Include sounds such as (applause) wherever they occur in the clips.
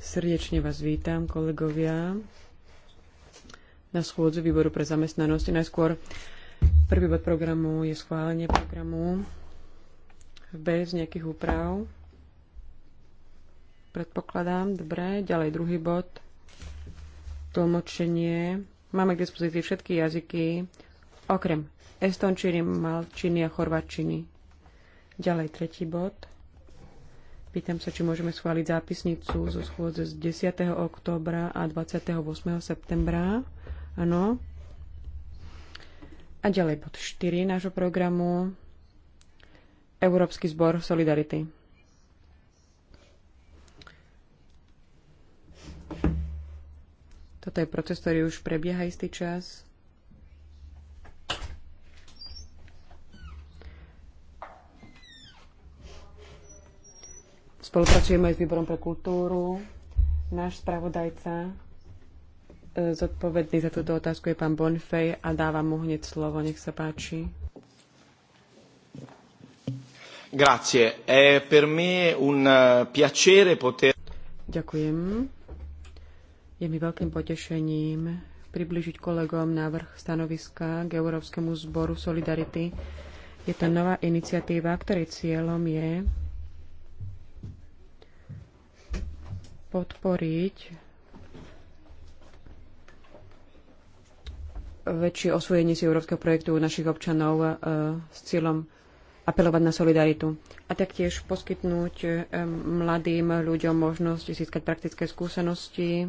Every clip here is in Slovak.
Srdečne vás vítam, kolegovia, na schôdzu výboru pre zamestnanosť. Najskôr prvý bod programu je schválenie programu bez nejakých úprav. Predpokladám, dobre. Ďalej druhý bod. Tlmočenie. Máme k dispozícii všetky jazyky, okrem estončiny, malčiny a chorvačiny. Ďalej tretí bod Pýtam sa, či môžeme schváliť zápisnicu zo schôdze z 10. októbra a 28. septembra. Áno. A ďalej pod 4 nášho programu. Európsky zbor Solidarity. Toto je proces, ktorý už prebieha istý čas. Spolupracujeme aj s výborom pre kultúru. Náš spravodajca e, zodpovedný za túto otázku je pán Bonfej a dávam mu hneď slovo. Nech sa páči. Grazie. È per me un e, piacere poter... Ďakujem. Je mi veľkým potešením približiť kolegom návrh stanoviska k Európskemu zboru Solidarity. Je to nová iniciatíva, ktorej cieľom je podporiť väčšie osvojenie si európskeho projektu u našich občanov e, s cieľom apelovať na solidaritu a taktiež poskytnúť e, mladým ľuďom možnosť získať praktické skúsenosti,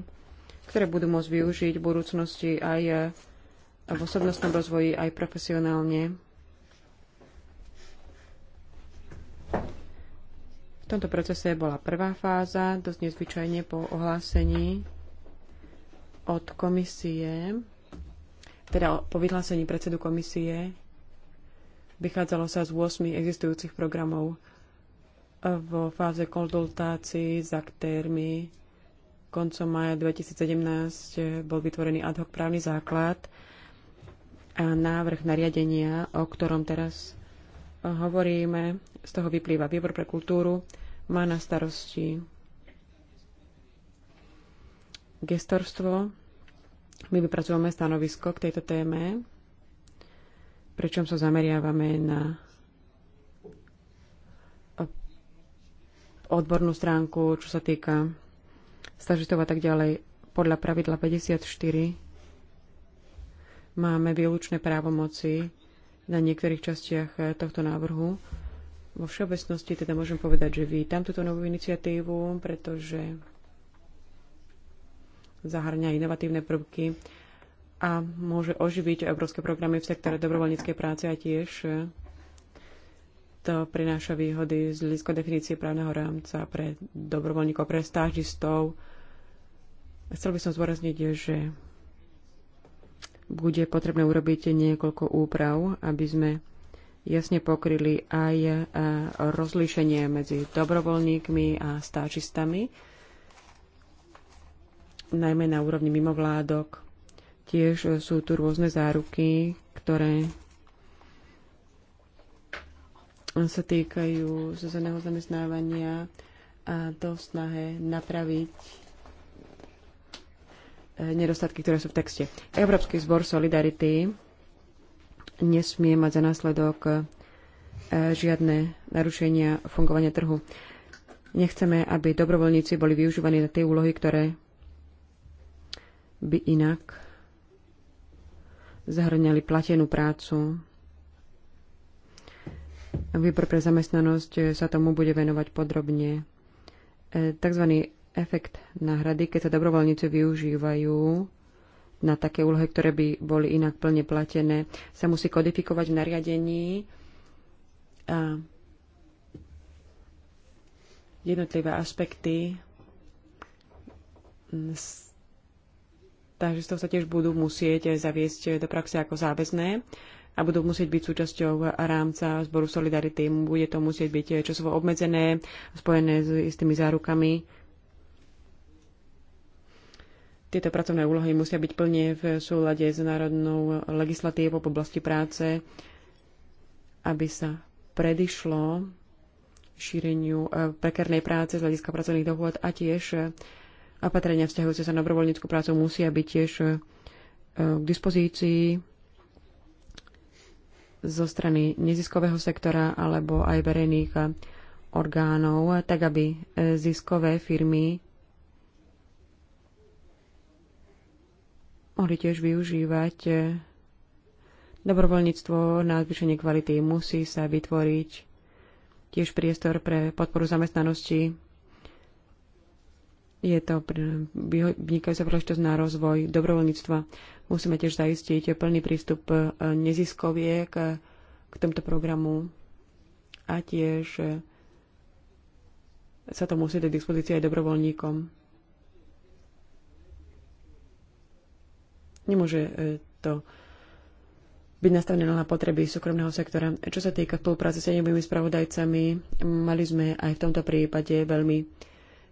ktoré budú môcť využiť v budúcnosti aj e, v osobnostnom rozvoji, aj profesionálne. V tomto procese bola prvá fáza, dosť nezvyčajne po ohlásení od komisie, teda po vyhlásení predsedu komisie, vychádzalo sa z 8 existujúcich programov vo fáze konzultácií s aktérmi. Koncom maja 2017 bol vytvorený ad hoc právny základ a návrh nariadenia, o ktorom teraz hovoríme, z toho vyplýva výbor pre kultúru, má na starosti gestorstvo. My vypracujeme stanovisko k tejto téme, pričom sa zameriavame na odbornú stránku, čo sa týka stažitov a tak ďalej. Podľa pravidla 54 máme výlučné právomoci na niektorých častiach eh, tohto návrhu. Vo všeobecnosti teda môžem povedať, že vítam túto novú iniciatívu, pretože zahrňa inovatívne prvky a môže oživiť európske programy v sektore dobrovoľníckej práce a tiež eh, to prináša výhody z hľadiska definície právneho rámca pre dobrovoľníkov, pre stážistov. Chcel by som zdôrazniť, že bude potrebné urobiť niekoľko úprav, aby sme jasne pokryli aj e, rozlíšenie medzi dobrovoľníkmi a stáčistami, najmä na úrovni mimovládok. Tiež sú tu rôzne záruky, ktoré sa týkajú zazeného zamestnávania a to snahe napraviť nedostatky, ktoré sú v texte. Európsky zbor Solidarity nesmie mať za následok e, žiadne narušenia fungovania trhu. Nechceme, aby dobrovoľníci boli využívaní na tie úlohy, ktoré by inak zahrňali platenú prácu. Výbor pre zamestnanosť sa tomu bude venovať podrobne. E, takzvaný efekt náhrady, keď sa dobrovoľníci využívajú na také úlohy, ktoré by boli inak plne platené, sa musí kodifikovať v nariadení a jednotlivé aspekty mm, takže z toho sa tiež budú musieť zaviesť do praxe ako záväzné a budú musieť byť súčasťou rámca zboru Solidarity. Bude to musieť byť časovo obmedzené, spojené s istými zárukami tieto pracovné úlohy musia byť plne v súlade s národnou legislatívou v oblasti práce, aby sa predišlo šíreniu e, prekernej práce z hľadiska pracovných dohôd a tiež e, opatrenia vzťahujúce sa na dobrovoľníckú prácu musia byť tiež e, k dispozícii zo strany neziskového sektora alebo aj verejných orgánov, tak aby ziskové firmy mohli tiež využívať eh, dobrovoľníctvo na zvýšenie kvality. Musí sa vytvoriť tiež priestor pre podporu zamestnanosti. Je to vynikajúca príležitosť na rozvoj dobrovoľníctva. Musíme tiež zaistiť plný prístup eh, neziskoviek eh, k tomto programu a tiež sa to musí dať dispozícii aj dobrovoľníkom. Nemôže e, to byť nastavené na potreby súkromného sektora. Čo sa týka spolupráce s jednými spravodajcami, mali sme aj v tomto prípade veľmi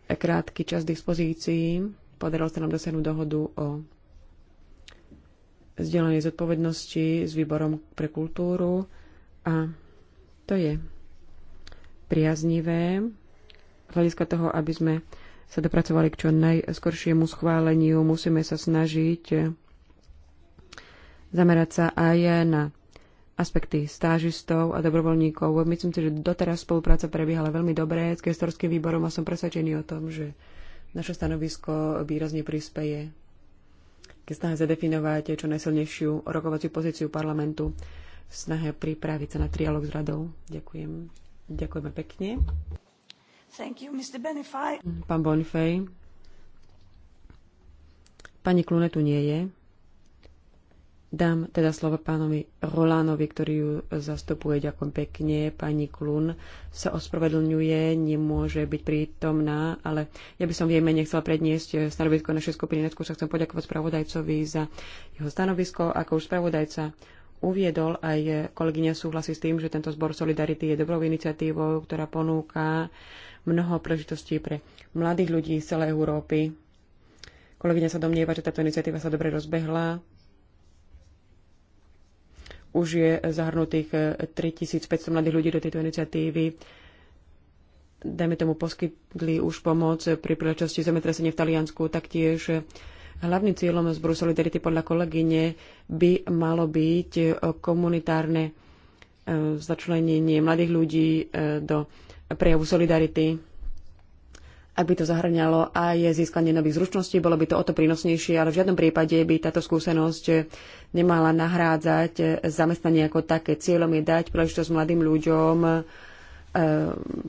krátky čas dispozícií. Podarilo sa nám dosiahnuť dohodu o zdieľanej zodpovednosti s výborom pre kultúru a to je priaznivé z hľadiska toho, aby sme sa dopracovali k čo najskoršiemu schváleniu. Musíme sa snažiť zamerať sa aj na aspekty stážistov a dobrovoľníkov. Myslím si, že doteraz spolupráca prebiehala veľmi dobre s gestorským výborom a som presvedčený o tom, že naše stanovisko výrazne prispeje ke snahe zadefinovať čo najsilnejšiu rokovaciu pozíciu parlamentu v snahe pripraviť sa na trialog s radou. Ďakujem. Ďakujeme pekne. Thank you, Mr. Benify. Pán Bonifej. Pani Klune tu nie je. Dám teda slovo pánovi Rolánovi, ktorý ju zastupuje. Ďakujem pekne. Pani Klun sa ospravedlňuje, nemôže byť prítomná, ale ja by som v jej mene chcela predniesť stanovisko našej skupiny. Neskôr sa chcem poďakovať spravodajcovi za jeho stanovisko. Ako už spravodajca uviedol, aj kolegyňa súhlasí s tým, že tento zbor Solidarity je dobrou iniciatívou, ktorá ponúka mnoho príležitostí pre mladých ľudí z celej Európy. Kolegyňa sa domnieva, že táto iniciatíva sa dobre rozbehla už je zahrnutých 3500 eh, mladých ľudí do tejto iniciatívy. Dajme tomu, poskytli už pomoc pri príležitosti zemetrasenia v Taliansku, taktiež eh, Hlavným cieľom zboru Solidarity podľa kolegyne by malo byť eh, komunitárne začlenenie mladých ľudí do prejavu Solidarity aby to zahrňalo aj získanie nových zručností, bolo by to o to prínosnejšie, ale v žiadnom prípade by táto skúsenosť nemala nahrádzať zamestnanie ako také. Cieľom je dať príležitosť mladým ľuďom eh,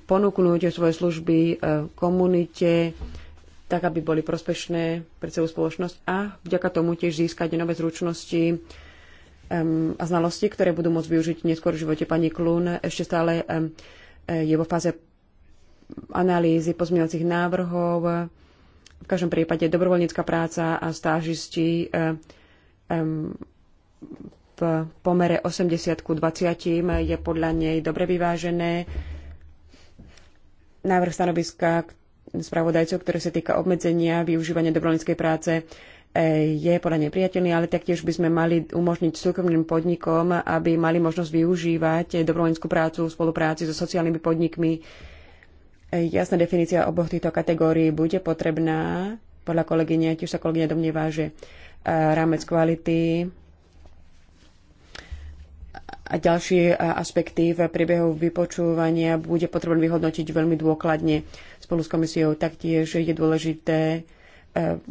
ponúknuť svoje služby eh, komunite, tak aby boli prospešné pre celú spoločnosť a vďaka tomu tiež získať nové zručnosti a znalosti, ktoré budú môcť využiť neskôr v živote. Pani Klun ešte stále eh, je vo fáze analýzy pozmeňovacích návrhov. V každom prípade dobrovoľnícka práca a stážisti eh, v pomere 80 ku 20 je podľa nej dobre vyvážené. Návrh stanoviska spravodajcov, ktoré sa týka obmedzenia využívania dobrovoľníckej práce, eh, je podľa nej priateľný, ale taktiež by sme mali umožniť súkromným podnikom, aby mali možnosť využívať dobrovoľníckú prácu v spolupráci so sociálnymi podnikmi Jasná definícia oboch týchto kategórií bude potrebná. Podľa kolegyne, tiež sa kolegyňa domnievá, že e, rámec kvality a ďalšie e, aspekty v priebehu vypočúvania bude potrebné vyhodnotiť veľmi dôkladne spolu s komisiou. Taktiež je dôležité e,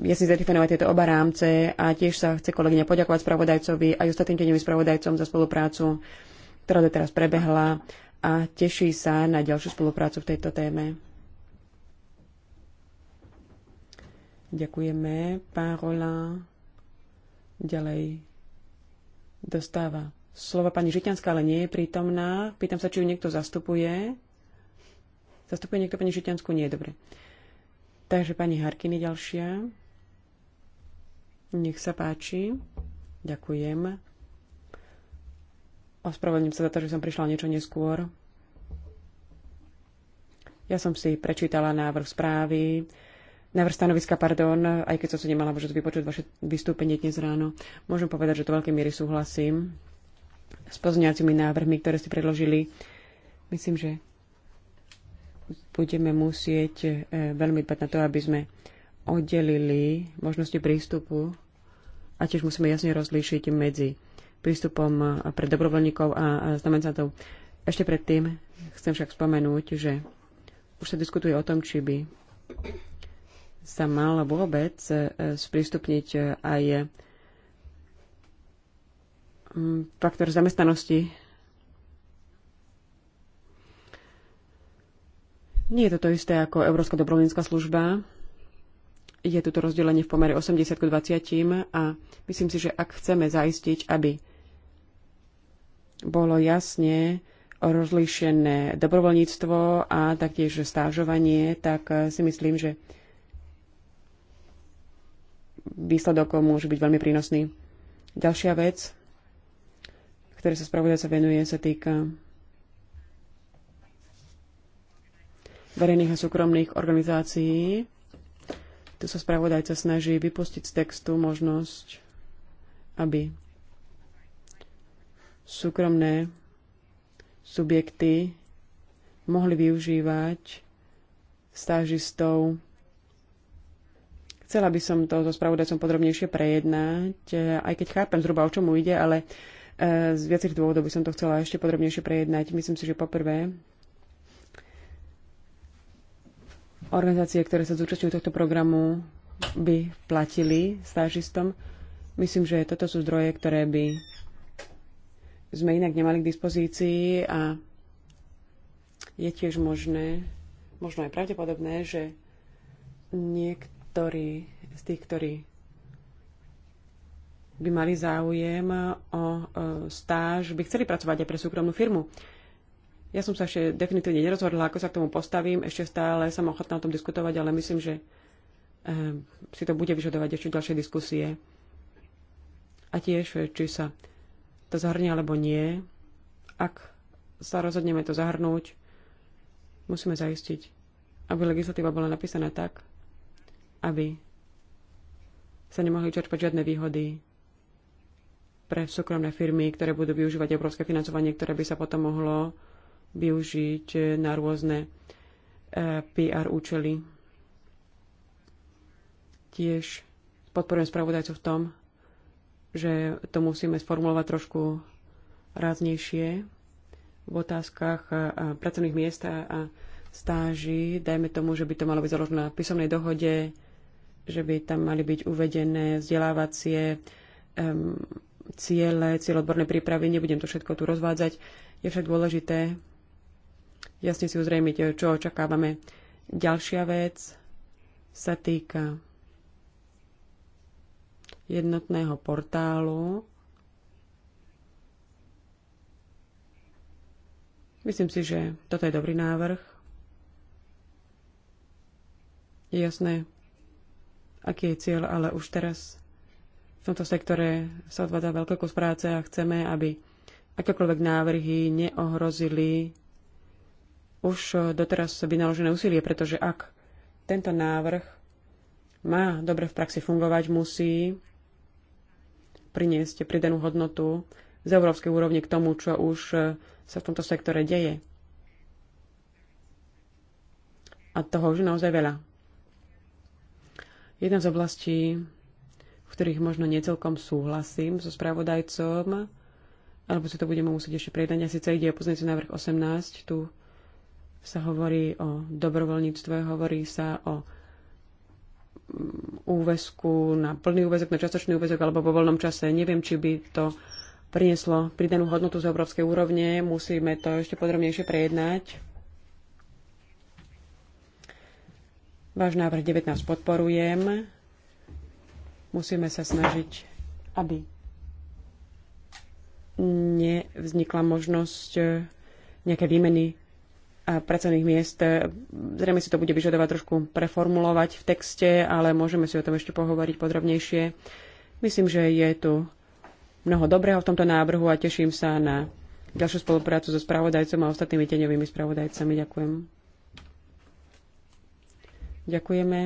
jasne zadefinovať tieto oba rámce a tiež sa chce kolegyňa poďakovať spravodajcovi aj ostatným tenevým spravodajcom za spoluprácu, ktorá doteraz prebehla a teší sa na ďalšiu spoluprácu v tejto téme. Ďakujeme. Pán Roland ďalej dostáva slova pani Žiťanská, ale nie je prítomná. Pýtam sa, či ju niekto zastupuje. Zastupuje niekto pani Žiťanskú? Nie, dobre. Takže pani Harkiny ďalšia. Nech sa páči. Ďakujem. Ospravedlňujem sa za to, že som prišla niečo neskôr. Ja som si prečítala návrh správy, návrh stanoviska, pardon, aj keď som si nemala možnosť vypočuť vaše vystúpenie dnes ráno. Môžem povedať, že to veľkej miery súhlasím s pozňacími návrhmi, ktoré ste predložili. Myslím, že budeme musieť e, veľmi dbať na to, aby sme oddelili možnosti prístupu a tiež musíme jasne rozlíšiť medzi prístupom pre dobrovoľníkov a znamencátov. Ešte predtým chcem však spomenúť, že už sa diskutuje o tom, či by sa mal vôbec e, sprístupniť e, aj e, faktor zamestnanosti. Nie je to to isté ako Európska dobrovoľnícka služba, je toto rozdelenie v pomere 80 k 20 a myslím si, že ak chceme zaistiť, aby bolo jasne rozlíšené dobrovoľníctvo a taktiež stážovanie, tak eh, si myslím, že výsledok môže byť veľmi prínosný. Ďalšia vec, ktoré sa sa venuje, sa týka verejných a súkromných organizácií tu sa spravodajca snaží vypustiť z textu možnosť, aby súkromné subjekty mohli využívať stážistov. Chcela by som to so spravodajcom podrobnejšie prejednať, e, aj keď chápem zhruba, o čomu ide, ale e, z viacerých dôvodov by som to chcela ešte podrobnejšie prejednať. Myslím si, že poprvé organizácie, ktoré sa zúčastňujú tohto programu, by platili stážistom. Myslím, že toto sú zdroje, ktoré by sme inak nemali k dispozícii a je tiež možné, možno aj pravdepodobné, že niektorí z tých, ktorí by mali záujem o e, stáž, by chceli pracovať aj pre súkromnú firmu. Ja som sa ešte definitívne nerozhodla, ako sa k tomu postavím. Ešte stále som ochotná o tom diskutovať, ale myslím, že ehm, si to bude vyžadovať ešte ďalšie diskusie. A tiež, e, či sa to zahrnie alebo nie. Ak sa rozhodneme to zahrnúť, musíme zaistiť, aby legislatíva bola napísaná tak, aby sa nemohli čerpať žiadne výhody pre súkromné firmy, ktoré budú využívať európske financovanie, ktoré by sa potom mohlo využiť na rôzne e, PR účely. Tiež podporujem spravodajcu v tom, že to musíme sformulovať trošku ráznejšie v otázkach e, pracovných miest a stáží. Dajme tomu, že by to malo byť založené na písomnej dohode, že by tam mali byť uvedené vzdelávacie um, ciele, cieľ prípravy. Nebudem to všetko tu rozvádzať. Je však dôležité jasne si uzrejmiť, čo očakávame. Ďalšia vec sa týka jednotného portálu. Myslím si, že toto je dobrý návrh. Je jasné, aký je cieľ, ale už teraz v tomto sektore sa odvádza veľký kus práce a chceme, aby akékoľvek návrhy neohrozili už e, doteraz vynaložené úsilie, pretože ak tento návrh má dobre v praxi fungovať, musí priniesť pridanú hodnotu z európskej úrovne k tomu, čo už e, sa v tomto sektore deje. A toho už naozaj veľa. Jedna z oblastí, v ktorých možno necelkom súhlasím so spravodajcom, alebo si to budeme musieť ešte prejdať, a síce ide o pozornicu návrh 18, tu sa hovorí o dobrovoľníctve, hovorí sa o mm, úvesku na plný úvezok, na častočný úvezok alebo vo voľnom čase. Neviem, či by to prinieslo pridanú hodnotu z európskej úrovne. Musíme to ešte podrobnejšie prejednať. Váš návrh 19 podporujem. Musíme sa snažiť, aby nevznikla možnosť nejaké výmeny pracovných miest. Zrejme si to bude vyžadovať trošku preformulovať v texte, ale môžeme si o tom ešte pohovoriť podrobnejšie. Myslím, že je tu mnoho dobrého v tomto návrhu a teším sa na ďalšiu spoluprácu so spravodajcom a ostatnými teňovými spravodajcami. Ďakujem. Ďakujeme.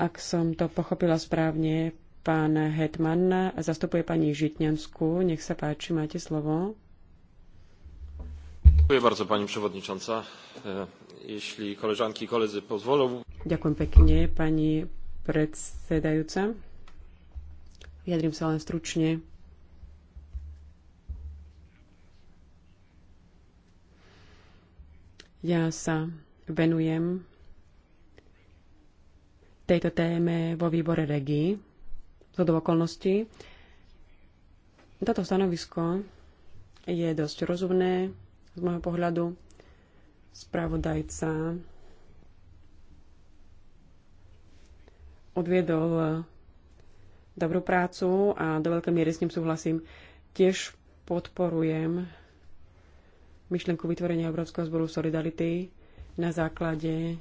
Ak som to pochopila správne, Pán Hetman zastupuje pani Žitňanskú. Nech sa páči, máte slovo. Ďakujem bardzo pani przewodnicząca. E, jeśli koleżanki i koledzy pozwolą. Ďakujem pekne, pani predsedajúca. Vyjadrím sa len stručne. Ja sa venujem tejto téme vo výbore regii zhodov okolností. Toto stanovisko je dosť rozumné z môjho pohľadu. Spravodajca odviedol dobrú prácu a do veľkej miery s ním súhlasím. Tiež podporujem myšlenku vytvorenia Európskeho zboru Solidarity na základe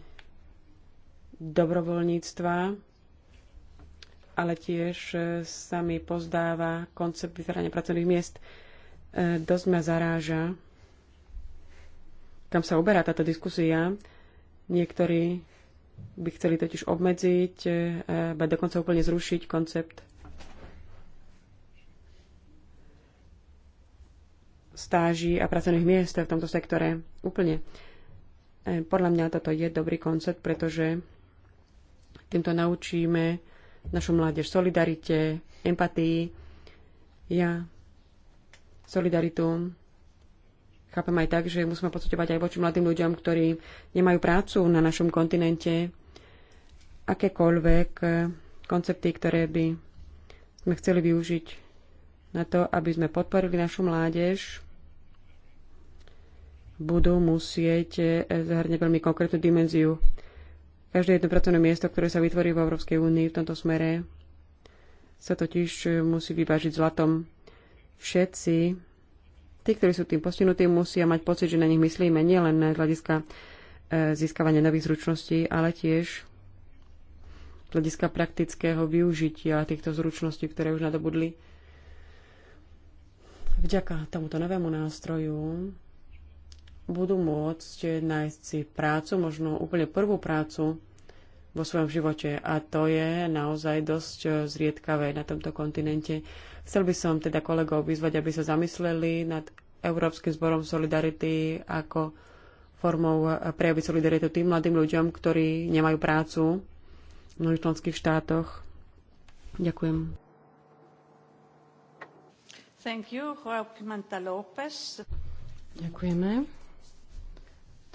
dobrovoľníctva ale tiež e, sa mi pozdáva koncept vytvárania pracovných miest. E, dosť ma zaráža, kam sa uberá táto diskusia. Niektorí by chceli totiž obmedziť, e, ba dokonca úplne zrušiť koncept stáží a pracovných miest v tomto sektore. Úplne. Podľa mňa toto je dobrý koncept, pretože týmto naučíme našu mládež solidarite, empatii. Ja solidaritu chápem aj tak, že musíme pocitovať aj voči mladým ľuďom, ktorí nemajú prácu na našom kontinente, akékoľvek koncepty, ktoré by sme chceli využiť na to, aby sme podporili našu mládež, budú musieť zahrňať veľmi konkrétnu dimenziu Každé jedno pracovné miesto, ktoré sa vytvorí v Európskej únii v tomto smere, sa totiž e, musí vyvážiť zlatom. Všetci, tí, ktorí sú tým postihnutí, musia mať pocit, že na nich myslíme nielen z hľadiska e, získavania nových zručností, ale tiež z hľadiska praktického využitia týchto zručností, ktoré už nadobudli. Vďaka tomuto novému nástroju budú môcť nájsť si prácu, možno úplne prvú prácu vo svojom živote. A to je naozaj dosť eh, zriedkavé na tomto kontinente. Chcel by som teda kolegov vyzvať, aby sa zamysleli nad Európskym zborom Solidarity ako formou eh, prejavy solidaritu tým mladým ľuďom, ktorí nemajú prácu v mnohých členských štátoch. Ďakujem. Thank you, Ďakujeme.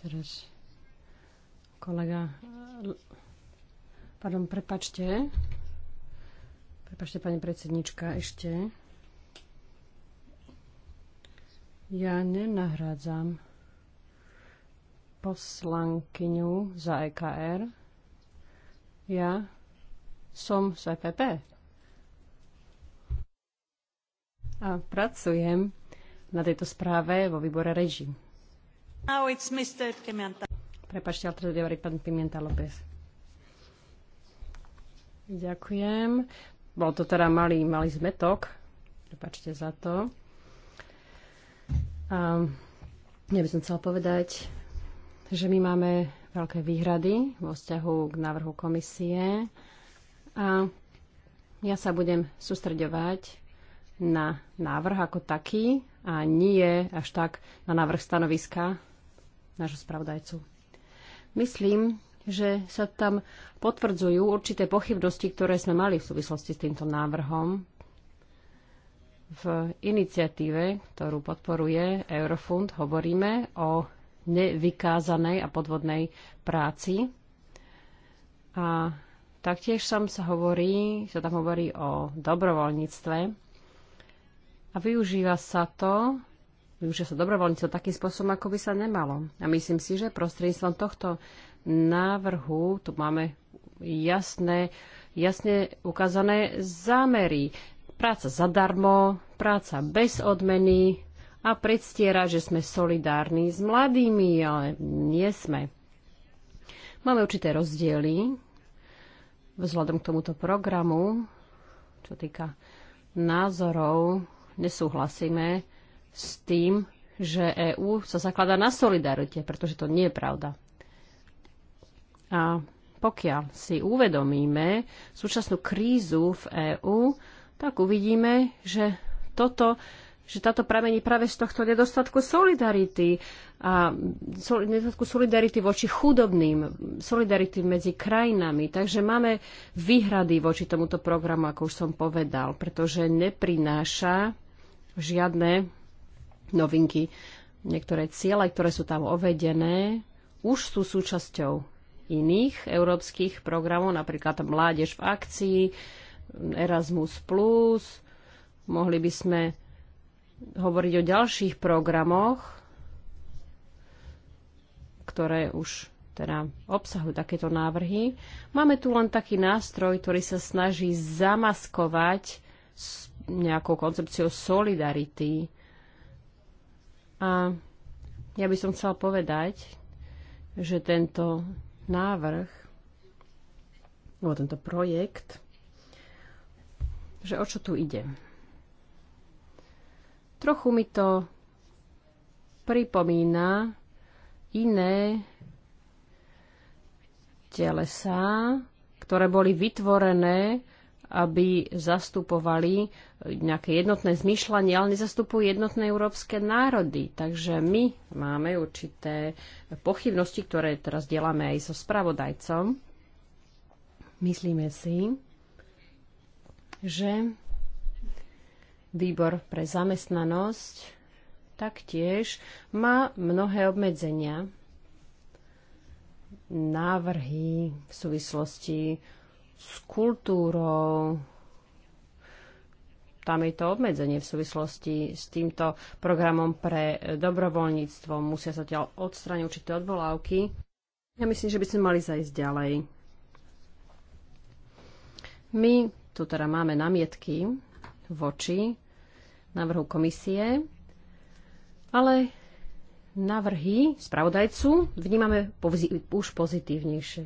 Teraz kolega... Pardon, prepačte. Prepačte, pani predsednička, ešte. Ja nenahrádzam poslankyňu za EKR. Ja som z EPP. A pracujem na tejto správe vo výbore režimu. Now it's Mr. Pimienta. Prepačte, ale teraz hovorí pán Pimienta López. Ďakujem. Bol to teda malý, malý zmetok. Prepačte za to. A ja by som chcel povedať, že my máme veľké výhrady vo vzťahu k návrhu komisie a ja sa budem sústreďovať na návrh ako taký a nie až tak na návrh stanoviska nášho spravodajcu. Myslím, že sa tam potvrdzujú určité pochybnosti, ktoré sme mali v súvislosti s týmto návrhom. V iniciatíve, ktorú podporuje Eurofund, hovoríme o nevykázanej a podvodnej práci. A taktiež tam sa hovorí, sa tam hovorí o dobrovoľníctve a využíva sa to využia sa dobrovoľníctvo takým spôsobom, ako by sa nemalo. A myslím si, že prostredníctvom tohto návrhu tu máme jasné, jasne ukázané zámery. Práca zadarmo, práca bez odmeny a predstiera, že sme solidárni s mladými, ale nie sme. Máme určité rozdiely vzhľadom k tomuto programu, čo týka názorov, nesúhlasíme s tým, že EÚ sa zakladá na solidarite, pretože to nie je pravda. A pokiaľ si uvedomíme súčasnú krízu v EÚ, tak uvidíme, že toto že táto pramení práve z tohto nedostatku solidarity a sol, nedostatku solidarity voči chudobným, solidarity medzi krajinami. Takže máme výhrady voči tomuto programu, ako už som povedal, pretože neprináša žiadne novinky. Niektoré ciele, ktoré sú tam ovedené, už sú súčasťou iných európskych programov, napríklad Mládež v akcii, Erasmus+, mohli by sme hovoriť o ďalších programoch, ktoré už teda obsahujú takéto návrhy. Máme tu len taký nástroj, ktorý sa snaží zamaskovať s nejakou koncepciou solidarity, a ja by som chcela povedať, že tento návrh, alebo tento projekt, že o čo tu ide. Trochu mi to pripomína iné telesá, ktoré boli vytvorené aby zastupovali nejaké jednotné zmyšľanie, ale nezastupujú jednotné európske národy. Takže my máme určité pochybnosti, ktoré teraz deláme aj so spravodajcom. Myslíme si, že výbor pre zamestnanosť taktiež má mnohé obmedzenia, návrhy v súvislosti s kultúrou. Tam je to obmedzenie v súvislosti s týmto programom pre dobrovoľníctvo. Musia sa teda odstrániť určité odvolávky. Ja myslím, že by sme mali zajsť ďalej. My tu teda máme namietky voči návrhu komisie, ale navrhy spravodajcu vnímame už pozitívnejšie.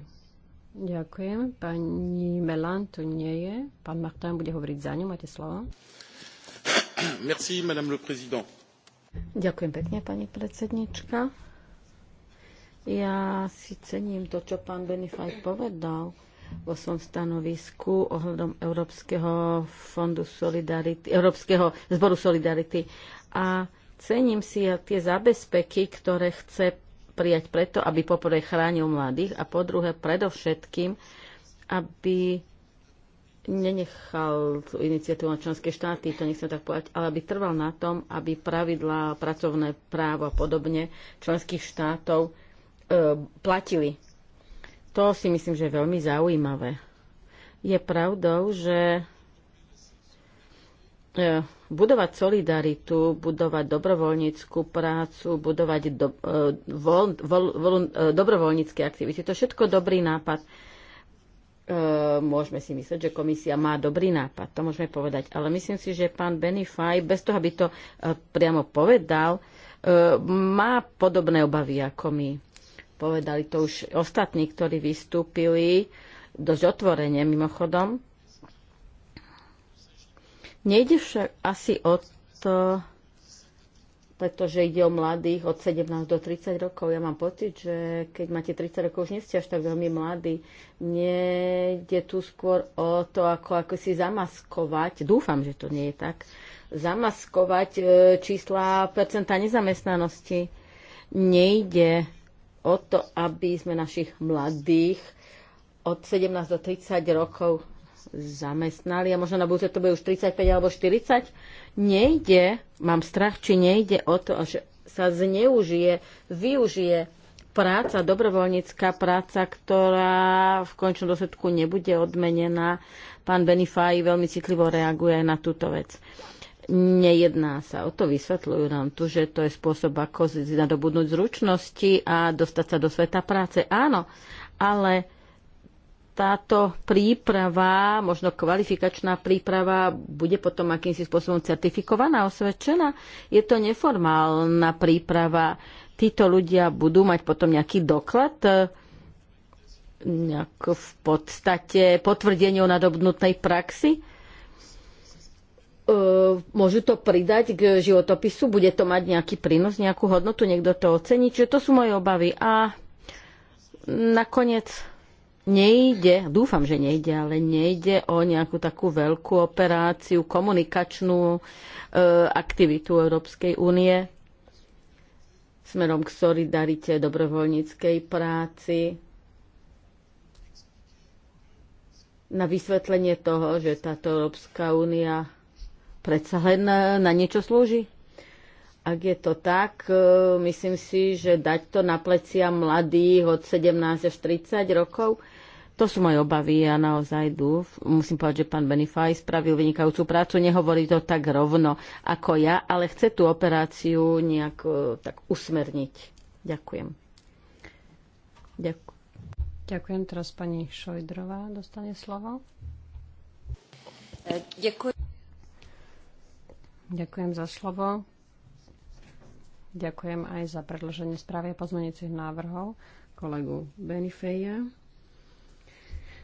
Ďakujem. Pani Melan tu nie je. Pán Martin bude hovoriť za ňu. Máte slovo. (coughs) Merci, madame le président. Ďakujem pekne, pani predsednička. Ja si cením to, čo pán Benifaj povedal vo svojom stanovisku ohľadom Európskeho fondu Solidarity, Európskeho zboru Solidarity. A cením si tie zabezpeky, ktoré chce prijať preto, aby poprvé chránil mladých a po druhé predovšetkým, aby nenechal tú iniciatívu na členské štáty, to nechcem tak povedať, ale aby trval na tom, aby pravidlá, pracovné právo a podobne členských štátov e, platili. To si myslím, že je veľmi zaujímavé. Je pravdou, že e, budovať solidaritu, budovať dobrovoľníckú prácu, budovať do, e, vol, vol, vol, e, dobrovoľnícke aktivity. To je všetko dobrý nápad. E, môžeme si myslieť, že komisia má dobrý nápad, to môžeme povedať. Ale myslím si, že pán Benify, bez toho, aby to priamo povedal, má podobné obavy ako my. Povedali to už ostatní, ktorí vystúpili dosť otvorene mimochodom Nejde však asi o to, pretože ide o mladých od 17 do 30 rokov. Ja mám pocit, že keď máte 30 rokov, už nie ste až tak veľmi mladí. Nejde tu skôr o to, ako, ako si zamaskovať, dúfam, že to nie je tak, zamaskovať e, čísla percenta nezamestnanosti. Nejde o to, aby sme našich mladých od 17 do 30 rokov zamestnali a možno na budúce to bude už 35 alebo 40. Nejde, mám strach, či nejde o to, že sa zneužije, využije práca, dobrovoľnícká práca, ktorá v končnom dôsledku nebude odmenená. Pán Benifaj veľmi citlivo reaguje aj na túto vec. Nejedná sa, o to vysvetľujú nám tu, že to je spôsob, ako nadobudnúť zručnosti a dostať sa do sveta práce. Áno, ale táto príprava, možno kvalifikačná príprava, bude potom akýmsi spôsobom certifikovaná, osvedčená? Je to neformálna príprava. Títo ľudia budú mať potom nejaký doklad, e, nejak v podstate potvrdenie o nadobnutnej praxi? E, môžu to pridať k životopisu, bude to mať nejaký prínos, nejakú hodnotu, niekto to ocení. Čiže to sú moje obavy. A nakoniec nejde, dúfam, že nejde, ale nejde o nejakú takú veľkú operáciu, komunikačnú e, aktivitu Európskej únie smerom k solidarite, dobrovoľníckej práci, na vysvetlenie toho, že táto Európska únia predsa len na, na niečo slúži? Ak je to tak, e, myslím si, že dať to na plecia mladých od 17 až 30 rokov to sú moje obavy a ja naozaj dúf. Musím povedať, že pán Benifaj spravil vynikajúcu prácu. Nehovorí to tak rovno ako ja, ale chce tú operáciu nejak e, tak usmerniť. Ďakujem. Ďakujem. Ďakujem. Teraz pani Šojdrová dostane slovo. Ďakujem. Ďakujem za slovo. Ďakujem aj za predloženie správy a návrhov kolegu Benifeja.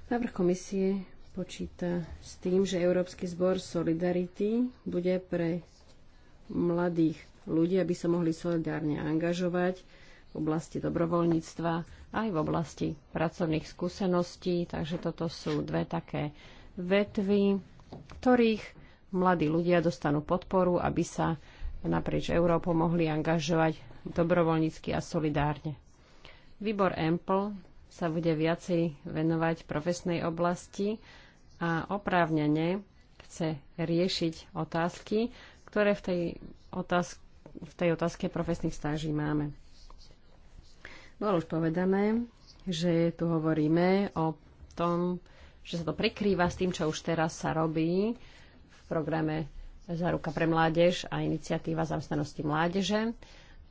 Návrh komisie počíta s tým, že Európsky zbor Solidarity bude pre mladých ľudí, aby sa mohli solidárne angažovať v oblasti dobrovoľníctva aj v oblasti pracovných skúseností. Takže toto sú dve také vetvy, ktorých mladí ľudia dostanú podporu, aby sa naprieč Európou mohli angažovať dobrovoľnícky a solidárne. Výbor EMPL sa bude viacej venovať profesnej oblasti a oprávnene chce riešiť otázky, ktoré v tej, otázk- v tej otázke profesných stáží máme. Bolo no už povedané, že tu hovoríme o tom, že sa to prekrýva s tým, čo už teraz sa robí v programe Záruka pre mládež a iniciatíva zamestnanosti mládeže.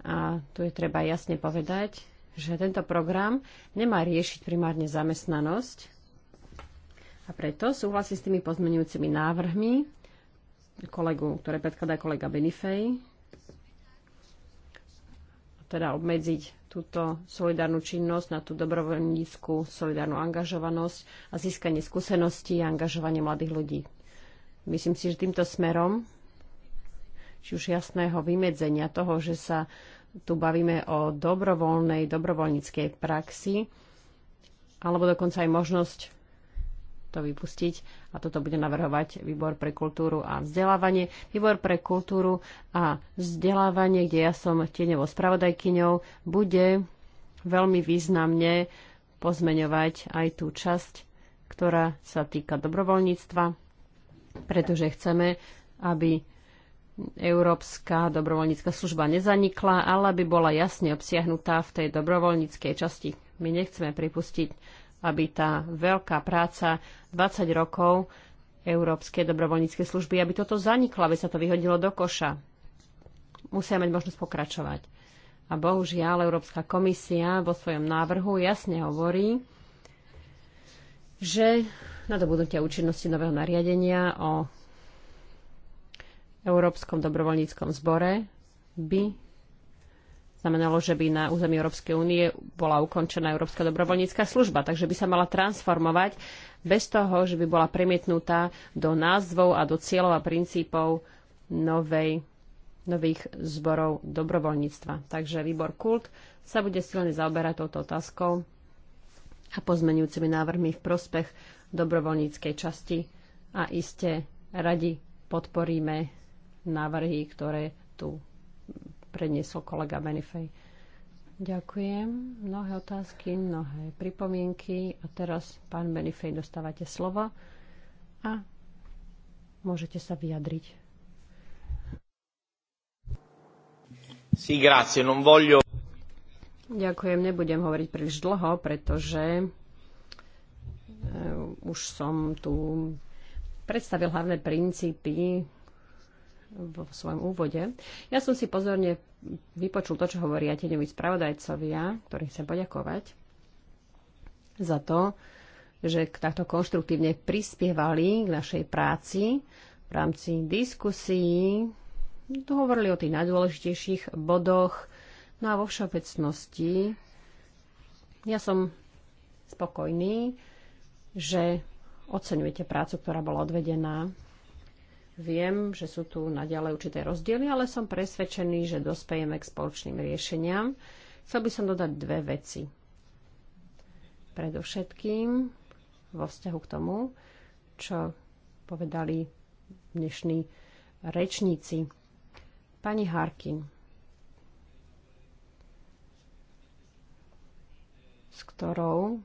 A tu je treba jasne povedať, že tento program nemá riešiť primárne zamestnanosť. A preto súhlasím s tými pozmenujúcimi návrhmi kolegu, ktoré predkladá kolega Benifej, teda obmedziť túto solidárnu činnosť na tú dobrovoľníckú solidárnu angažovanosť a získanie skúseností a angažovanie mladých ľudí. Myslím si, že týmto smerom či už jasného vymedzenia toho, že sa tu bavíme o dobrovoľnej, dobrovoľníckej praxi, alebo dokonca aj možnosť to vypustiť a toto bude navrhovať Výbor pre kultúru a vzdelávanie. Výbor pre kultúru a vzdelávanie, kde ja som tieňovou spravodajkyňou, bude veľmi významne pozmeňovať aj tú časť, ktorá sa týka dobrovoľníctva, pretože chceme, aby Európska dobrovoľnícka služba nezanikla, ale aby bola jasne obsiahnutá v tej dobrovoľníckej časti. My nechceme pripustiť, aby tá veľká práca 20 rokov Európskej dobrovoľníckej služby, aby toto zaniklo, aby sa to vyhodilo do koša. Musia mať možnosť pokračovať. A bohužiaľ, Európska komisia vo svojom návrhu jasne hovorí, že na dobudnutia účinnosti nového nariadenia o Európskom dobrovoľníckom zbore by znamenalo, že by na území Európskej únie bola ukončená Európska dobrovoľnícka služba, takže by sa mala transformovať bez toho, že by bola premietnutá do názvov a do cieľov a princípov novej, nových zborov dobrovoľníctva. Takže výbor Kult sa bude silne zaoberať touto otázkou a pozmenujúcimi návrhmi v prospech dobrovoľníckej časti a iste radi podporíme návrhy, ktoré tu predniesol kolega Benifej. Ďakujem. Mnohé otázky, mnohé pripomienky. A teraz, pán Benifej, dostávate slovo a môžete sa vyjadriť. Sí, grazie, non voglio... Ďakujem, nebudem hovoriť príliš dlho, pretože e, už som tu predstavil hlavné princípy vo svojom úvode. Ja som si pozorne vypočul to, čo hovoria tieňoví spravodajcovia, ktorým chcem poďakovať za to, že takto konštruktívne prispievali k našej práci v rámci diskusií. Tu hovorili o tých najdôležitejších bodoch. No a vo všeobecnosti ja som spokojný, že oceňujete prácu, ktorá bola odvedená Viem, že sú tu naďalej určité rozdiely, ale som presvedčený, že dospejeme k spoločným riešeniam. Chcel by som dodať dve veci. Predovšetkým vo vzťahu k tomu, čo povedali dnešní rečníci. Pani Harkin, s ktorou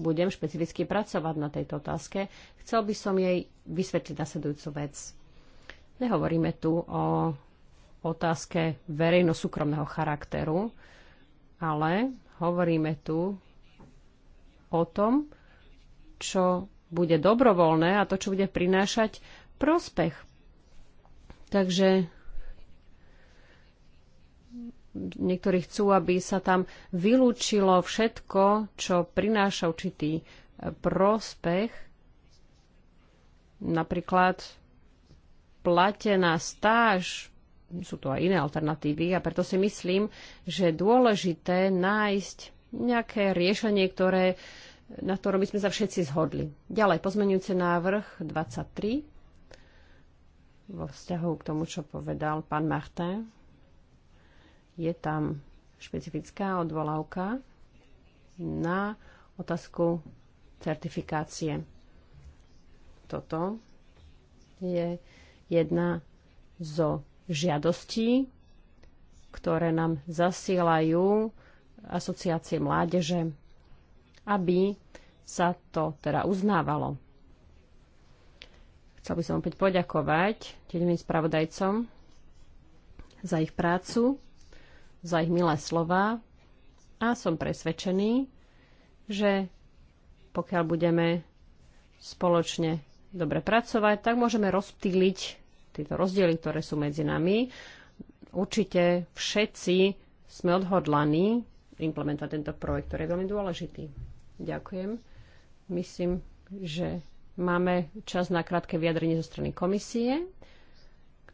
budem špecificky pracovať na tejto otázke, chcel by som jej vysvetliť nasledujúcu vec. Nehovoríme tu o otázke verejno-súkromného charakteru, ale hovoríme tu o tom, čo bude dobrovoľné a to, čo bude prinášať prospech. Takže niektorí chcú, aby sa tam vylúčilo všetko, čo prináša určitý e, prospech, napríklad platená stáž, sú tu aj iné alternatívy a preto si myslím, že je dôležité nájsť nejaké riešenie, ktoré, na ktorom by sme sa všetci zhodli. Ďalej, pozmenujúci návrh 23 vo vzťahu k tomu, čo povedal pán Martin je tam špecifická odvolávka na otázku certifikácie. Toto je jedna zo žiadostí, ktoré nám zasielajú asociácie mládeže, aby sa to teda uznávalo. Chcel by som opäť poďakovať tieňovým spravodajcom za ich prácu za ich milé slova a som presvedčený, že pokiaľ budeme spoločne dobre pracovať, tak môžeme rozptýliť tieto rozdiely, ktoré sú medzi nami. Určite všetci sme odhodlaní implementovať tento projekt, ktorý je veľmi dôležitý. Ďakujem. Myslím, že máme čas na krátke vyjadrenie zo strany komisie.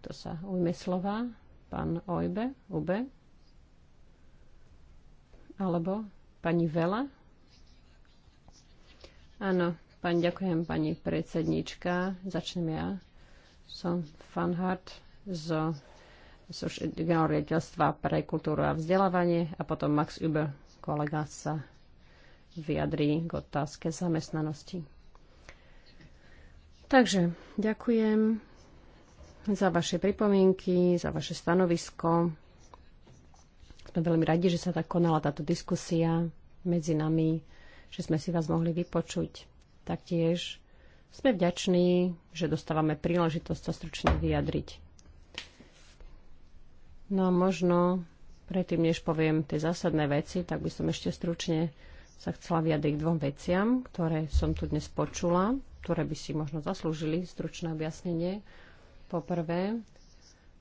Kto sa ujme slova? Pán Ojbe, Ube. Alebo pani Vela? Áno, pán, ďakujem pani predsednička. Začnem ja. Som Fanhart zo generálneho pre kultúru a vzdelávanie a potom Max Uber, kolega sa vyjadrí k otázke zamestnanosti. Takže ďakujem za vaše pripomienky, za vaše stanovisko. Sme veľmi radi, že sa tak konala táto diskusia medzi nami, že sme si vás mohli vypočuť. Taktiež sme vďační, že dostávame príležitosť sa stručne vyjadriť. No a možno predtým, než poviem tie zásadné veci, tak by som ešte stručne sa chcela vyjadriť k dvom veciam, ktoré som tu dnes počula, ktoré by si možno zaslúžili stručné objasnenie. Poprvé,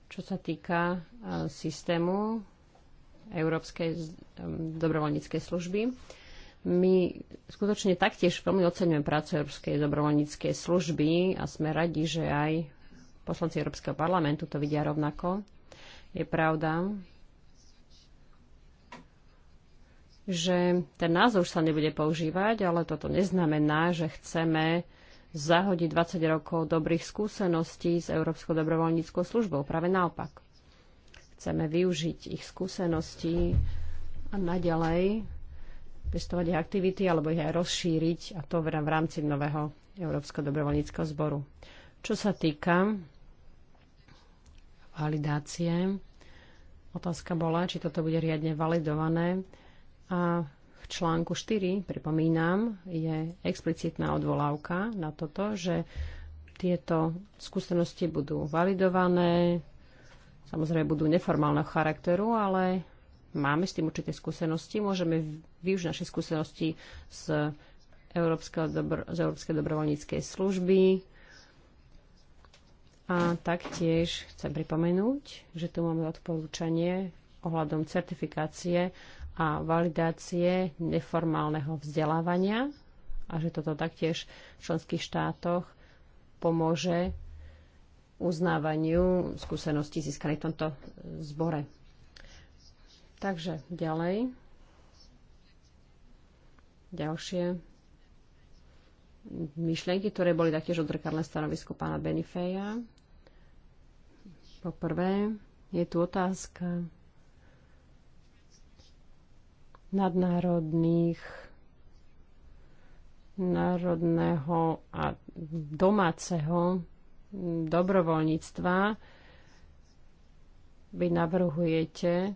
čo sa týka systému Európskej dobrovoľníckej služby. My skutočne taktiež veľmi oceňujeme prácu Európskej dobrovoľníckej služby a sme radi, že aj poslanci Európskeho parlamentu to vidia rovnako. Je pravda, že ten názov už sa nebude používať, ale toto neznamená, že chceme zahodiť 20 rokov dobrých skúseností s Európskou dobrovoľníckou službou. Práve naopak. Chceme využiť ich skúsenosti a naďalej pestovať ich aktivity alebo ich aj rozšíriť a to v rámci nového Európskeho dobrovoľníckého zboru. Čo sa týka validácie, otázka bola, či toto bude riadne validované a v článku 4, pripomínam, je explicitná odvolávka na toto, že tieto skúsenosti budú validované, samozrejme budú neformálneho charakteru, ale máme s tým určité skúsenosti. Môžeme využiť naše skúsenosti z Európskej, dobro, z Európskej dobrovoľníckej služby. A taktiež chcem pripomenúť, že tu máme odporúčanie ohľadom certifikácie a validácie neformálneho vzdelávania a že toto taktiež v členských štátoch pomôže uznávaniu skúseností získaných v tomto zbore. Takže ďalej. Ďalšie myšlienky, ktoré boli taktiež odrkadlené stanovisko pána Benifeja. Poprvé, je tu otázka nadnárodných národného a domáceho dobrovoľníctva vy navrhujete,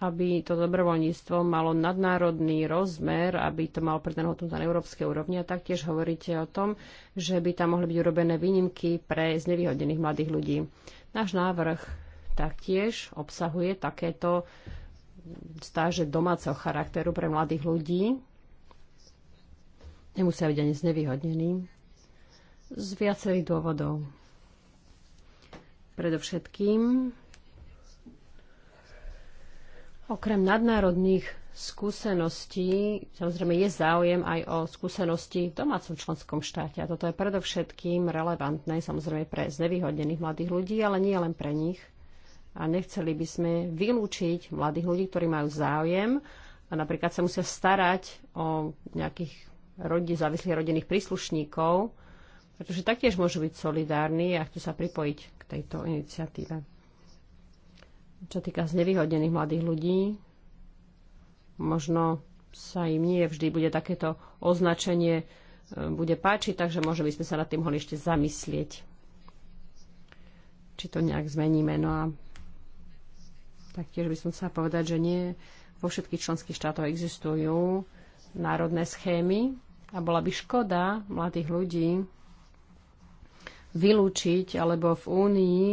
aby to dobrovoľníctvo malo nadnárodný rozmer, aby to malo prednáhodnúť na európskej úrovni a taktiež hovoríte o tom, že by tam mohli byť urobené výnimky pre znevýhodnených mladých ľudí. Náš návrh taktiež obsahuje takéto stáže domáceho charakteru pre mladých ľudí. Nemusia byť ani znevýhodnení z viacerých dôvodov. Predovšetkým, okrem nadnárodných skúseností, samozrejme je záujem aj o skúsenosti v domácom členskom štáte. A toto je predovšetkým relevantné samozrejme pre znevýhodnených mladých ľudí, ale nie len pre nich. A nechceli by sme vylúčiť mladých ľudí, ktorí majú záujem a napríklad sa musia starať o nejakých rodí, závislých rodinných príslušníkov, pretože taktiež môžu byť solidárni a chcú sa pripojiť k tejto iniciatíve. Čo týka znevýhodnených mladých ľudí, možno sa im nie vždy bude takéto označenie e, bude páčiť, takže možno by sme sa nad tým mohli ešte zamyslieť, či to nejak zmeníme. No a taktiež by som sa povedať, že nie vo všetkých členských štátoch existujú národné schémy a bola by škoda mladých ľudí, vylúčiť alebo v Únii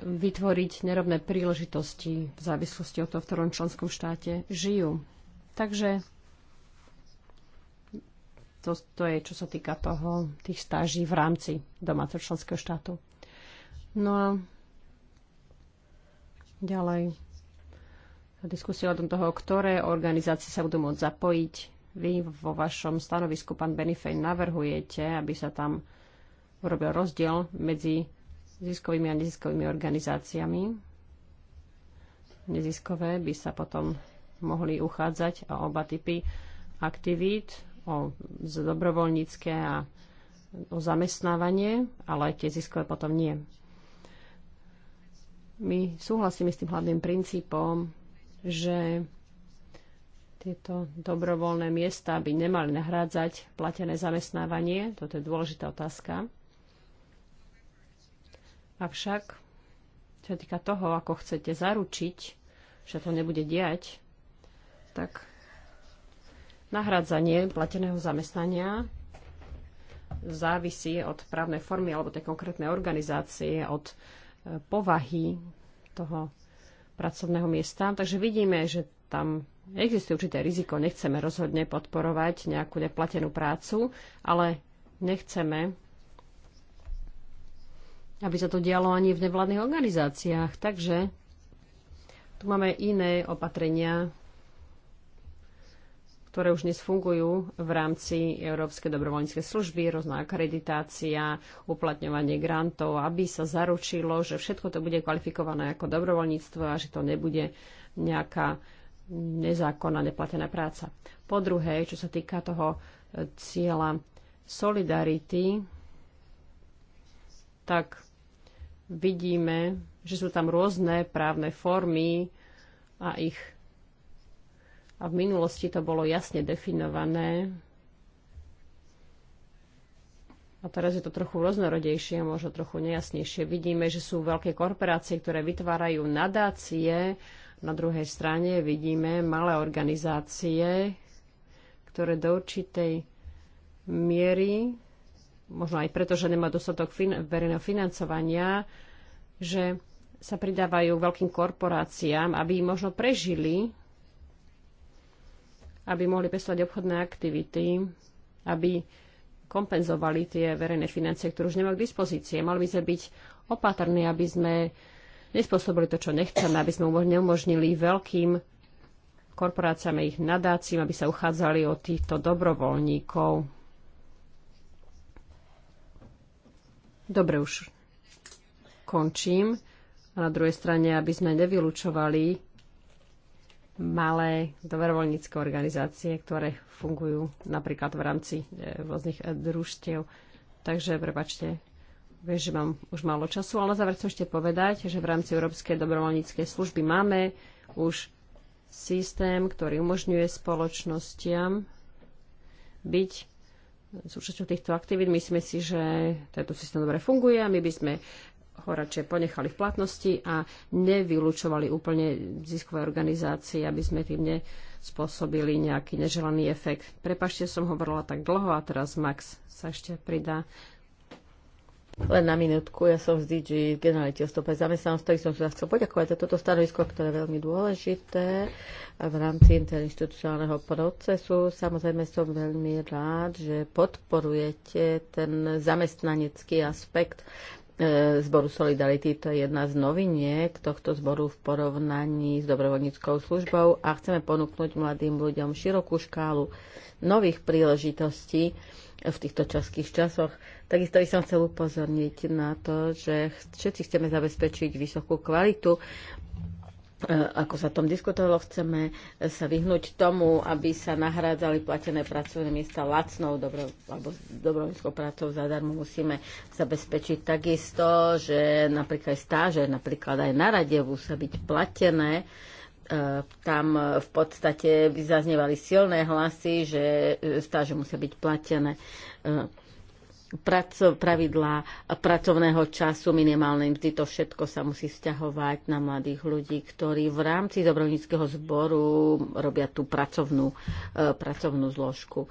vytvoriť nerovné príležitosti v závislosti od toho, v ktorom členskom štáte žijú. Takže to, to je, čo sa týka toho, tých stáží v rámci domáceho členského štátu. No a ďalej diskusia o tom toho, ktoré organizácie sa budú môcť zapojiť. Vy vo vašom stanovisku, pán Benifej, navrhujete, aby sa tam urobil rozdiel medzi ziskovými a neziskovými organizáciami. Neziskové by sa potom mohli uchádzať o oba typy aktivít, o dobrovoľnícke a o zamestnávanie, ale tie ziskové potom nie. My súhlasíme s tým hlavným princípom, že tieto dobrovoľné miesta by nemali nahrádzať platené zamestnávanie. Toto je dôležitá otázka. Avšak, čo sa týka toho, ako chcete zaručiť, že to nebude diať, tak nahradzanie plateného zamestnania závisí od právnej formy alebo tej konkrétnej organizácie, od e, povahy toho pracovného miesta. Takže vidíme, že tam existuje určité riziko. Nechceme rozhodne podporovať nejakú neplatenú prácu, ale nechceme aby sa to dialo ani v nevládnych organizáciách. Takže tu máme iné opatrenia, ktoré už dnes fungujú v rámci Európskej dobrovoľníckej služby, rôzna akreditácia, uplatňovanie grantov, aby sa zaručilo, že všetko to bude kvalifikované ako dobrovoľníctvo a že to nebude nejaká nezákonná neplatená práca. Po druhé, čo sa týka toho e, cieľa solidarity, tak vidíme, že sú tam rôzne právne formy a ich a v minulosti to bolo jasne definované. A teraz je to trochu roznorodejšie a možno trochu nejasnejšie. Vidíme, že sú veľké korporácie, ktoré vytvárajú nadácie. Na druhej strane vidíme malé organizácie, ktoré do určitej miery možno aj preto, že nemá dostatok fin- verejného financovania, že sa pridávajú veľkým korporáciám, aby možno prežili, aby mohli pestovať obchodné aktivity, aby kompenzovali tie verejné financie, ktoré už nemajú k dispozícii. Mali by sme byť opatrní, aby sme nespôsobili to, čo nechceme, aby sme neumožnili veľkým korporáciám a ich nadáciám, aby sa uchádzali o týchto dobrovoľníkov. Dobre, už končím. A na druhej strane, aby sme nevylučovali malé dobrovoľnícke organizácie, ktoré fungujú napríklad v rámci e, rôznych e, družstiev. Takže prepačte, viem, že mám už málo času, ale na záver chcem ešte povedať, že v rámci Európskej dobrovoľníckej služby máme už systém, ktorý umožňuje spoločnostiam byť súčasťou týchto aktivít. Myslíme si, že tento systém dobre funguje a my by sme ho radšej ponechali v platnosti a nevylučovali úplne ziskové organizácie, aby sme tým nespôsobili nejaký neželaný efekt. Prepašte, som hovorila tak dlho a teraz Max sa ešte pridá. Len na minútku, ja som z DG generality pre zamestnanosť, ktorý som sa chcel poďakovať za toto stanovisko, ktoré je veľmi dôležité v rámci interinstitucionálneho procesu. Samozrejme som veľmi rád, že podporujete ten zamestnanecký aspekt e, zboru Solidarity. To je jedna z noviniek tohto zboru v porovnaní s dobrovoľníckou službou a chceme ponúknuť mladým ľuďom širokú škálu nových príležitostí v týchto čaských časoch. Takisto by som chcel upozorniť na to, že všetci chceme zabezpečiť vysokú kvalitu e, ako sa tom diskutovalo, chceme sa vyhnúť tomu, aby sa nahrádzali platené pracovné miesta lacnou dobro, alebo dobrovoľníckou prácou zadarmo. Musíme zabezpečiť takisto, že napríklad aj stáže, napríklad aj na rade musia byť platené. E, tam v podstate by zaznievali silné hlasy, že stáže musia byť platené e, pravidlá pracovného času, minimálne, mzdy, to všetko sa musí vzťahovať na mladých ľudí, ktorí v rámci dobrovoľníckého zboru robia tú pracovnú, e, pracovnú zložku e,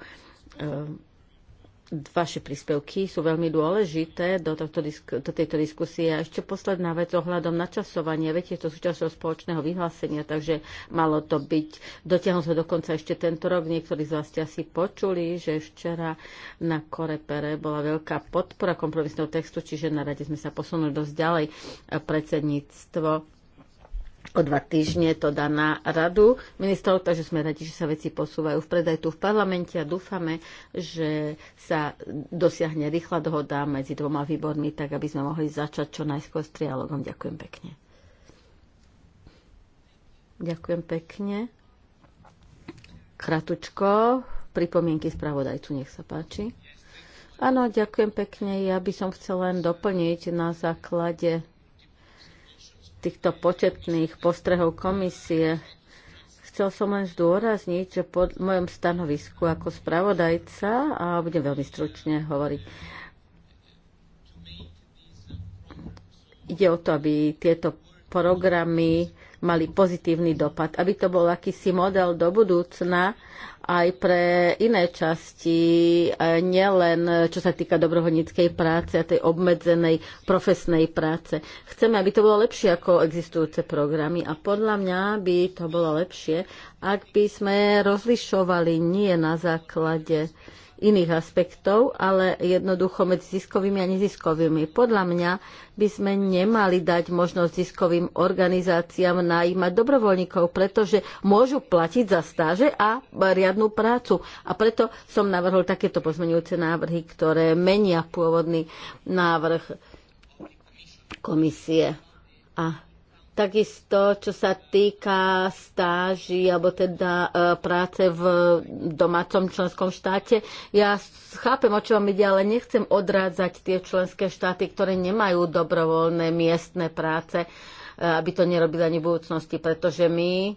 vaše príspevky sú veľmi dôležité do, tohto, do tejto diskusie. A ešte posledná vec ohľadom načasovania. Viete, to súčasťou spoločného vyhlásenia, takže malo to byť. Dotiahlo sa dokonca ešte tento rok. Niektorí z vás ste asi počuli, že včera na Korepere bola veľká podpora kompromisného textu, čiže na rade sme sa posunuli dosť ďalej. Predsedníctvo O dva týždne to dá na radu ministrov, takže sme radi, že sa veci posúvajú vpred aj tu v parlamente a dúfame, že sa dosiahne rýchla dohoda medzi dvoma výbormi, tak aby sme mohli začať čo najskôr s trialogom. Ďakujem pekne. Ďakujem pekne. Kratučko, pripomienky spravodajcu, nech sa páči. Áno, ďakujem pekne. Ja by som chcela len doplniť na základe týchto početných postrehov komisie. Chcel som len zdôrazniť, že po mojom stanovisku ako spravodajca, a budem veľmi stručne hovoriť, ide o to, aby tieto programy mali pozitívny dopad, aby to bol akýsi model do budúcna aj pre iné časti, e, nielen čo sa týka dobrovoľníckej práce a tej obmedzenej profesnej práce. Chceme, aby to bolo lepšie ako existujúce programy a podľa mňa by to bolo lepšie, ak by sme rozlišovali nie na základe iných aspektov, ale jednoducho medzi ziskovými a neziskovými. Podľa mňa by sme nemali dať možnosť ziskovým organizáciám najímať dobrovoľníkov, pretože môžu platiť za stáže a riadnu prácu. A preto som navrhol takéto pozmenujúce návrhy, ktoré menia pôvodný návrh komisie. A Takisto, čo sa týka stáži alebo teda e, práce v domácom členskom štáte, ja chápem, o čo vám ide, ale nechcem odrádzať tie členské štáty, ktoré nemajú dobrovoľné miestne práce, e, aby to nerobili ani v budúcnosti, pretože my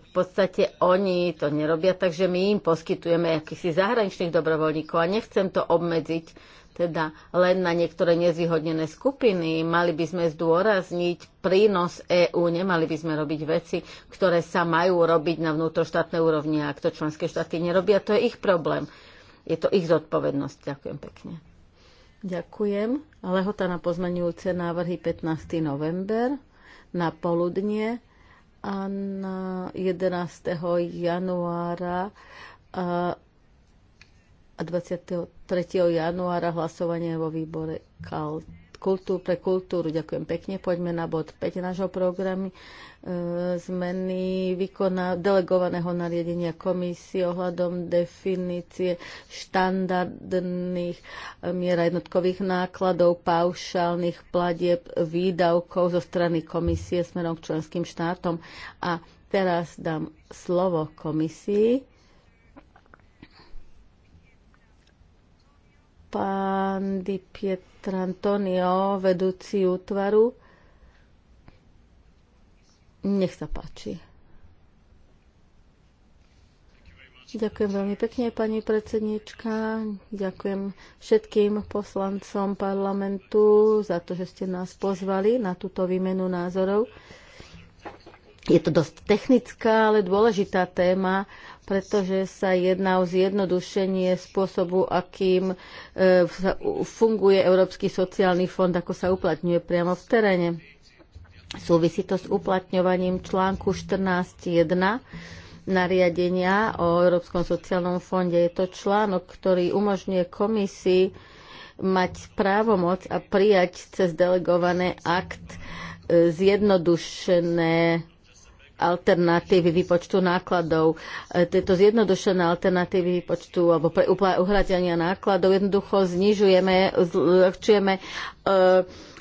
v podstate oni to nerobia, takže my im poskytujeme akýchsi zahraničných dobrovoľníkov a nechcem to obmedziť teda len na niektoré nezvýhodnené skupiny. Mali by sme zdôrazniť prínos EÚ, nemali by sme robiť veci, ktoré sa majú robiť na vnútroštátnej úrovni a ak to členské štáty nerobia, to je ich problém. Je to ich zodpovednosť. Ďakujem pekne. Ďakujem. Lehota na pozmenujúce návrhy 15. november na poludnie a na 11. januára a 23. januára hlasovanie vo výbore kultúr, pre kultúru. Ďakujem pekne. Poďme na bod 5 nášho programu. E, zmeny výkona delegovaného nariadenia komisie ohľadom definície štandardných e, miera jednotkových nákladov, paušálnych platieb, výdavkov zo strany komisie smerom k členským štátom. A teraz dám slovo komisii pán Di Pietrantonio, vedúci útvaru. Nech sa páči. Ďakujem veľmi pekne, pani predsednička. Ďakujem všetkým poslancom parlamentu za to, že ste nás pozvali na túto výmenu názorov. Je to dosť technická, ale dôležitá téma pretože sa jedná o zjednodušenie spôsobu, akým e, funguje Európsky sociálny fond, ako sa uplatňuje priamo v teréne. Súvisí to s uplatňovaním článku 14.1 nariadenia o Európskom sociálnom fonde. Je to článok, ktorý umožňuje komisii mať právomoc a prijať cez delegované akt e, zjednodušené alternatívy výpočtu nákladov. E, tieto zjednodušené alternatívy výpočtu alebo pre uhradenia nákladov jednoducho znižujeme, zľahčujeme e,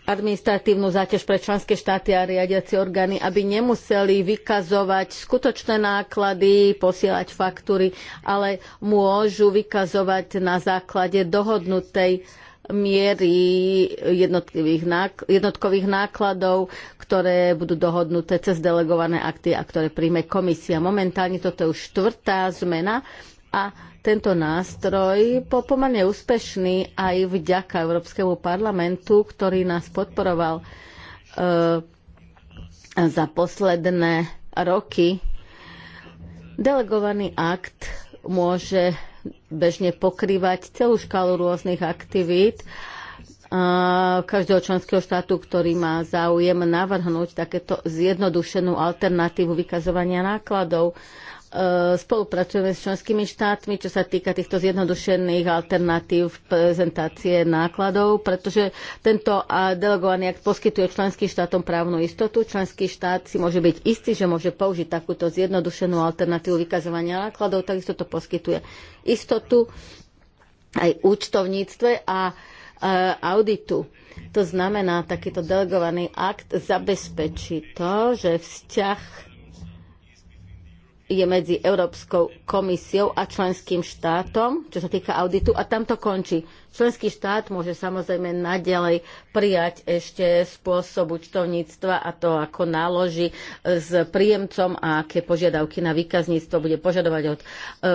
administratívnu záťaž pre členské štáty a riadiaci orgány, aby nemuseli vykazovať skutočné náklady, posielať faktúry, ale môžu vykazovať na základe dohodnutej miery jednotkových nákladov, ktoré budú dohodnuté cez delegované akty a ktoré príjme komisia. Momentálne toto je už štvrtá zmena a tento nástroj bol pomerne úspešný aj vďaka Európskemu parlamentu, ktorý nás podporoval e, za posledné roky. Delegovaný akt môže bežne pokrývať celú škálu rôznych aktivít každého členského štátu, ktorý má záujem navrhnúť takéto zjednodušenú alternatívu vykazovania nákladov. E, spolupracujeme s členskými štátmi, čo sa týka týchto zjednodušených alternatív prezentácie nákladov, pretože tento delegovaný akt poskytuje členským štátom právnu istotu. Členský štát si môže byť istý, že môže použiť takúto zjednodušenú alternatívu vykazovania nákladov, takisto to poskytuje istotu aj účtovníctve a e, auditu. To znamená, takýto delegovaný akt zabezpečí to, že vzťah je medzi Európskou komisiou a členským štátom, čo sa týka auditu, a tam to končí. Členský štát môže samozrejme naďalej prijať ešte spôsob účtovníctva a to, ako náloží s príjemcom a aké požiadavky na výkazníctvo bude požadovať od e,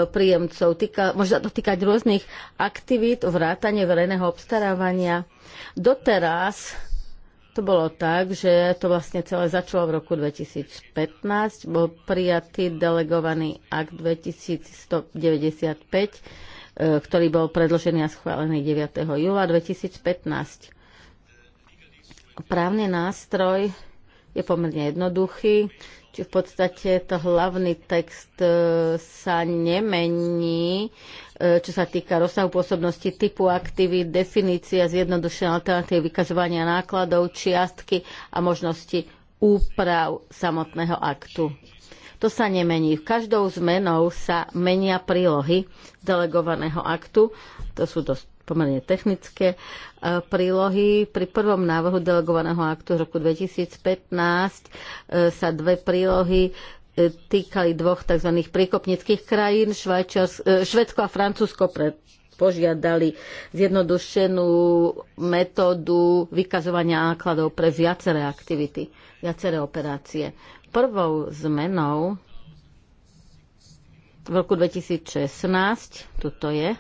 príjemcov. Týka, môže sa to týkať rôznych aktivít, vrátane verejného obstarávania. Doteraz to bolo tak, že to vlastne celé začalo v roku 2015, bol prijatý delegovaný akt 2195, e, ktorý bol predložený a schválený 9. júla 2015. Právny nástroj je pomerne jednoduchý. V podstate to hlavný text e, sa nemení, e, čo sa týka rozsahu pôsobnosti typu aktivít, definícia zjednodušenia alternatívy vykazovania nákladov, čiastky a možnosti úprav samotného aktu. To sa nemení. Každou zmenou sa menia prílohy delegovaného aktu. To sú dosť pomerne technické e, prílohy. Pri prvom návrhu delegovaného aktu z roku 2015 e, sa dve prílohy e, týkali dvoch tzv. príkopnických krajín, Švedsko a Francúzsko pred požiadali zjednodušenú metódu vykazovania nákladov pre viaceré aktivity, viaceré operácie. Prvou zmenou v roku 2016, tuto je,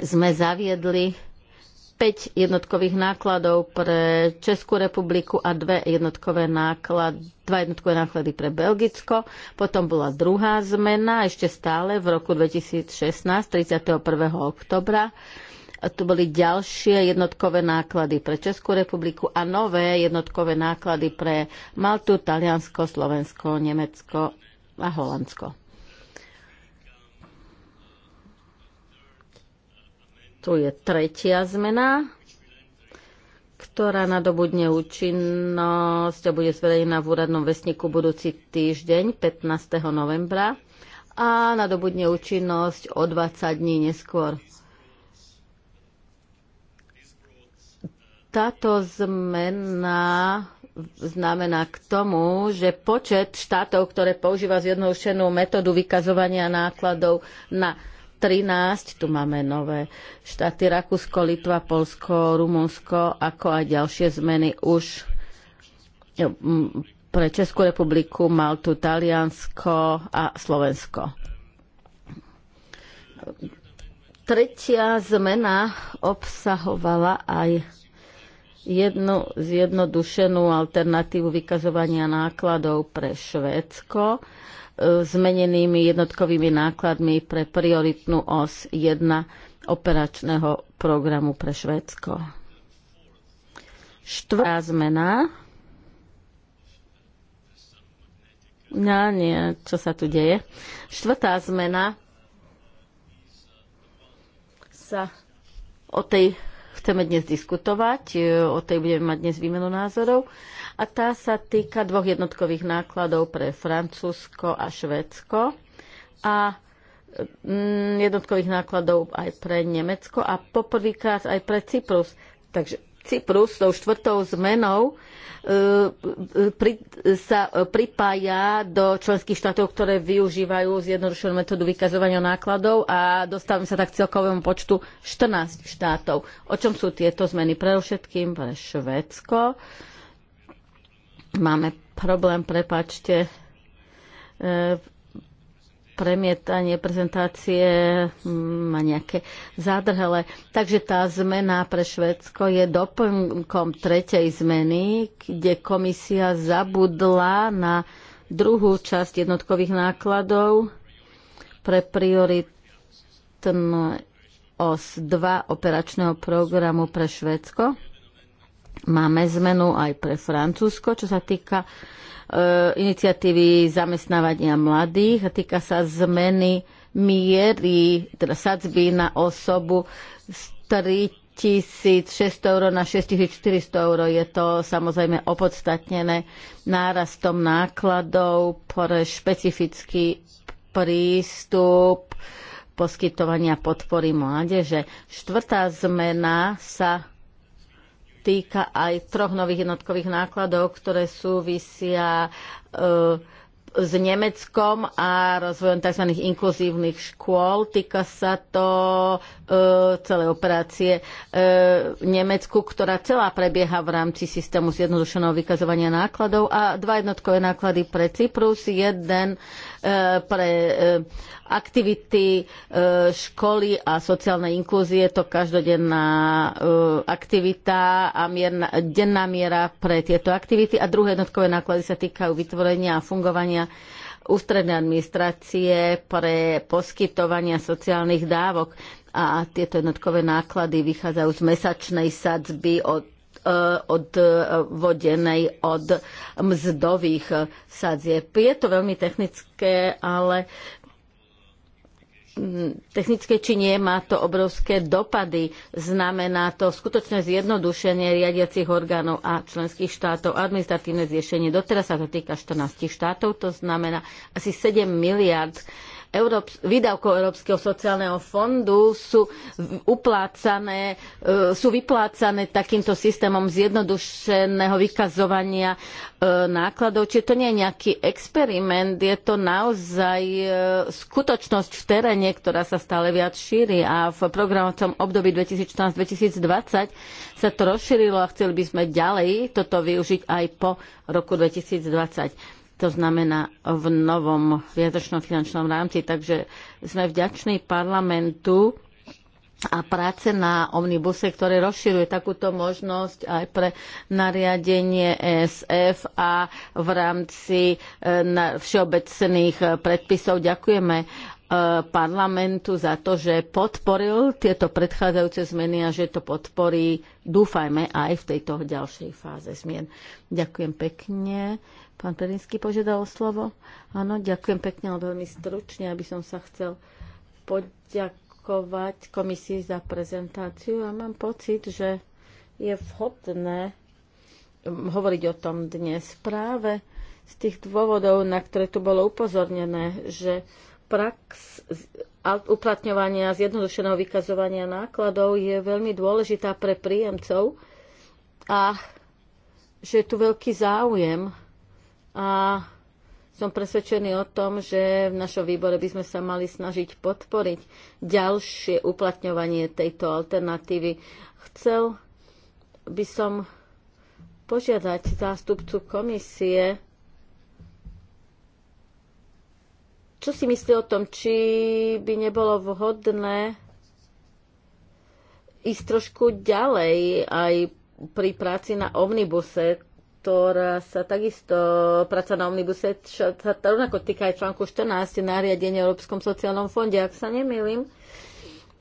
sme zaviedli 5 jednotkových nákladov pre Českú republiku a dve jednotkové náklady, dva jednotkové náklady pre Belgicko. Potom bola druhá zmena ešte stále v roku 2016, 31. oktobra. A tu boli ďalšie jednotkové náklady pre Českú republiku a nové jednotkové náklady pre Maltu, Taliansko, Slovensko, Nemecko a Holandsko. Tu je tretia zmena, ktorá nadobudne účinnosť a bude zverejnená v úradnom vesniku budúci týždeň 15. novembra a nadobudne účinnosť o 20 dní neskôr. Táto zmena znamená k tomu, že počet štátov, ktoré používa zjednodušenú metódu vykazovania nákladov na 13, tu máme nové štáty Rakúsko, Litva, Polsko, Rumunsko, ako aj ďalšie zmeny už pre Českú republiku, Maltu, Taliansko a Slovensko. Tretia zmena obsahovala aj jednu zjednodušenú alternatívu vykazovania nákladov pre Švédsko zmenenými jednotkovými nákladmi pre prioritnú os 1 operačného programu pre Švédsko. Štvrtá zmena. No, nie, čo sa tu deje? Štvrtá zmena sa o tej chceme dnes diskutovať, e, o tej budeme mať dnes výmenu názorov a tá sa týka dvoch jednotkových nákladov pre Francúzsko a Švédsko a mm, jednotkových nákladov aj pre Nemecko a poprvýkrát aj pre Cyprus. Takže Cyprus tou štvrtou zmenou E, sa pripája do členských štátov, ktoré využívajú zjednodušenú metódu vykazovania nákladov a dostávame sa tak celkovému počtu 14 štátov. O čom sú tieto zmeny? Pre všetkým pre Švedsko. Máme problém, prepačte, e, premietanie prezentácie mm, má nejaké zádrhele. Takže tá zmena pre Švedsko je doplnkom tretej zmeny, kde komisia zabudla na druhú časť jednotkových nákladov pre prioritný os 2 operačného programu pre Švedsko Máme zmenu aj pre Francúzsko, čo sa týka e, iniciatívy zamestnávania mladých a týka sa zmeny miery, teda sadzby na osobu z 3600 eur na 6400 eur. Je to samozrejme opodstatnené nárastom nákladov pre špecifický prístup poskytovania podpory mládeže. Štvrtá zmena sa týka aj troch nových jednotkových nákladov, ktoré súvisia e, s Nemeckom a rozvojom tzv. inkluzívnych škôl. Týka sa to e, celej operácie e, Nemecku, ktorá celá prebieha v rámci systému zjednodušeného vykazovania nákladov a dva jednotkové náklady pre Cyprus, jeden e, E, pre e, aktivity e, školy a sociálnej inklúzie. Je to každodenná aktivita a mierna, denná miera pre tieto aktivity. A druhé jednotkové náklady sa týkajú vytvorenia a fungovania ústrednej administrácie pre poskytovania sociálnych dávok a tieto jednotkové náklady vychádzajú z mesačnej sadzby od Eh, odvodenej od mzdových sadzieb. Je to veľmi technické, ale mm, technické či nie, má to obrovské dopady. Znamená to skutočné zjednodušenie riadiacich orgánov a členských štátov, administratívne zriešenie. Doteraz sa to týka 14 štátov, to znamená asi 7 miliard Európs- výdavkov Európskeho sociálneho fondu sú uplácané, e, sú vyplácané takýmto systémom zjednodušeného vykazovania e, nákladov. Čiže to nie je nejaký experiment, je to naozaj e, skutočnosť v teréne, ktorá sa stále viac šíri a v programovacom období 2014-2020 sa to rozšírilo a chceli by sme ďalej toto využiť aj po roku 2020 to znamená v novom viatočnom finančnom rámci. Takže sme vďační parlamentu a práce na omnibuse, ktoré rozširuje takúto možnosť aj pre nariadenie ESF a v rámci e, všeobecných e, predpisov. Ďakujeme e, parlamentu za to, že podporil tieto predchádzajúce zmeny a že to podporí, dúfajme, aj v tejto ďalšej fáze zmien. Ďakujem pekne. Pán Perinsky požiadal o slovo. Áno, ďakujem pekne, ale veľmi stručne, aby som sa chcel poďakovať komisii za prezentáciu a mám pocit, že je vhodné hm, hovoriť o tom dnes práve z tých dôvodov, na ktoré tu bolo upozornené, že prax uplatňovania zjednodušeného vykazovania nákladov je veľmi dôležitá pre príjemcov a že je tu veľký záujem a som presvedčený o tom, že v našom výbore by sme sa mali snažiť podporiť ďalšie uplatňovanie tejto alternatívy. Chcel by som požiadať zástupcu komisie, čo si myslí o tom, či by nebolo vhodné ísť trošku ďalej aj pri práci na omnibuse ktorá sa takisto, práca na omnibuse, sa rovnako týka aj článku 14 nariadenia Európskom sociálnom fonde. Ak sa nemýlim,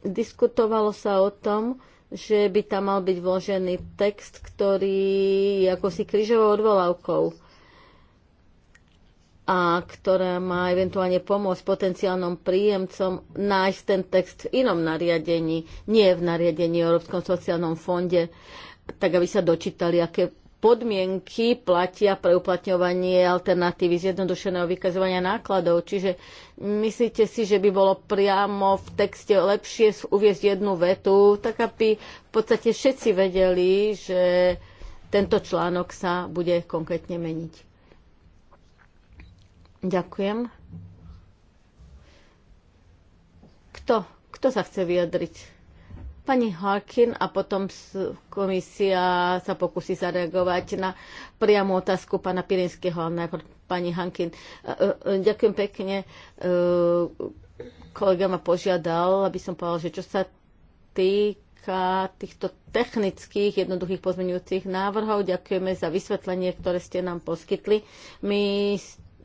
diskutovalo sa o tom, že by tam mal byť vložený text, ktorý je ako si krížovou odvolávkou a ktorá má eventuálne pomôcť potenciálnom príjemcom nájsť ten text v inom nariadení, nie v nariadení Európskom sociálnom fonde, tak aby sa dočítali, aké podmienky platia pre uplatňovanie alternatívy zjednodušeného vykazovania nákladov. Čiže myslíte si, že by bolo priamo v texte lepšie uviezť jednu vetu, tak aby v podstate všetci vedeli, že tento článok sa bude konkrétne meniť. Ďakujem. Kto? Kto sa chce vyjadriť? Pani Harkin a potom komisia sa pokusí zareagovať na priamu otázku pána Pirinského, a najprv pani Hankin. E, e, ďakujem pekne. E, kolega ma požiadal, aby som povedal, že čo sa týka týchto technických, jednoduchých pozmeňujúcich návrhov. Ďakujeme za vysvetlenie, ktoré ste nám poskytli. My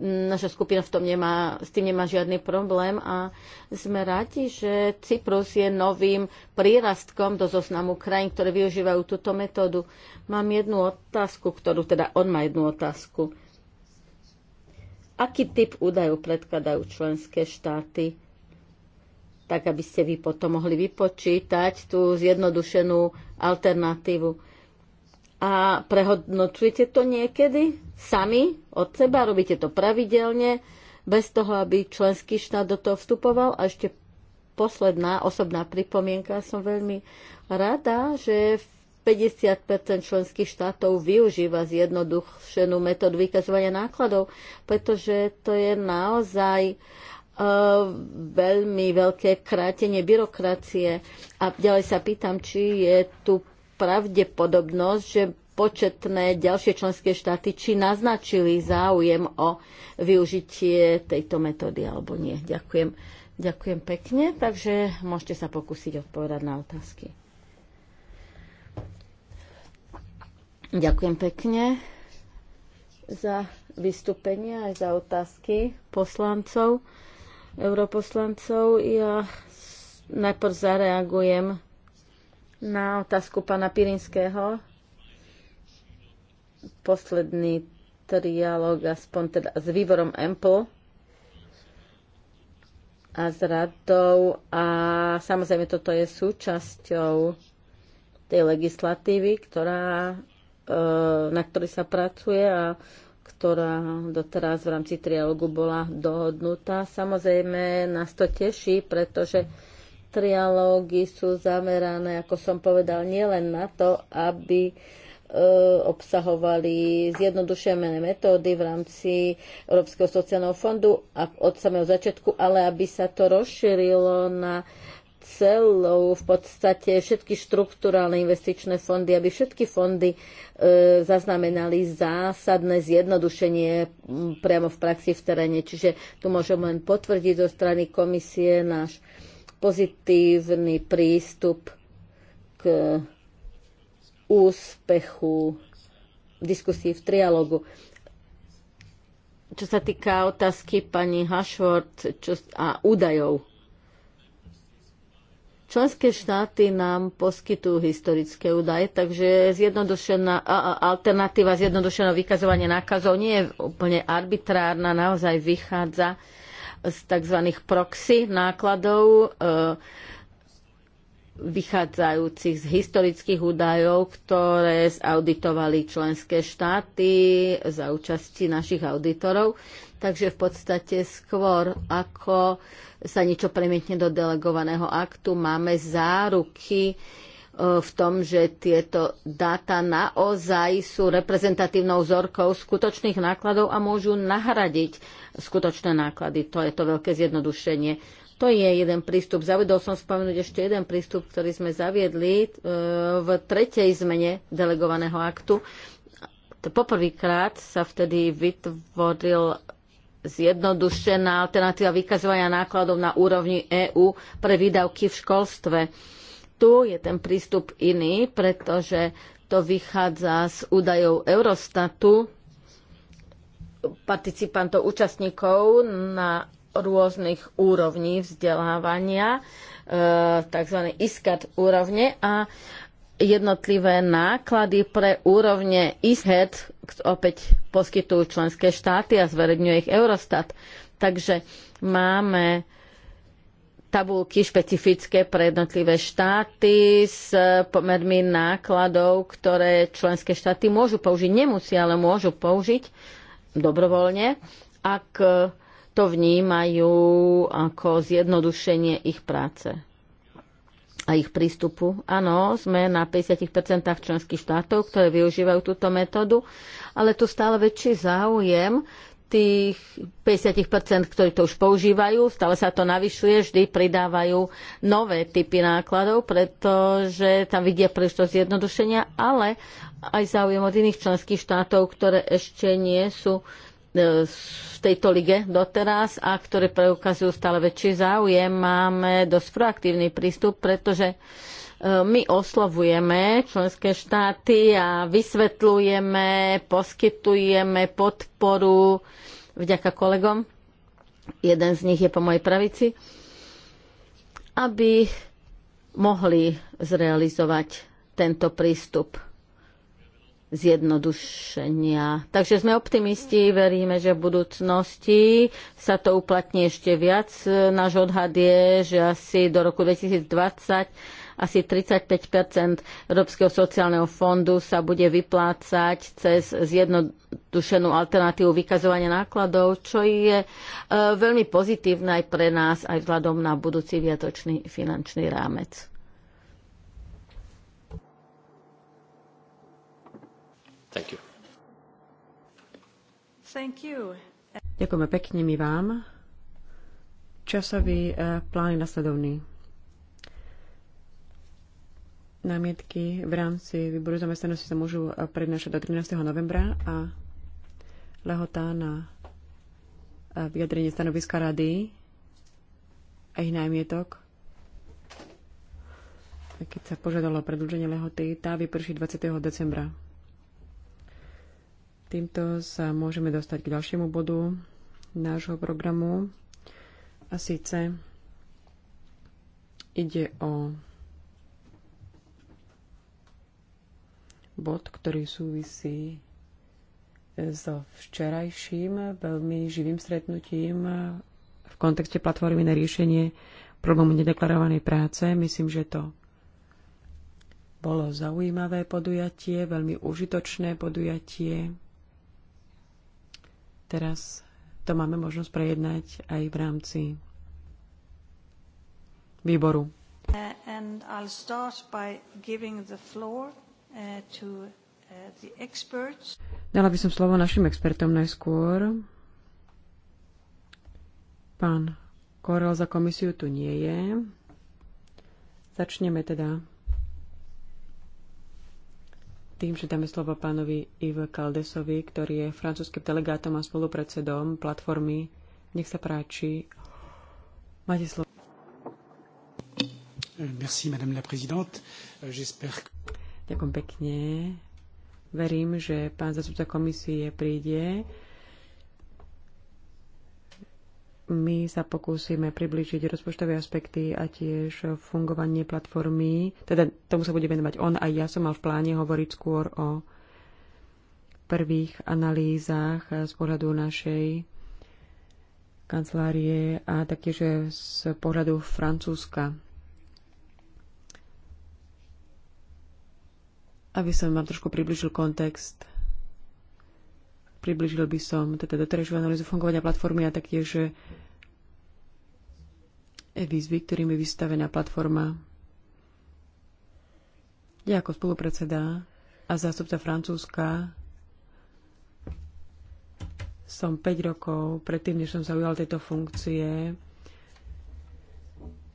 naša skupina v tom nemá, s tým nemá žiadny problém a sme radi, že Cyprus je novým prírastkom do zoznamu krajín, ktoré využívajú túto metódu. Mám jednu otázku, ktorú teda on má jednu otázku. Aký typ údajov predkladajú členské štáty, tak aby ste vy potom mohli vypočítať tú zjednodušenú alternatívu? a prehodnocujete to niekedy sami od seba, robíte to pravidelne, bez toho, aby členský štát do toho vstupoval. A ešte posledná osobná pripomienka, som veľmi rada, že 50 členských štátov využíva zjednodušenú metódu vykazovania nákladov, pretože to je naozaj e, veľmi veľké krátenie byrokracie. A ďalej sa pýtam, či je tu pravdepodobnosť, že početné ďalšie členské štáty či naznačili záujem o využitie tejto metódy alebo nie. Ďakujem. Ďakujem pekne, takže môžete sa pokúsiť odpovedať na otázky. Ďakujem pekne za vystúpenie aj za otázky poslancov, europoslancov. Ja najprv zareagujem na otázku pána Pirinského. Posledný trialog aspoň teda s výborom EMPL a s radou a samozrejme toto je súčasťou tej legislatívy, ktorá, e, na ktorej sa pracuje a ktorá doteraz v rámci trialogu bola dohodnutá. Samozrejme nás to teší, pretože mm trialógy sú zamerané, ako som povedal, nielen na to, aby e, obsahovali zjednodušené metódy v rámci Európskeho sociálneho fondu a od samého začiatku, ale aby sa to rozšírilo na celou v podstate všetky štruktúrálne investičné fondy, aby všetky fondy e, zaznamenali zásadné zjednodušenie priamo v praxi v teréne. Čiže tu môžem len potvrdiť zo strany komisie náš pozitívny prístup k úspechu diskusí v trialogu. Čo sa týka otázky pani Hašvort čo, a údajov, Členské štáty nám poskytujú historické údaje, takže zjednodušená, alternatíva zjednodušeného vykazovania nákazov nie je úplne arbitrárna, naozaj vychádza z tzv. proxy nákladov eh, vychádzajúcich z historických údajov, ktoré zauditovali členské štáty za účasti našich auditorov. Takže v podstate skôr, ako sa niečo premietne do delegovaného aktu, máme záruky, Eh, v tom, že tieto dáta naozaj sú reprezentatívnou vzorkou skutočných nákladov a môžu nahradiť skutočné náklady. To je to veľké zjednodušenie. To je jeden prístup. Zavedol som spomenúť ešte jeden prístup, ktorý sme zaviedli eh, v tretej zmene delegovaného aktu. Poprvýkrát sa vtedy vytvoril zjednodušená alternatíva vykazovania nákladov na úrovni EÚ pre výdavky v školstve tu je ten prístup iný, pretože to vychádza z údajov Eurostatu participantov, účastníkov na rôznych úrovni vzdelávania, e, tzv. ISCAT úrovne a jednotlivé náklady pre úrovne ISHED opäť poskytujú členské štáty a zverejňuje ich Eurostat. Takže máme tabulky špecifické pre jednotlivé štáty s pomermi nákladov, ktoré členské štáty môžu použiť. Nemusia, ale môžu použiť dobrovoľne, ak to vnímajú ako zjednodušenie ich práce a ich prístupu. Áno, sme na 50% členských štátov, ktoré využívajú túto metódu, ale tu stále väčší záujem tých 50%, ktorí to už používajú, stále sa to navyšuje, vždy pridávajú nové typy nákladov, pretože tam vidia príležitosť zjednodušenia, ale aj záujem od iných členských štátov, ktoré ešte nie sú e, v tejto lige doteraz a ktoré preukazujú stále väčší záujem. Máme dosť proaktívny prístup, pretože my oslovujeme členské štáty a vysvetľujeme, poskytujeme podporu vďaka kolegom. Jeden z nich je po mojej pravici, aby mohli zrealizovať tento prístup zjednodušenia. Takže sme optimisti, veríme, že v budúcnosti sa to uplatní ešte viac. Náš odhad je, že asi do roku 2020 asi 35 Európskeho sociálneho fondu sa bude vyplácať cez zjednodušenú alternatívu vykazovania nákladov, čo je e, veľmi pozitívne aj pre nás, aj vzhľadom na budúci viatočný finančný rámec. Thank you. Thank you. Ďakujeme pekne mi vám. Časový e, plán je nasledovný. Námietky v rámci výboru zamestnanosti sa môžu prednášať do 13. novembra a lehotá na e, vyjadrenie stanoviska rady a ich námietok. Keď sa požiadalo predĺženie lehoty, tá vyprší 20. decembra. Týmto sa môžeme dostať k ďalšiemu bodu nášho programu. A síce ide o bod, ktorý súvisí e, so včerajším veľmi živým stretnutím e, v kontexte platformy na riešenie problému nedeklarovanej práce. Myslím, že to bolo zaujímavé podujatie, veľmi užitočné podujatie. Teraz to máme možnosť prejednať aj v rámci výboru. And I'll start by giving the floor Uh, uh, Dala by som slovo našim expertom najskôr. Pán Korel za komisiu tu nie je. Začneme teda tým, že dáme slovo pánovi Yves Kaldesovi, ktorý je francúzským delegátom a spolupredsedom platformy. Nech sa práči. Máte slovo. Merci, madame la présidente. J'espère que... Ďakujem pekne. Verím, že pán zastupca komisie príde. My sa pokúsime priblížiť rozpočtové aspekty a tiež fungovanie platformy. Teda tomu sa bude venovať on a ja som mal v pláne hovoriť skôr o prvých analýzach z pohľadu našej kancelárie a taktiež z pohľadu Francúzska. Aby som vám trošku približil kontext, približil by som teda doterajšiu analýzu fungovania platformy a taktiež eh, výzvy, ktorými je vystavená platforma. Ja ako spolupredseda a zástupca Francúzska som 5 rokov predtým, než som ujal tejto funkcie,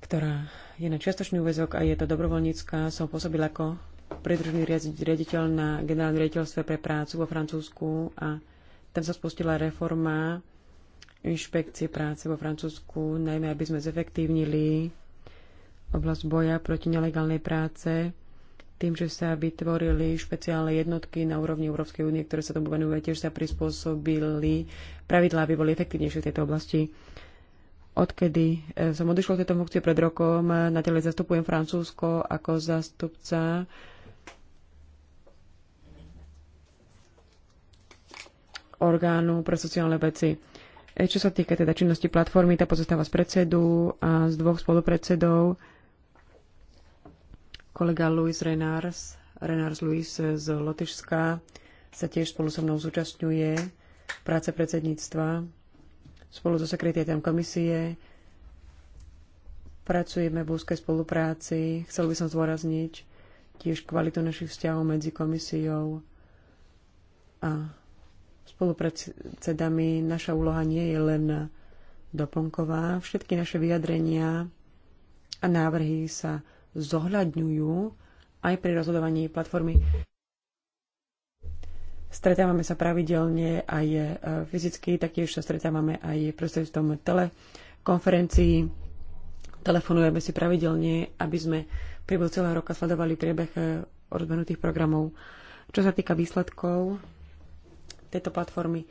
ktorá je na čiastočný úvezok a je to dobrovoľnícka, som pôsobil ako predružný riaditeľ na generálne riaditeľstve pre prácu vo Francúzsku a tam sa spustila reforma inšpekcie práce vo Francúzsku, najmä aby sme zefektívnili oblasť boja proti nelegálnej práce tým, že sa vytvorili špeciálne jednotky na úrovni Európskej únie, ktoré sa tomu venujú, tiež sa prispôsobili pravidlá, aby boli efektívnejšie v tejto oblasti. Odkedy eh, som odišla z tejto funkcie pred rokom, eh, na tele zastupujem Francúzsko ako zastupca orgánu pre sociálne veci. E, čo sa týka teda činnosti platformy, tá pozostáva z predsedu a z dvoch spolupredsedov. Kolega Luis Renars, Renars Luis z Lotyšska sa tiež spolu so mnou zúčastňuje práce predsedníctva spolu so sekretariatom komisie. Pracujeme v úzkej spolupráci. Chcel by som zdôrazniť tiež kvalitu našich vzťahov medzi komisiou a spolupredsedami naša úloha nie je len doplnková. Všetky naše vyjadrenia a návrhy sa zohľadňujú aj pri rozhodovaní platformy. Stretávame sa pravidelne aj e, fyzicky, taktiež sa stretávame aj prostredstvom telekonferencií. Telefonujeme si pravidelne, aby sme priebehu celého roka sledovali priebeh e, rozmenutých programov. Čo sa týka výsledkov, tejto platformy.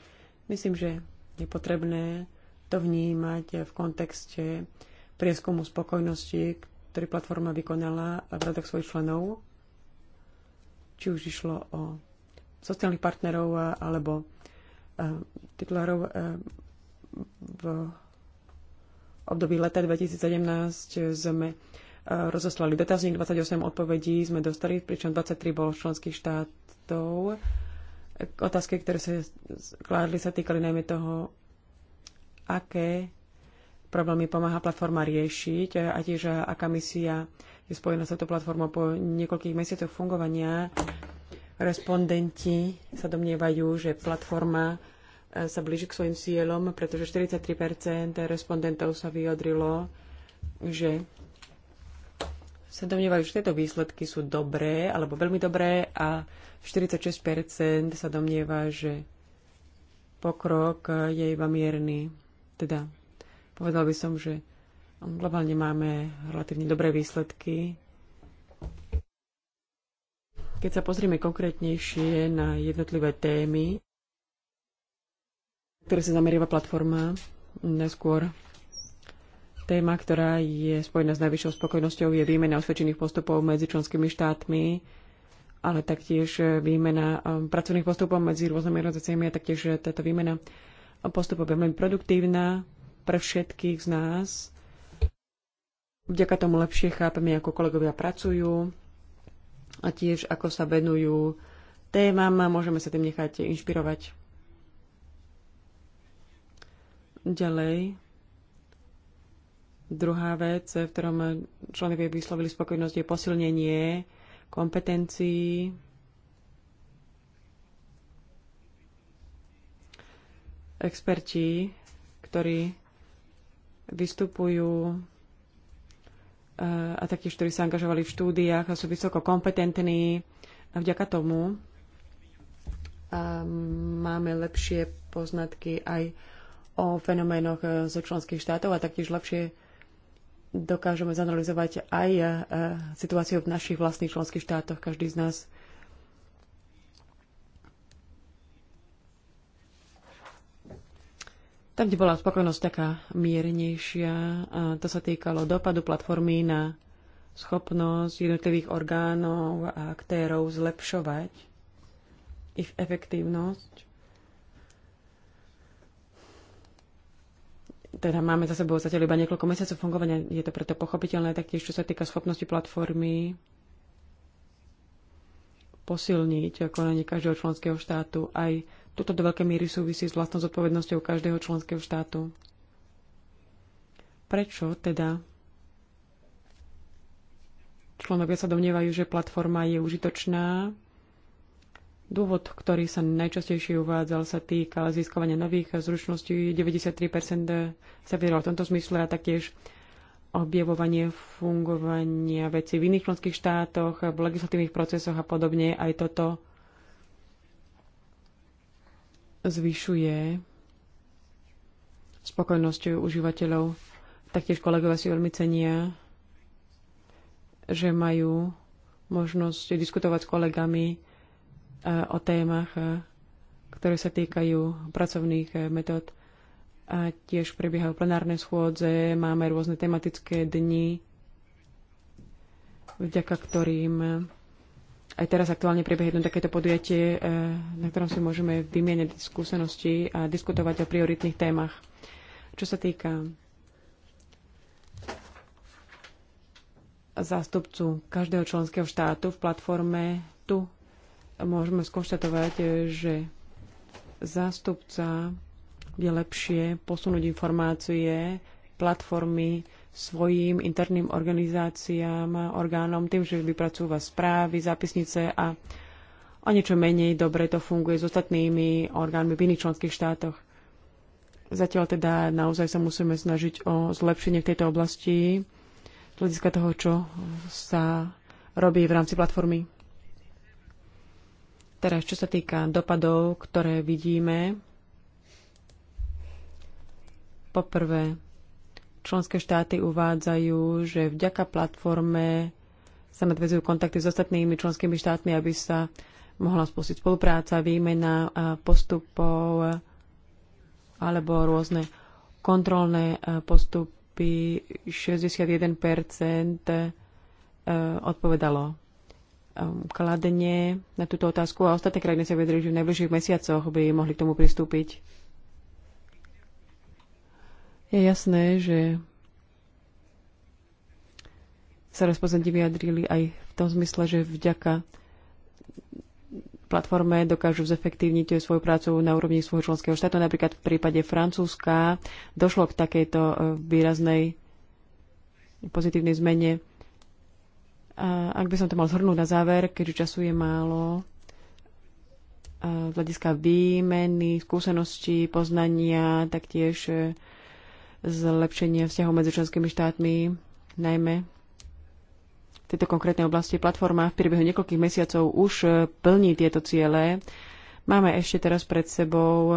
Myslím, že je potrebné to vnímať v kontexte prieskumu spokojnosti, ktorý platforma vykonala v radoch svojich členov, či už išlo o sociálnych partnerov alebo e, titulárov e, v období leta 2017 sme e, rozoslali dotazník 28 odpovedí, sme dostali, pričom 23 bolo členských štátov Otázky, ktoré sa kládli, sa týkali najmä toho, aké problémy pomáha platforma riešiť a tiež aká misia je spojená s touto platformou po niekoľkých mesiacoch fungovania. Respondenti sa domnievajú, že platforma e, sa blíži k svojim cieľom, pretože 43 respondentov sa vyjadrilo, že sa domnievajú, že tieto výsledky sú dobré alebo veľmi dobré a 46% sa domnieva, že pokrok je iba mierny. Teda povedal by som, že globálne máme relatívne dobré výsledky. Keď sa pozrieme konkrétnejšie na jednotlivé témy, ktoré sa zameriava platforma, neskôr Téma, ktorá je spojená s najvyššou spokojnosťou, je výmena osvedčených postupov medzi členskými štátmi, ale taktiež výmena um, pracovných postupov medzi rôznymi organizáciami a taktiež táto výmena postupov je veľmi produktívna pre všetkých z nás. Vďaka tomu lepšie chápeme, ako kolegovia pracujú a tiež ako sa venujú témam a môžeme sa tým nechať inšpirovať. Ďalej Druhá vec, v ktorom členovia vyslovili spokojnosť, je posilnenie kompetencií experti, ktorí vystupujú eh, a taktiež, ktorí sa angažovali v štúdiách a sú vysoko kompetentní. A vďaka tomu a eh, máme lepšie poznatky aj o fenoménoch eh, zo členských štátov a taktiež lepšie dokážeme zanalizovať aj e, situáciu v našich vlastných členských štátoch, každý z nás. Tam, kde bola spokojnosť taká miernejšia, to sa týkalo dopadu platformy na schopnosť jednotlivých orgánov a aktérov zlepšovať ich efektívnosť teda máme za sebou zatiaľ iba niekoľko mesiacov fungovania, je to preto pochopiteľné, taktiež čo sa týka schopnosti platformy posilniť konanie každého členského štátu. Aj toto do veľkej míry súvisí s vlastnou zodpovednosťou každého členského štátu. Prečo teda členovia sa domnievajú, že platforma je užitočná Dôvod, ktorý sa najčastejšie uvádzal, sa týkal získavania nových zručností. 93% sa vydalo v tomto zmysle a taktiež objavovanie fungovania veci v iných členských štátoch, v legislatívnych procesoch a podobne. Aj toto zvyšuje spokojnosť užívateľov. Taktiež kolegovia si veľmi cenia, že majú možnosť diskutovať s kolegami o témach, ktoré sa týkajú pracovných e, metód. A tiež prebiehajú plenárne schôdze, máme rôzne tematické dni, vďaka ktorým e, aj teraz aktuálne prebieha jedno takéto podujatie, e, na ktorom si môžeme vymieňať skúsenosti a diskutovať o prioritných témach. Čo sa týka zástupcu každého členského štátu v platforme, tu môžeme skonštatovať, že zástupca je lepšie posunúť informácie, platformy svojim interným organizáciám, orgánom, tým, že vypracúva správy, zápisnice a o niečo menej dobre to funguje s ostatnými orgánmi v iných členských štátoch. Zatiaľ teda naozaj sa musíme snažiť o zlepšenie v tejto oblasti z hľadiska toho, čo sa robí v rámci platformy. Teraz, čo sa týka dopadov, ktoré vidíme, poprvé, členské štáty uvádzajú, že vďaka platforme sa nadvezujú kontakty s ostatnými členskými štátmi, aby sa mohla spustiť spolupráca, výmena postupov alebo rôzne kontrolné postupy. 61 odpovedalo Um, kladenie na túto otázku a ostatné krajiny sa vyjadrili, že v najbližších mesiacoch by mohli k tomu pristúpiť. Je jasné, že sa rozpoznatí vyjadrili aj v tom zmysle, že vďaka platforme dokážu zefektívniť svoju prácu na úrovni svojho členského štátu. Napríklad v prípade Francúzska došlo k takejto e, výraznej pozitívnej zmene a ak by som to mal zhrnúť na záver, keďže času je málo, z hľadiska výmeny, skúseností, poznania, taktiež e, zlepšenie vzťahov medzi členskými štátmi, najmä v tejto konkrétnej oblasti. Platforma v priebehu niekoľkých mesiacov už e, plní tieto ciele. Máme ešte teraz pred sebou e,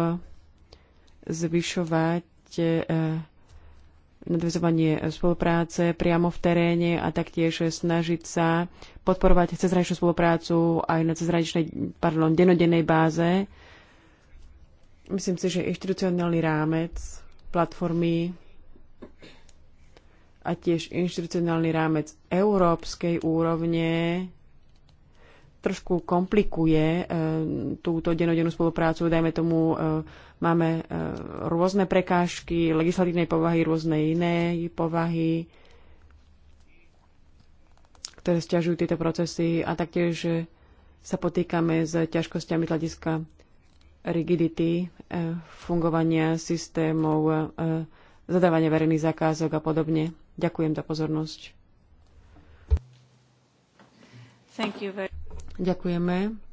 zvyšovať nadvezovanie spolupráce priamo v teréne a taktiež snažiť sa podporovať cezhraničnú spoluprácu aj na cezhraničnej, pardon, denodennej báze. Myslím si, že inštitucionálny rámec, platformy a tiež inštitucionálny rámec európskej úrovne trošku komplikuje e, túto denodennú spoluprácu, dajme tomu e, Máme e, rôzne prekážky legislatívnej povahy, rôzne iné povahy, ktoré stiažujú tieto procesy a taktiež e, sa potýkame s ťažkosťami hľadiska rigidity e, fungovania systémov, zadávania verejných zakázok a podobne. Ďakujem za pozornosť. Ďakujeme.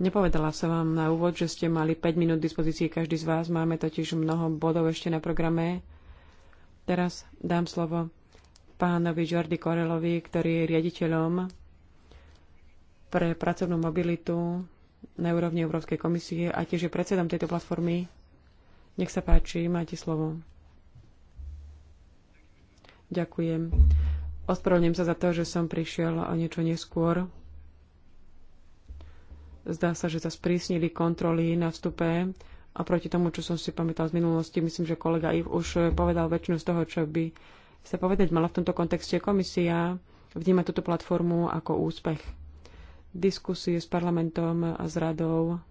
Nepovedala som vám na úvod, že ste mali 5 minút dispozície každý z vás. Máme totiž mnoho bodov ešte na programe. Teraz dám slovo pánovi Jordi Korelovi, ktorý je riaditeľom pre pracovnú mobilitu na úrovni Európskej komisie a tiež je predsedom tejto platformy. Nech sa páči, máte slovo. Ďakujem. Ospravedlňujem sa za to, že som prišiel o niečo neskôr. Zdá sa, že sa sprísnili kontroly na vstupe a proti tomu, čo som si pamätal z minulosti, myslím, že kolega Iv už povedal väčšinu z toho, čo by sa povedať mala v tomto kontexte komisia vníma túto platformu ako úspech. Diskusie s parlamentom a s radou,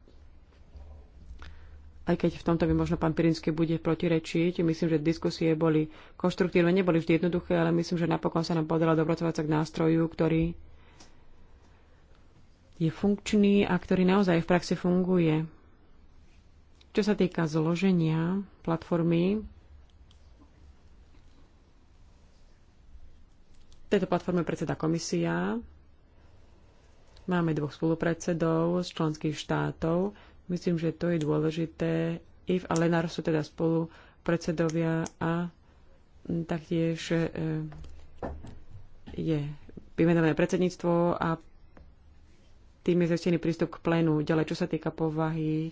aj keď v tomto by možno pán Pirinsky bude protirečiť, myslím, že diskusie boli konštruktívne, neboli vždy jednoduché, ale myslím, že napokon sa nám podala dobrocovať sa k nástroju, ktorý je funkčný a ktorý naozaj v praxi funguje. Čo sa týka zloženia platformy, tejto platforme predseda komisia, máme dvoch spolupredsedov z členských štátov. Myslím, že to je dôležité. IF a Lenar sú teda spolupredsedovia a taktiež eh, je vymenované predsedníctvo a tým je zistený prístup k plénu. Ďalej, čo sa týka povahy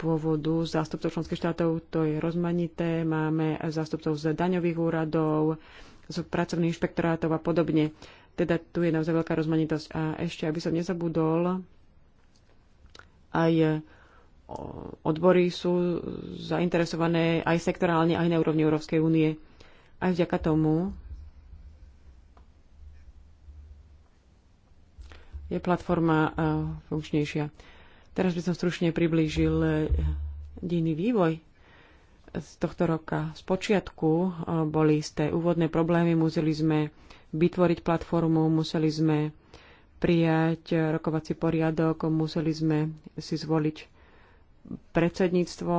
pôvodu zástupcov členských štátov, to je rozmanité. Máme zástupcov z daňových úradov, z pracovných inšpektorátov a podobne. Teda tu je naozaj veľká rozmanitosť. A ešte, aby som nezabudol, aj odbory sú zainteresované aj sektorálne, aj na úrovni Európskej únie. Aj vďaka tomu je platforma eh, funkčnejšia. Teraz by som stručne priblížil eh, dejný vývoj z tohto roka. Z počiatku eh, boli isté úvodné problémy, museli sme vytvoriť platformu, museli sme prijať rokovací poriadok, museli sme si zvoliť predsedníctvo.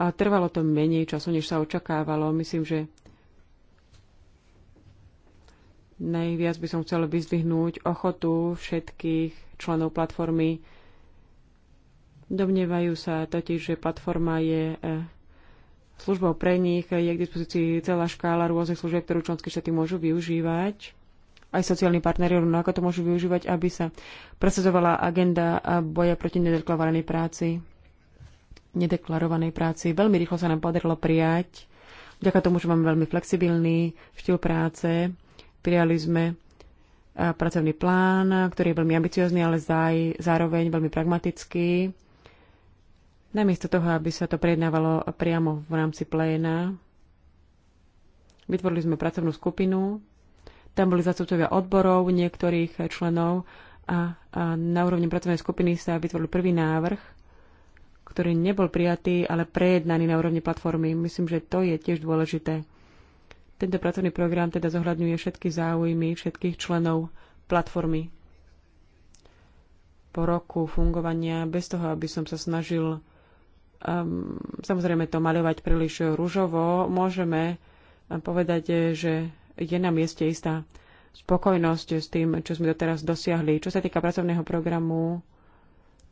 A trvalo to menej času, než sa očakávalo. Myslím, že Najviac by som chcela vyzdvihnúť ochotu všetkých členov platformy. Domnievajú sa totiž, že platforma je e, službou pre nich, je k dispozícii celá škála rôznych služieb, ktorú členské štáty môžu využívať. Aj sociálni partneri rovnako to môžu využívať, aby sa presadzovala agenda boja proti nedeklarovanej práci. Nedeklarovanej práci. Veľmi rýchlo sa nám podarilo prijať, vďaka tomu, že máme veľmi flexibilný štýl práce, Prijali sme e, pracovný plán, ktorý je veľmi ambiciózny, ale zároveň veľmi pragmatický. Namiesto toho, aby sa to prejednávalo priamo v rámci pléna, vytvorili sme pracovnú skupinu. Tam boli zastupcovia odborov, niektorých členov a, a na úrovni pracovnej skupiny sa vytvoril prvý návrh, ktorý nebol prijatý, ale prejednaný na úrovni platformy. Myslím, že to je tiež dôležité tento pracovný program teda zohľadňuje všetky záujmy všetkých členov platformy. Po roku fungovania, bez toho, aby som sa snažil um, samozrejme to maľovať príliš rúžovo, môžeme povedať, že je na mieste istá spokojnosť s tým, čo sme doteraz dosiahli. Čo sa týka pracovného programu,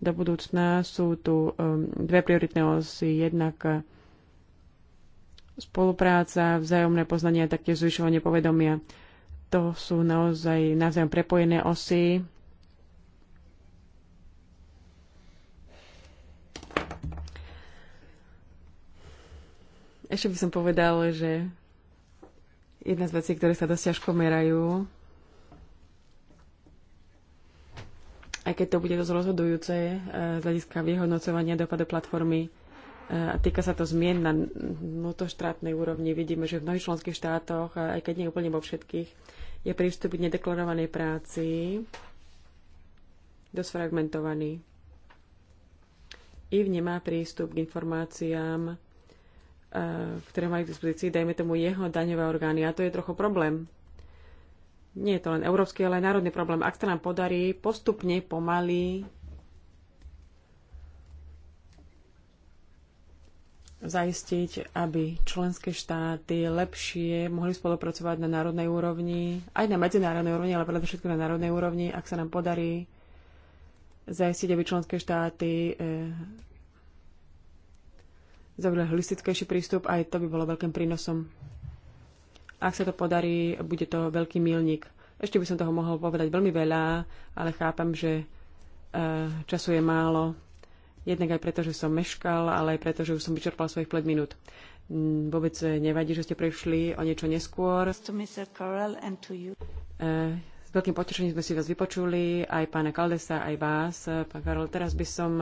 do budúcna sú tu um, dve prioritné osy. Jednak spolupráca, vzájomné poznanie a taktiež zvyšovanie povedomia. To sú naozaj navzájom prepojené osy. Ešte by som povedal, že jedna z vecí, ktoré sa dosť ťažko merajú, aj keď to bude dosť rozhodujúce eh, z hľadiska vyhodnocovania dopadu platformy, a týka sa to zmien na vnútoštátnej úrovni. Vidíme, že v mnohých členských štátoch, aj keď nie úplne vo všetkých, je prístup k nedeklarovanej práci dosť fragmentovaný. IV nemá prístup k informáciám, e, ktoré majú k dispozícii, dajme tomu jeho daňové orgány. A to je trochu problém. Nie je to len európsky, ale aj národný problém. Ak sa nám podarí postupne, pomaly zaistiť, aby členské štáty lepšie mohli spolupracovať na národnej úrovni, aj na medzinárodnej úrovni, ale predovšetkým na národnej úrovni, ak sa nám podarí zaistiť, aby členské štáty e, zaujali holistickejší prístup, aj to by bolo veľkým prínosom. Ak sa to podarí, bude to veľký milník. Ešte by som toho mohol povedať veľmi veľa, ale chápam, že e, času je málo. Jednak aj preto, že som meškal, ale aj preto, že už som vyčerpal svojich 5 minút. Mm, vôbec eh, nevadí, že ste prišli o niečo neskôr. Eh, s veľkým potešením sme si vás vypočuli, aj pána Kaldesa, aj vás. Eh, pán Karol, teraz by som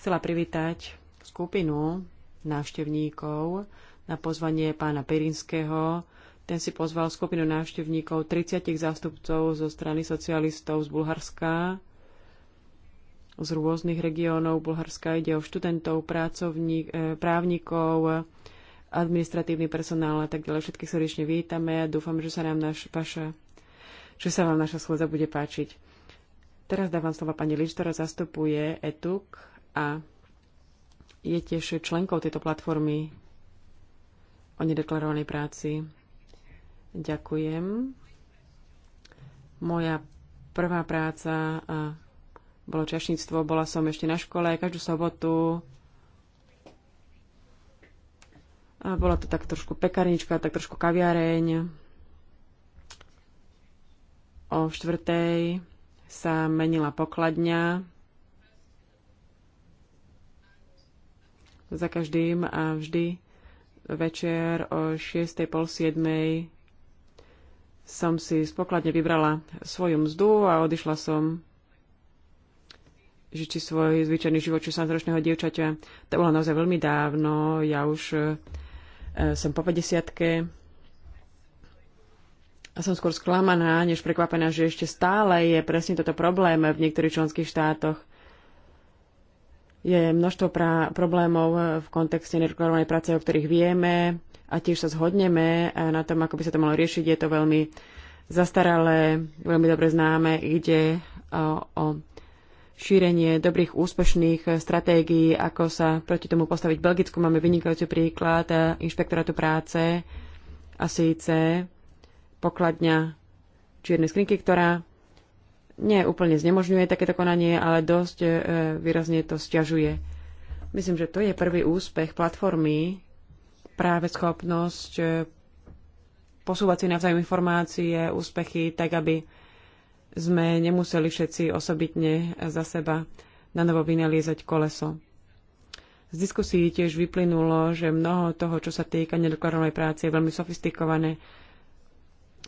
chcela privítať skupinu návštevníkov na pozvanie pána Perinského. Ten si pozval skupinu návštevníkov 30 zástupcov zo strany socialistov z Bulharska, z rôznych regiónov Bulharska. Ide o študentov, pracovník, e, právnikov, administratívny personál a tak ďalej. Všetkých srdečne vítame a dúfam, že sa, nám naš, vaša, že sa vám naša schôdza bude páčiť. Teraz dávam slova pani Lič, ktorá zastupuje ETUK a je tiež členkou tejto platformy o nedeklarovanej práci. Ďakujem. Moja prvá práca bolo čašníctvo, bola som ešte na škole každú sobotu. A bola to tak trošku pekarnička, tak trošku kaviareň. O štvrtej sa menila pokladňa za každým a vždy večer o 6.30 7 som si spokladne vybrala svoju mzdu a odišla som že či svoj zvyčajný život 16-ročného dievčaťa, to bolo naozaj veľmi dávno, ja už e, som po 50 a som skôr sklamaná, než prekvapená, že ešte stále je presne toto problém v niektorých členských štátoch. Je množstvo problémov v kontexte nereklamovanej práce, o ktorých vieme a tiež sa zhodneme na tom, ako by sa to malo riešiť. Je to veľmi zastaralé, veľmi dobre známe, ide e, o, o šírenie dobrých, úspešných stratégií, ako sa proti tomu postaviť. V Belgicku máme vynikajúci príklad eh, inšpektorátu práce a síce pokladňa čiernej skrinky, ktorá nie úplne znemožňuje takéto konanie, ale dosť eh, výrazne to stiažuje. Myslím, že to je prvý úspech platformy, práve schopnosť eh, posúvať si navzájom informácie, úspechy, tak aby sme nemuseli všetci osobitne za seba na novo vynaliezať koleso. Z diskusí tiež vyplynulo, že mnoho toho, čo sa týka nedokladovnej práce, je veľmi sofistikované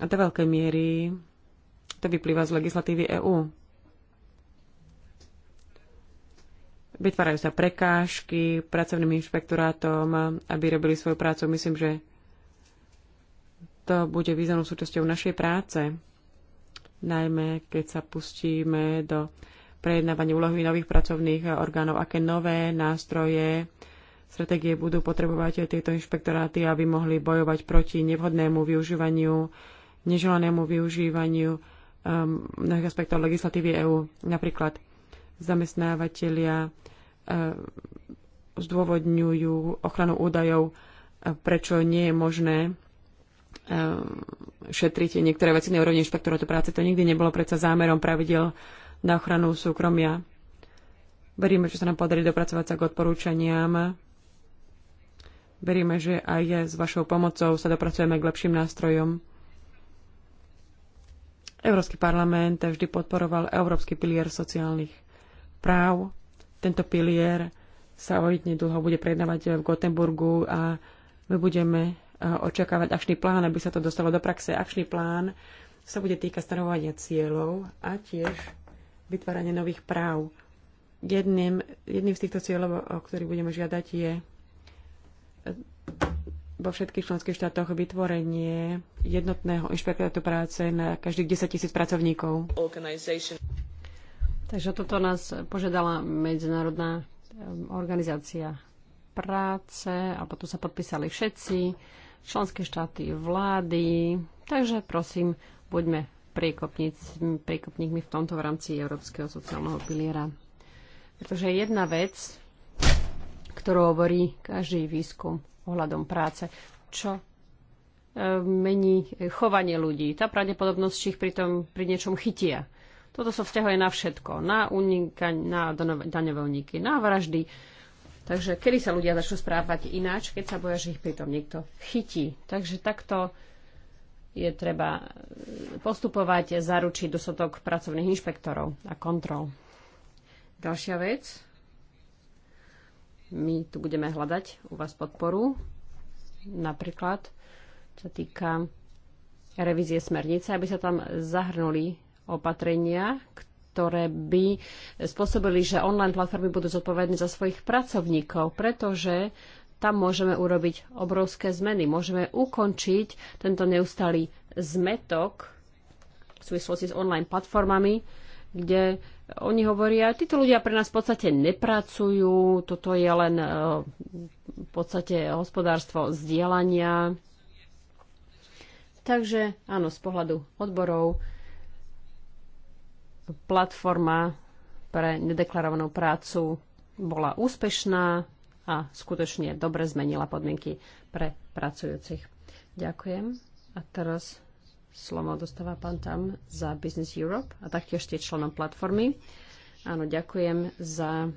a do veľkej miery to vyplýva z legislatívy EÚ. Vytvárajú sa prekážky pracovným inšpektorátom, aby robili svoju prácu. Myslím, že to bude významnou súčasťou našej práce najmä keď sa pustíme do prejednávania úlohy nových pracovných orgánov, aké nové nástroje, stratégie budú potrebovať aj tieto inšpektoráty, aby mohli bojovať proti nevhodnému využívaniu, neželanému využívaniu um, mnohých aspektov legislatívy EÚ. Napríklad zamestnávateľia uh, zdôvodňujú ochranu údajov, uh, prečo nie je možné E, šetriť niektoré veci na úrovni inšpektorátu práce. To nikdy nebolo predsa zámerom pravidel na ochranu súkromia. Veríme, že sa nám podarí dopracovať sa k odporúčaniam. Veríme, že aj s vašou pomocou sa dopracujeme k lepším nástrojom. Európsky parlament vždy podporoval Európsky pilier sociálnych práv. Tento pilier sa ojedne dlho bude predávať v Gotenburgu a my budeme očakávať akčný plán, aby sa to dostalo do praxe. Akčný plán sa bude týkať stanovania cieľov a tiež vytvárania nových práv. Jedným, jedným z týchto cieľov, o ktorých budeme žiadať, je vo všetkých členských štátoch vytvorenie jednotného inšpektorátu práce na každých 10 tisíc pracovníkov. Takže toto nás požiadala Medzinárodná organizácia práce a potom sa podpísali všetci členské štáty, vlády. Takže prosím, buďme priekopníkmi v tomto v rámci Európskeho sociálneho piliera. Pretože jedna vec, ktorú hovorí každý výskum ohľadom práce, čo e, mení chovanie ľudí. Tá pravdepodobnosť, či ich pri, tom, pri niečom chytia. Toto sa vzťahuje na všetko. Na, unika, na daňové uniky, na vraždy, Takže kedy sa ľudia začnú správať ináč, keď sa boja, že ich pritom niekto chytí. Takže takto je treba e, postupovať, zaručiť dosotok pracovných inšpektorov a kontrol. Ďalšia vec. My tu budeme hľadať u vás podporu. Napríklad, čo týka revízie smernice, aby sa tam zahrnuli opatrenia, ktoré by spôsobili, že online platformy budú zodpovedné za svojich pracovníkov, pretože tam môžeme urobiť obrovské zmeny. Môžeme ukončiť tento neustalý zmetok v súvislosti s online platformami, kde oni hovoria, títo ľudia pre nás v podstate nepracujú, toto je len e, v podstate hospodárstvo zdieľania. Takže áno, z pohľadu odborov platforma pre nedeklarovanú prácu bola úspešná a skutočne dobre zmenila podmienky pre pracujúcich. Ďakujem. A teraz slovo dostáva pán Tam za Business Europe a taktiež tiež členom platformy. Áno, ďakujem za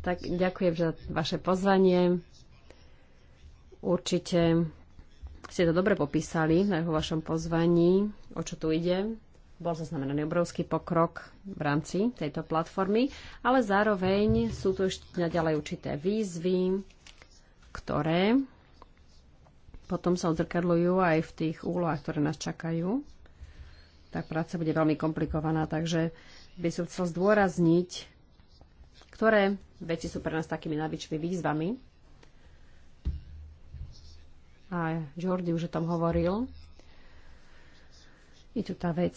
Tak ďakujem za vaše pozvanie. Určite ste to dobre popísali na jeho vašom pozvaní, o čo tu ide. Bol zaznamenaný obrovský pokrok v rámci tejto platformy, ale zároveň sú tu ešte naďalej určité výzvy, ktoré potom sa odzrkadľujú aj v tých úlohách, ktoré nás čakajú. Tak práca bude veľmi komplikovaná, takže by som chcel zdôrazniť, ktoré veci sú pre nás takými najväčšími výzvami a Jordi už o tom hovoril. Je tu tá vec,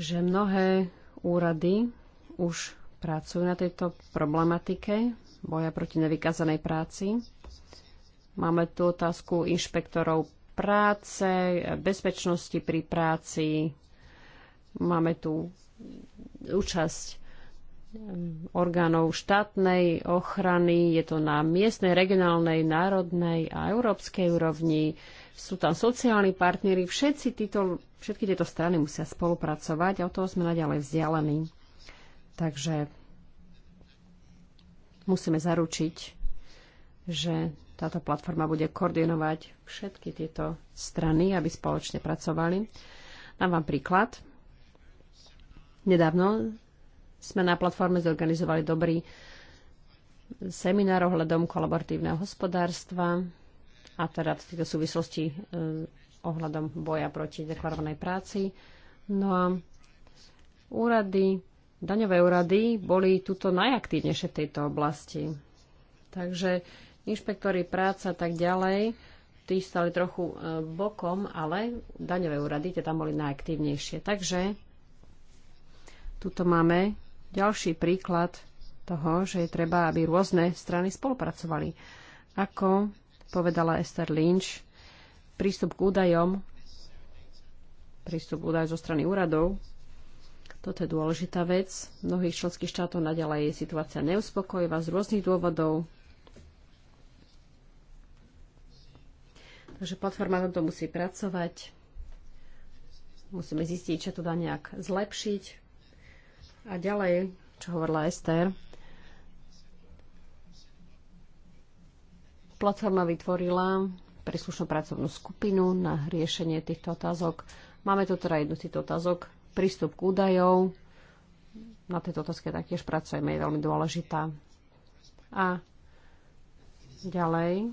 že mnohé úrady už pracujú na tejto problematike boja proti nevykazanej práci. Máme tu otázku inšpektorov práce, bezpečnosti pri práci. Máme tu účasť orgánov štátnej ochrany, je to na miestnej, regionálnej, národnej a európskej úrovni. Sú tam sociálni partnery, všetci títo, všetky tieto strany musia spolupracovať a od toho sme naďalej vzdialení. Takže musíme zaručiť, že táto platforma bude koordinovať všetky tieto strany, aby spoločne pracovali. Dám vám príklad. Nedávno sme na platforme zorganizovali dobrý seminár ohľadom kolaboratívneho hospodárstva a teda v tejto súvislosti e, ohľadom boja proti deklarovanej práci. No a úrady, daňové úrady boli tuto najaktívnejšie v tejto oblasti. Takže inšpektory práca a tak ďalej, tí stali trochu e, bokom, ale daňové úrady tie tam boli najaktívnejšie. Takže tuto máme ďalší príklad toho, že je treba, aby rôzne strany spolupracovali. Ako povedala Esther Lynch, prístup k údajom, prístup k údajom zo strany úradov, toto je dôležitá vec. V mnohých členských štátov naďalej je situácia neuspokojivá z rôznych dôvodov. Takže platforma na to musí pracovať. Musíme zistiť, čo to dá nejak zlepšiť. A ďalej, čo hovorila Ester, platforma vytvorila príslušnú pracovnú skupinu na riešenie týchto otázok. Máme tu teda jednu z týchto otázok, prístup k údajov. Na tejto otázke taktiež pracujeme, je veľmi dôležitá. A ďalej.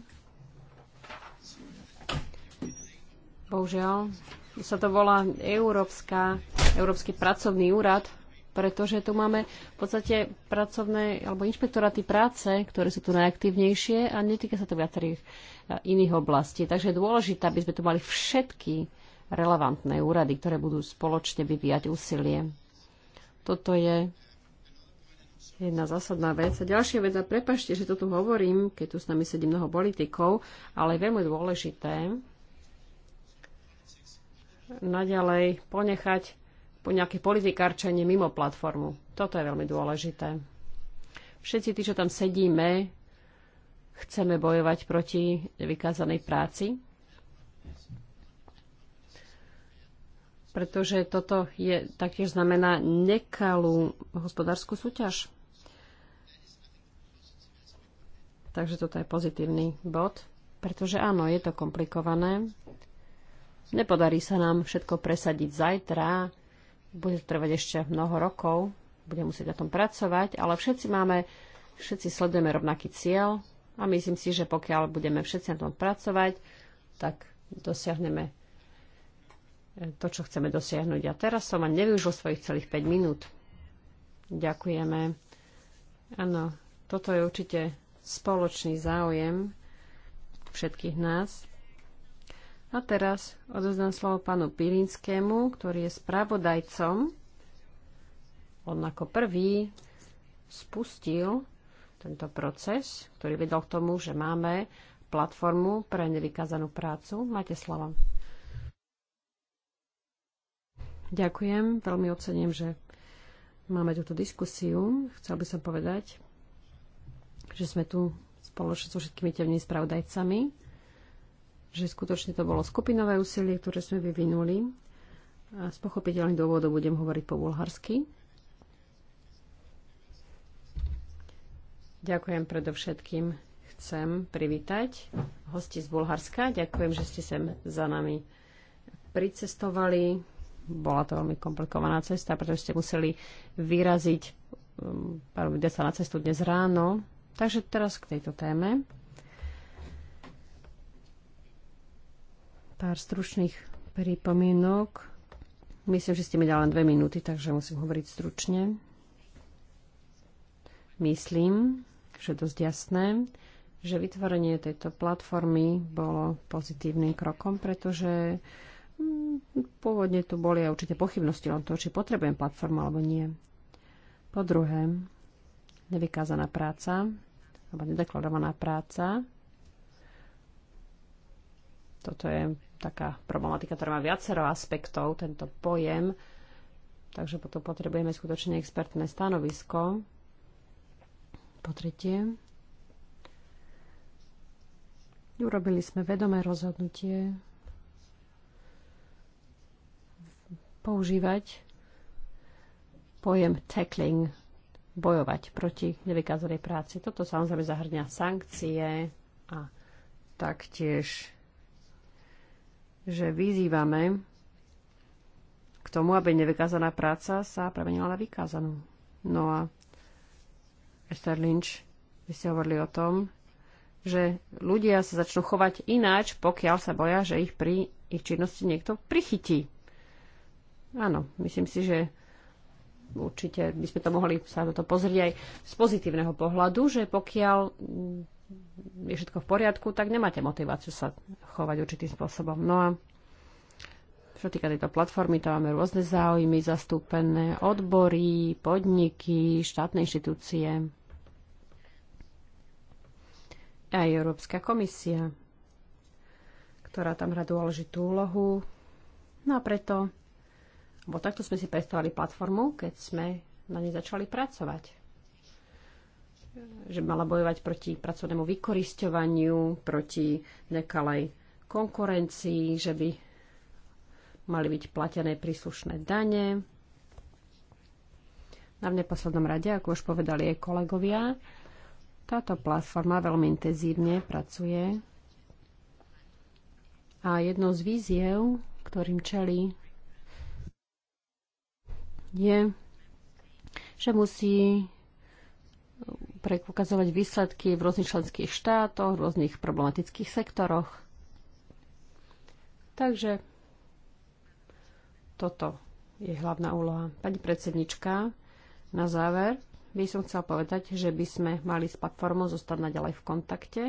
Bohužiaľ, sa to volá Európska, Európsky pracovný úrad, pretože tu máme v podstate pracovné alebo inšpektoráty práce, ktoré sú tu najaktívnejšie a netýka sa to viacerých e, iných oblastí. Takže je dôležité, aby sme tu mali všetky relevantné úrady, ktoré budú spoločne vyvíjať úsilie. Toto je jedna zásadná vec. A ďalšia vec, a prepašte, že to tu hovorím, keď tu s nami sedí mnoho politikov, ale je veľmi dôležité naďalej ponechať nejaké politikárčenie mimo platformu. Toto je veľmi dôležité. Všetci tí, čo tam sedíme, chceme bojovať proti vykázanej práci, pretože toto je, taktiež znamená nekalú hospodárskú súťaž. Takže toto je pozitívny bod, pretože áno, je to komplikované. Nepodarí sa nám všetko presadiť zajtra, bude to trvať ešte mnoho rokov, bude musieť na tom pracovať, ale všetci máme, všetci sledujeme rovnaký cieľ a myslím si, že pokiaľ budeme všetci na tom pracovať, tak dosiahneme e, to, čo chceme dosiahnuť. A teraz som ani nevyužil svojich celých 5 minút. Ďakujeme. Áno, toto je určite spoločný záujem všetkých nás. A teraz odozdám slovo pánu Pirinskému, ktorý je spravodajcom. On ako prvý spustil tento proces, ktorý vedol k tomu, že máme platformu pre nevykázanú prácu. Máte slovo. Ďakujem, veľmi ocením, že máme túto diskusiu. Chcel by som povedať, že sme tu spoločne so všetkými temnými spravodajcami že skutočne to bolo skupinové úsilie, ktoré sme vyvinuli. A z pochopiteľných dôvodov budem hovoriť po bulharsky. Ďakujem predovšetkým. Chcem privítať hosti z Bulharska. Ďakujem, že ste sem za nami pricestovali. Bola to veľmi komplikovaná cesta, pretože ste museli vyraziť um, pár sa na cestu dnes ráno. Takže teraz k tejto téme. pár stručných pripomienok. Myslím, že ste mi dali len dve minúty, takže musím hovoriť stručne. Myslím, že dosť jasné, že vytvorenie tejto platformy bolo pozitívnym krokom, pretože mm, pôvodne tu boli aj určité pochybnosti o to, či potrebujem platformu alebo nie. Po druhé, nevykázaná práca alebo nedeklarovaná práca toto je taká problematika, ktorá má viacero aspektov, tento pojem. Takže potom potrebujeme skutočne expertné stanovisko. Po tretie, urobili sme vedomé rozhodnutie používať pojem tackling, bojovať proti nevykázanej práci. Toto samozrejme zahrňa sankcie a taktiež že vyzývame k tomu, aby nevykázaná práca sa premenila na vykázanú. No a Esther Lynch, vy ste hovorili o tom, že ľudia sa začnú chovať ináč, pokiaľ sa boja, že ich pri ich činnosti niekto prichytí. Áno, myslím si, že určite by sme to mohli sa na to pozrieť aj z pozitívneho pohľadu, že pokiaľ je všetko v poriadku, tak nemáte motiváciu sa chovať určitým spôsobom. No a čo týka tejto platformy, tam máme rôzne záujmy zastúpené, odbory, podniky, štátne inštitúcie aj Európska komisia, ktorá tam hrá dôležitú úlohu. No a preto, bo takto sme si predstavili platformu, keď sme na nej začali pracovať že mala bojovať proti pracovnému vykorisťovaniu, proti nekalej konkurencii, že by mali byť platené príslušné dane. Na v neposlednom rade, ako už povedali aj kolegovia, táto platforma veľmi intenzívne pracuje a jednou z víziev, ktorým čelí, je, že musí preukazovať výsledky v rôznych členských štátoch, v rôznych problematických sektoroch. Takže toto je hlavná úloha. Pani predsednička, na záver by som chcela povedať, že by sme mali s platformou zostať naďalej v kontakte.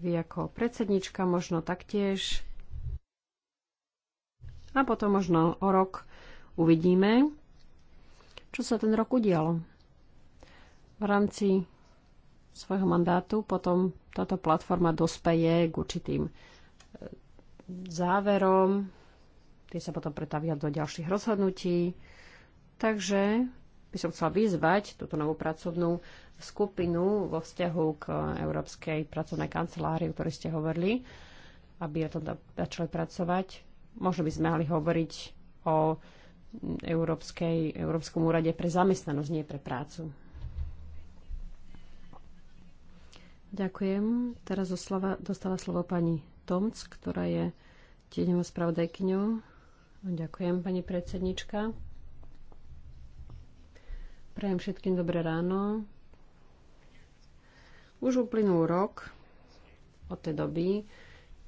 Vy ako predsednička možno taktiež. A potom možno o rok uvidíme, čo sa ten rok udialo v rámci svojho mandátu potom táto platforma dospeje k určitým e, záverom, tie sa potom pretavia do ďalších rozhodnutí. Takže by som chcela vyzvať túto novú pracovnú skupinu vo vzťahu k Európskej pracovnej kancelárii, o ktorej ste hovorili, aby o tom začali pracovať. Možno by sme mali hovoriť o Európskej, Európskom úrade pre zamestnanosť, nie pre prácu. Ďakujem. Teraz doslova, dostala slovo pani Tomc, ktorá je tieňovou spravodajkyňou. Ďakujem, pani predsednička. Prajem všetkým dobré ráno. Už uplynul rok od tej doby,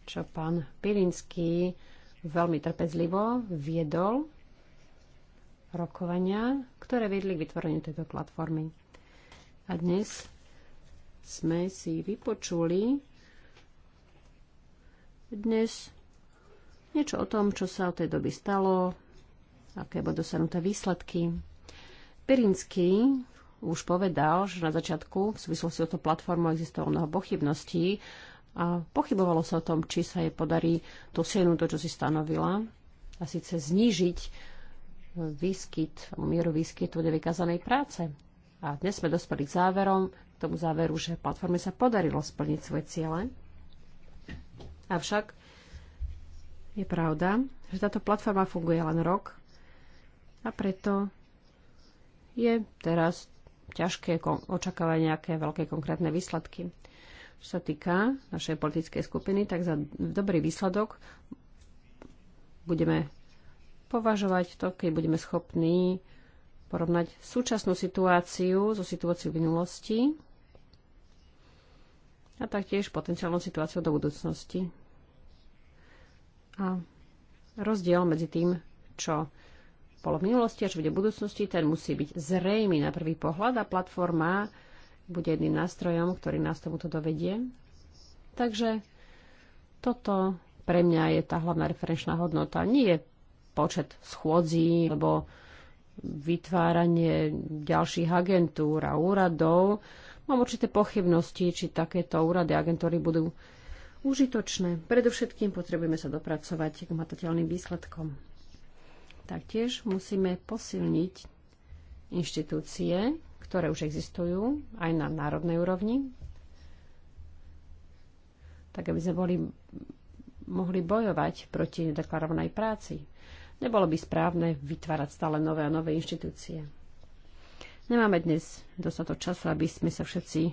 čo pán pilinský veľmi trpezlivo viedol rokovania, ktoré viedli k vytvoreniu tejto platformy. A dnes sme si vypočuli dnes niečo o tom, čo sa od tej doby stalo, aké budú dosiahnuté výsledky. Perinský už povedal, že na začiatku v súvislosti o to platformu existovalo mnoho pochybností a pochybovalo sa o tom, či sa jej podarí dosiahnuť to, čo si stanovila a síce znížiť výskyt, mieru výskytu nevykazanej práce. A dnes sme dospeli k záverom, tomu záveru, že platforme sa podarilo splniť svoje ciele. Avšak je pravda, že táto platforma funguje len rok a preto je teraz ťažké očakávať nejaké veľké konkrétne výsledky. Čo sa týka našej politickej skupiny, tak za dobrý výsledok budeme považovať to, keď budeme schopní porovnať súčasnú situáciu so situáciou v minulosti a taktiež potenciálnou situáciou do budúcnosti. A rozdiel medzi tým, čo bolo v minulosti a čo bude v budúcnosti, ten musí byť zrejmý na prvý pohľad a platforma bude jedným nástrojom, ktorý nás tomuto dovedie. Takže toto pre mňa je tá hlavná referenčná hodnota. Nie je počet schôdzí, lebo vytváranie ďalších agentúr a úradov, Mám určité pochybnosti, či takéto úrady agentúry budú užitočné. Predovšetkým potrebujeme sa dopracovať k matateľným výsledkom. Taktiež musíme posilniť inštitúcie, ktoré už existujú aj na národnej úrovni, tak aby sme boli, mohli bojovať proti nedeklarovanej práci. Nebolo by správne vytvárať stále nové a nové inštitúcie. Nemáme dnes dostatok času, aby sme sa všetci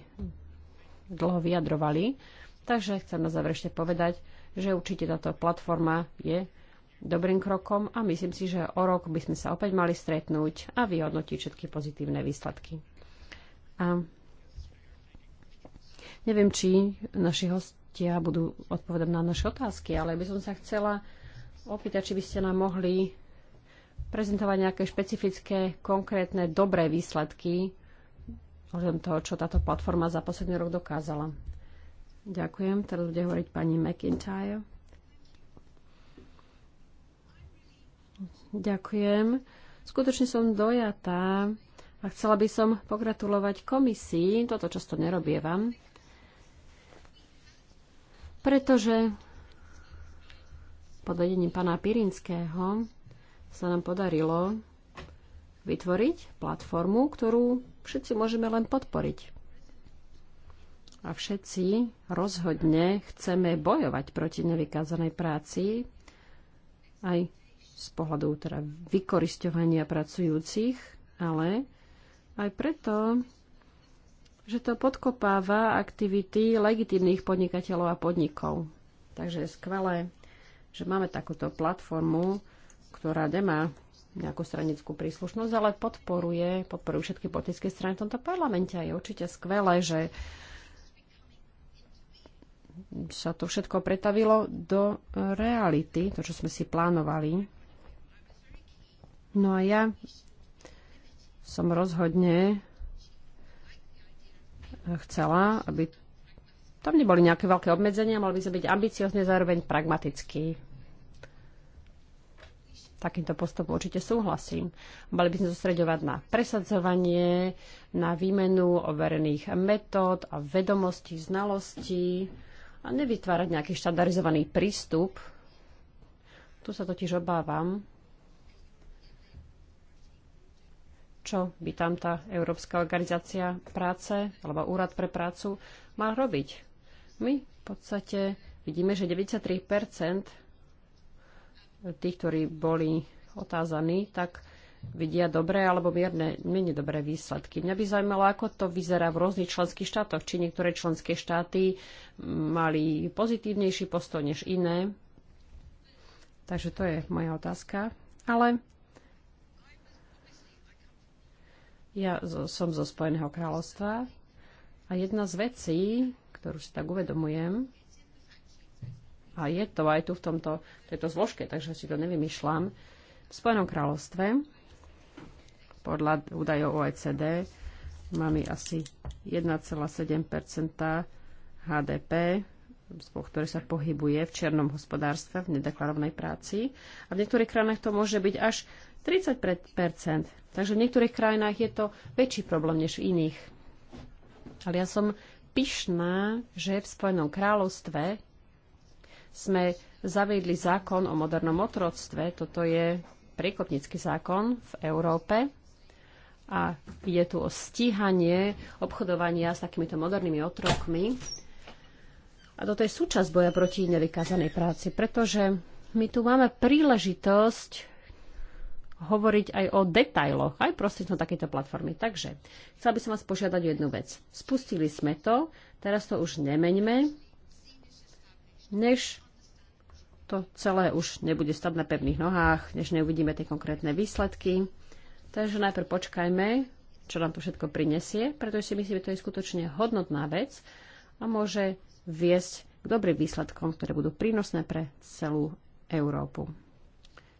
dlho vyjadrovali, takže chcem na záver ešte povedať, že určite táto platforma je dobrým krokom a myslím si, že o rok by sme sa opäť mali stretnúť a vyhodnotiť všetky pozitívne výsledky. A neviem, či naši hostia budú odpovedať na naše otázky, ale by som sa chcela opýtať, či by ste nám mohli prezentovať nejaké špecifické, konkrétne, dobré výsledky ohľadom toho, čo táto platforma za posledný rok dokázala. Ďakujem. Teraz bude hovoriť pani McIntyre. Ďakujem. Skutočne som dojatá a chcela by som pogratulovať komisii, toto často nerobievam, pretože pod vedením pána Pirinského sa nám podarilo vytvoriť platformu, ktorú všetci môžeme len podporiť. A všetci rozhodne chceme bojovať proti nevykázanej práci, aj z pohľadu teda vykoristovania pracujúcich, ale aj preto, že to podkopáva aktivity legitimných podnikateľov a podnikov. Takže je skvelé, že máme takúto platformu, ktorá nemá nejakú stranickú príslušnosť, ale podporuje, podporuje všetky politické strany v tomto parlamente. A je určite skvelé, že sa to všetko pretavilo do reality, to, čo sme si plánovali. No a ja som rozhodne chcela, aby tam neboli nejaké veľké obmedzenia, mali by sme byť ambiciozne, zároveň pragmatickí takýmto postupom určite súhlasím. Mali by sme zostreďovať na presadzovanie, na výmenu overených metód a vedomostí, znalostí a nevytvárať nejaký štandardizovaný prístup. Tu sa totiž obávam, čo by tam tá Európska organizácia práce alebo Úrad pre prácu mal robiť. My v podstate vidíme, že 93 tí, ktorí boli otázaní, tak vidia dobré alebo mierne, menej dobré výsledky. Mňa by zaujímalo, ako to vyzerá v rôznych členských štátoch. Či niektoré členské štáty mali pozitívnejší postoj než iné. Takže to je moja otázka. Ale ja som zo Spojeného kráľovstva a jedna z vecí, ktorú si tak uvedomujem, a je to aj tu v tomto, tejto zložke, takže si to nevymýšľam. V Spojenom kráľovstve podľa údajov OECD máme asi 1,7 HDP, ktoré sa pohybuje v čiernom hospodárstve, v nedeklarovnej práci. A v niektorých krajinách to môže byť až 30 Takže v niektorých krajinách je to väčší problém než v iných. Ale ja som pyšná, že v Spojenom kráľovstve sme zaviedli zákon o modernom otroctve. Toto je priekopnícky zákon v Európe a je tu o stíhanie obchodovania s takýmito modernými otrokmi. A toto je súčasť boja proti nevykázanej práci, pretože my tu máme príležitosť hovoriť aj o detailoch, aj prostredníctvom takejto platformy. Takže chcela by som vás požiadať jednu vec. Spustili sme to, teraz to už nemeňme, než to celé už nebude stať na pevných nohách, než neuvidíme tie konkrétne výsledky. Takže najprv počkajme, čo nám to všetko prinesie, pretože si myslím, že to je skutočne hodnotná vec a môže viesť k dobrým výsledkom, ktoré budú prínosné pre celú Európu.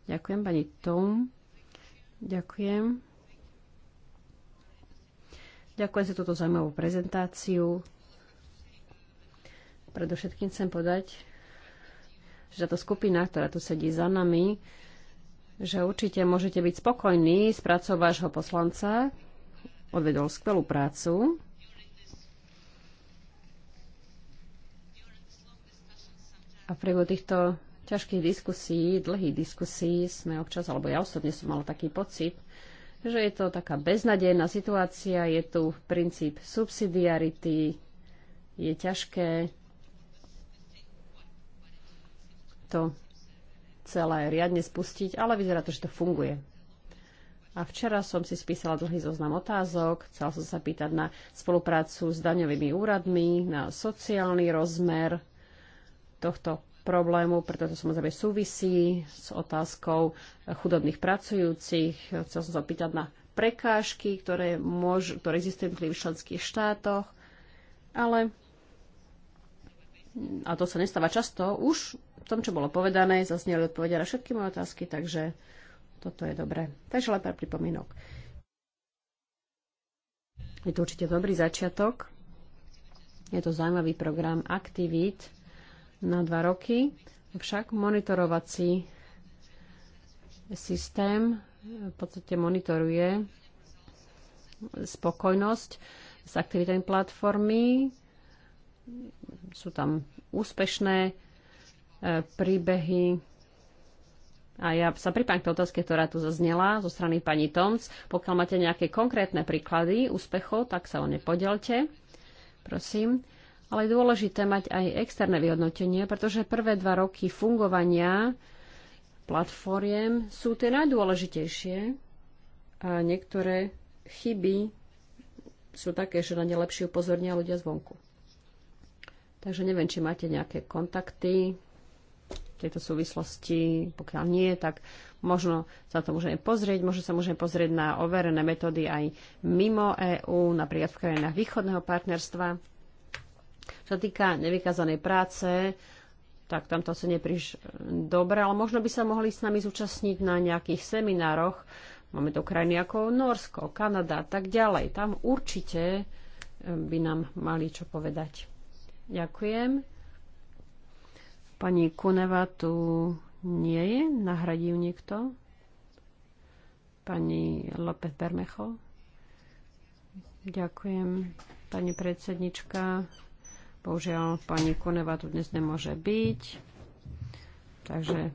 Ďakujem pani Tom. Ďakujem. Ďakujem za túto zaujímavú prezentáciu. Predovšetkým chcem podať, že táto skupina, ktorá tu sedí za nami, že určite môžete byť spokojní s prácou vášho poslanca. Odvedol skvelú prácu. A v týchto ťažkých diskusí, dlhých diskusí sme občas, alebo ja osobne som mala taký pocit, že je to taká beznadejná situácia, je tu princíp subsidiarity, je ťažké to celé riadne spustiť, ale vyzerá to, že to funguje. A včera som si spísala dlhý zoznam otázok, chcela som sa pýtať na spoluprácu s daňovými úradmi, na sociálny rozmer tohto problému, pretože to samozrejme súvisí s otázkou chudobných pracujúcich. Chcela som sa pýtať na prekážky, ktoré, môž, ktoré existujú v členských štátoch, ale a to sa nestáva často, už tom, čo bolo povedané, zazneli odpovede na všetky moje otázky, takže toto je dobré. Takže len pár pripomínok. Je to určite dobrý začiatok. Je to zaujímavý program aktivít na dva roky. Však monitorovací systém v podstate monitoruje spokojnosť s aktivitami platformy. Sú tam úspešné príbehy. A ja sa pripájam k tej otázke, ktorá tu zaznela zo strany pani Tomc. Pokiaľ máte nejaké konkrétne príklady úspechov, tak sa o ne podelte, prosím. Ale je dôležité mať aj externé vyhodnotenie, pretože prvé dva roky fungovania platformiem sú tie najdôležitejšie a niektoré chyby sú také, že na ne lepšie upozornia ľudia zvonku. Takže neviem, či máte nejaké kontakty tejto súvislosti. Pokiaľ nie, tak možno sa to môžeme pozrieť. Možno sa môžeme pozrieť na overené metódy aj mimo EÚ, napríklad v krajinách východného partnerstva. Čo sa týka nevykazanej práce, tak tam to asi nepríš e, dobre, ale možno by sa mohli s nami zúčastniť na nejakých seminároch. Máme tu krajiny ako Norsko, Kanada a tak ďalej. Tam určite e, by nám mali čo povedať. Ďakujem. Pani Kuneva tu nie je, nahradí niekto. Pani López Bermecho. Ďakujem, pani predsednička. Bohužiaľ, pani Kuneva tu dnes nemôže byť, takže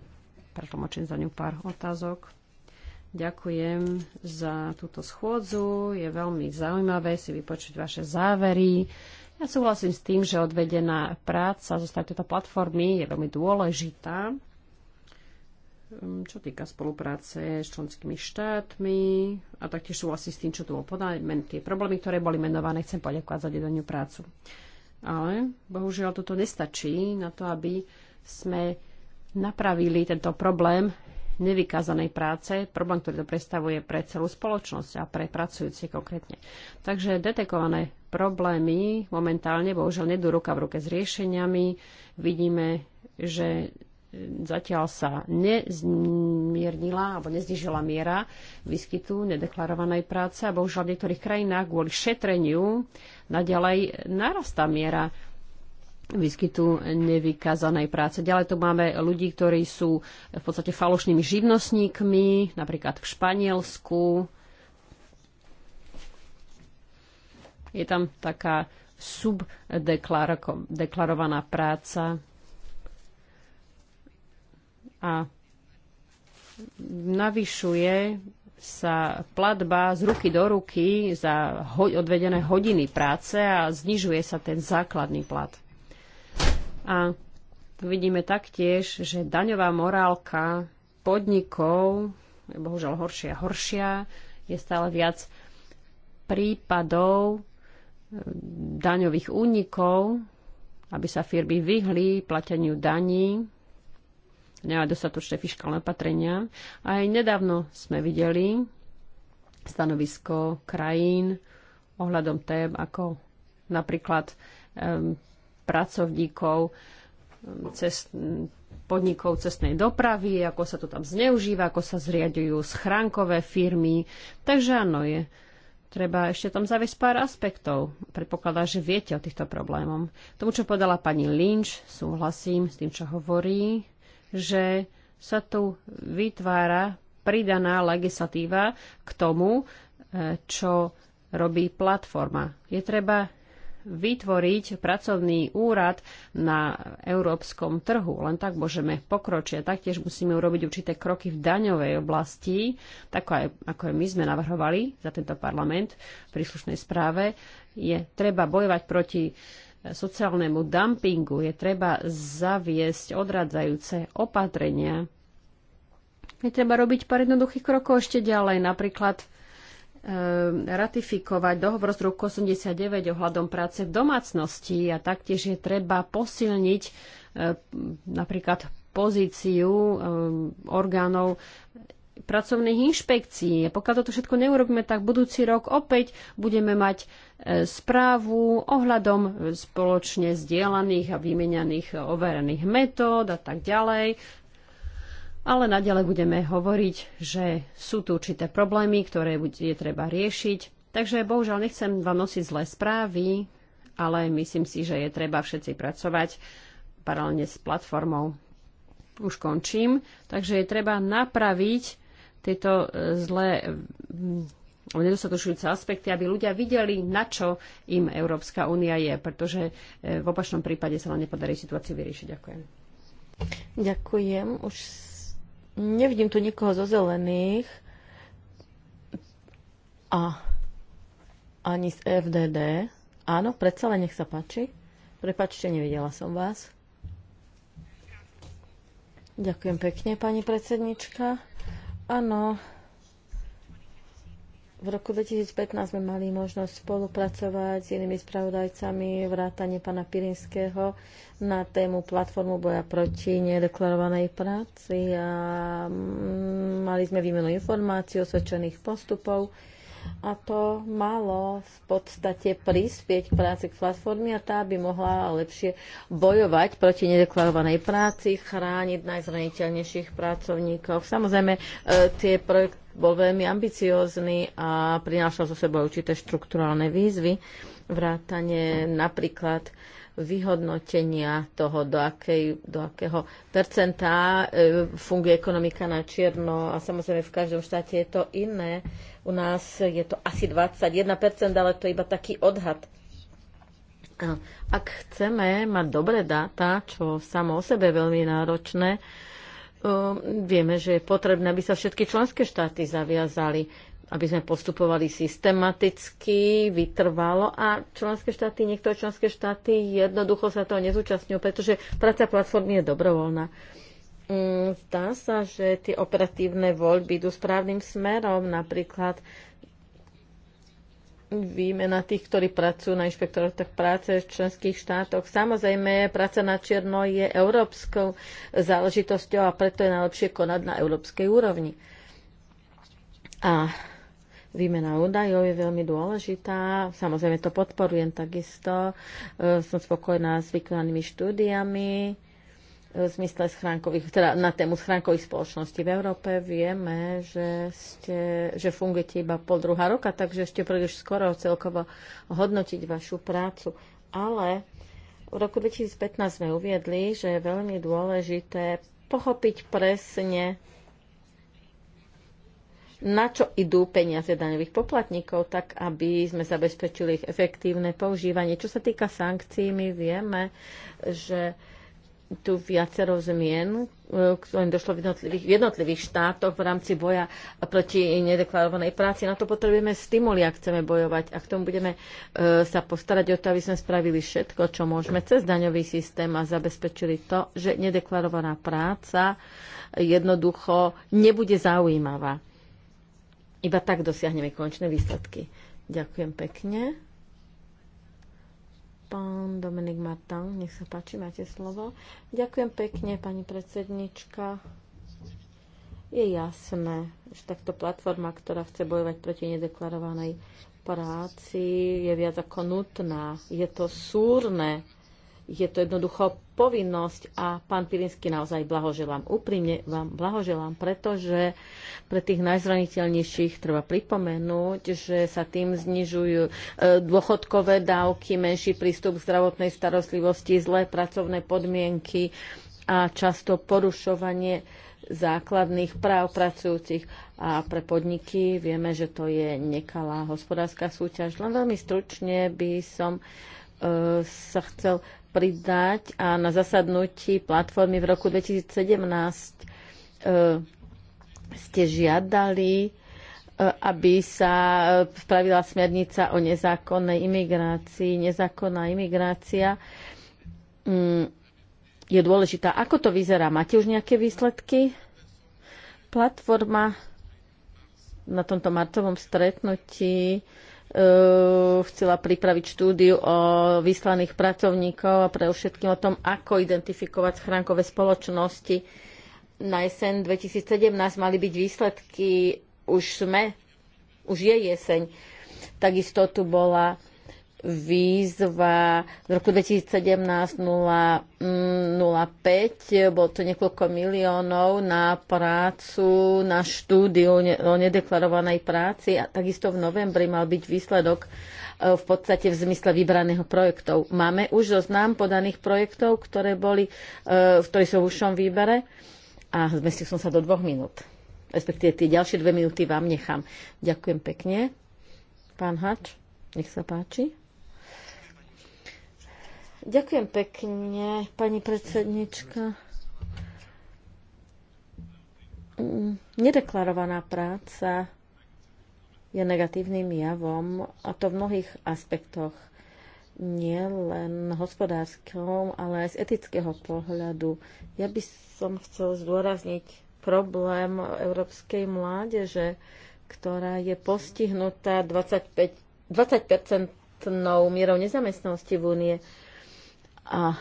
pretlmočím za ňu pár otázok. Ďakujem za túto schôdzu. Je veľmi zaujímavé si vypočuť vaše závery. Ja súhlasím s tým, že odvedená práca zo tejto platformy je veľmi dôležitá, hm, čo týka spolupráce s členskými štátmi a taktiež súhlasím s tým, čo tu bolo podané. Tie problémy, ktoré boli menované, chcem poďakovať za dedanú prácu. Ale bohužiaľ toto nestačí na to, aby sme napravili tento problém nevykázanej práce, problém, ktorý to predstavuje pre celú spoločnosť a pre pracujúci konkrétne. Takže detekované problémy momentálne bohužiaľ nedú ruka v ruke s riešeniami. Vidíme, že zatiaľ sa nezmiernila alebo neznižila miera výskytu nedeklarovanej práce a bohužiaľ v niektorých krajinách kvôli šetreniu naďalej narastá miera výskytu nevykázanej práce. Ďalej tu máme ľudí, ktorí sú v podstate falošnými živnostníkmi, napríklad v Španielsku. Je tam taká subdeklarovaná práca. A navyšuje sa platba z ruky do ruky za odvedené hodiny práce a znižuje sa ten základný plat. A vidíme taktiež, že daňová morálka podnikov je bohužiaľ horšia a horšia. Je stále viac prípadov eh, daňových únikov, aby sa firmy vyhli plateniu daní, nemá dostatočné fiskálne opatrenia. Aj nedávno sme videli stanovisko krajín ohľadom tém ako napríklad um, pracovníkov cest, podnikov cestnej dopravy, ako sa to tam zneužíva, ako sa zriadujú schránkové firmy. Takže áno, je treba ešte tam zaviesť pár aspektov. Predpokladá, že viete o týchto problémom. Tomu, čo povedala pani Lynch, súhlasím s tým, čo hovorí, že sa tu vytvára pridaná legislatíva k tomu, eh, čo robí platforma. Je treba vytvoriť pracovný úrad na európskom trhu. Len tak môžeme pokročiť. Taktiež musíme urobiť určité kroky v daňovej oblasti, tak ako aj my sme navrhovali za tento parlament v príslušnej správe. Je treba bojovať proti sociálnemu dumpingu, je treba zaviesť odradzajúce opatrenia. Je treba robiť pár jednoduchých krokov ešte ďalej, napríklad Eh, ratifikovať dohovor z roku 89 ohľadom práce v domácnosti a taktiež je treba posilniť eh, napríklad pozíciu eh, orgánov pracovných inšpekcií. Pokiaľ toto všetko neurobíme, tak budúci rok opäť budeme mať správu ohľadom spoločne zdieľaných a vymenianých overených metód a tak ďalej ale naďalej budeme hovoriť, že sú tu určité problémy, ktoré je treba riešiť. Takže bohužiaľ nechcem vám nosiť zlé správy, ale myslím si, že je treba všetci pracovať paralelne s platformou. Už končím. Takže je treba napraviť tieto e, zlé mm, nedostatočujúce aspekty, aby ľudia videli, na čo im Európska únia je, pretože e, v opačnom prípade sa nám nepodarí situáciu vyriešiť. Ďakujem. Ďakujem. Už Nevidím tu nikoho zo zelených a ani z FDD. Áno, predsa len nech sa páči. Prepačte, nevidela som vás. Ďakujem pekne, pani predsednička. Áno, v roku 2015 sme mali možnosť spolupracovať s inými spravodajcami vrátane pana Pirinského na tému platformu boja proti nedeklarovanej práci a mm, mali sme výmenu informácií, o osvedčených postupov a to malo v podstate prispieť k práci k platformy a tá by mohla lepšie bojovať proti nedeklarovanej práci, chrániť najzraniteľnejších pracovníkov. Samozrejme, e, tie projekty bol veľmi ambiciózny a prinášal so sebou určité štrukturálne výzvy, vrátanie napríklad vyhodnotenia toho, do, akej, do akého percentá e, funguje ekonomika na čierno a samozrejme v každom štáte je to iné. U nás je to asi 21%, ale to je iba taký odhad. Ak chceme mať dobré dáta, čo samo o sebe je veľmi náročné, Ehm, vieme, že je potrebné, aby sa všetky členské štáty zaviazali, aby sme postupovali systematicky, vytrvalo a členské štáty, niektoré členské štáty jednoducho sa toho nezúčastňujú, pretože práca platformy je dobrovoľná. Mm, zdá sa, že tie operatívne voľby idú správnym smerom, napríklad výmena tých, ktorí pracujú na inšpektorátach práce v členských štátoch. Samozrejme, práca na čierno je európskou záležitosťou a preto je najlepšie konať na európskej úrovni. A výmena údajov je veľmi dôležitá. Samozrejme, to podporujem takisto. E, som spokojná s vykonanými štúdiami v zmysle schránkových, teda na tému schránkových spoločností v Európe. Vieme, že, ste, že fungujete iba pol druhá roka, takže ešte príliš skoro celkovo hodnotiť vašu prácu. Ale v roku 2015 sme uviedli, že je veľmi dôležité pochopiť presne, na čo idú peniaze daňových poplatníkov, tak aby sme zabezpečili ich efektívne používanie. Čo sa týka sankcií, my vieme, že tu viacero zmien, e, ktorým došlo v jednotlivých, v jednotlivých štátoch v rámci boja proti nedeklarovanej práci. Na to potrebujeme stimuli, ak chceme bojovať. A k tomu budeme e, sa postarať o to, aby sme spravili všetko, čo môžeme cez daňový systém a zabezpečili to, že nedeklarovaná práca jednoducho nebude zaujímavá. Iba tak dosiahneme končné výsledky. Ďakujem pekne. Pán Dominik Martin, nech sa páči, máte slovo. Ďakujem pekne, pani predsednička. Je jasné, že takto platforma, ktorá chce bojovať proti nedeklarovanej práci, je viac ako nutná. Je to súrne je to jednoducho povinnosť a pán Pirinsky naozaj blahoželám. Úprimne vám blahoželám, pretože pre tých najzraniteľnejších treba pripomenúť, že sa tým znižujú e, dôchodkové dávky, menší prístup k zdravotnej starostlivosti, zlé pracovné podmienky a často porušovanie základných práv pracujúcich a pre podniky vieme, že to je nekalá hospodárska súťaž. Len veľmi stručne by som e, sa chcel pridať a na zasadnutí platformy v roku 2017 eh, ste žiadali, eh, aby sa eh, spravila smernica o nezákonnej imigrácii. Nezákonná imigrácia mm, je dôležitá. Ako to vyzerá? Máte už nejaké výsledky? Platforma na tomto martovom stretnutí Eh, chcela pripraviť štúdiu o vyslaných pracovníkov a pre všetkým o tom, ako identifikovať schránkové spoločnosti. Na jeseň 2017 mali byť výsledky, už sme, už je jeseň. Takisto tu bola výzva z roku 2017 05 mm, bolo to niekoľko miliónov na prácu, na štúdiu o nedeklarovanej práci a takisto v novembri mal byť výsledok e, v podstate v zmysle vybraného projektov. Máme už zoznam podaných projektov, ktoré boli, e, v ktorých sú v ušom výbere a zmestil som sa do dvoch minút. Respektíve tie ďalšie dve minúty vám nechám. Ďakujem pekne. Pán Hač, nech sa páči. Ďakujem pekne, pani predsednička. Mm, nedeklarovaná práca je negatívnym javom, a to v mnohých aspektoch. Nie len hospodárskom, ale aj z etického pohľadu. Ja by som chcel zdôrazniť problém európskej mládeže, ktorá je postihnutá 25, 20-percentnou mierou nezamestnanosti v únie. A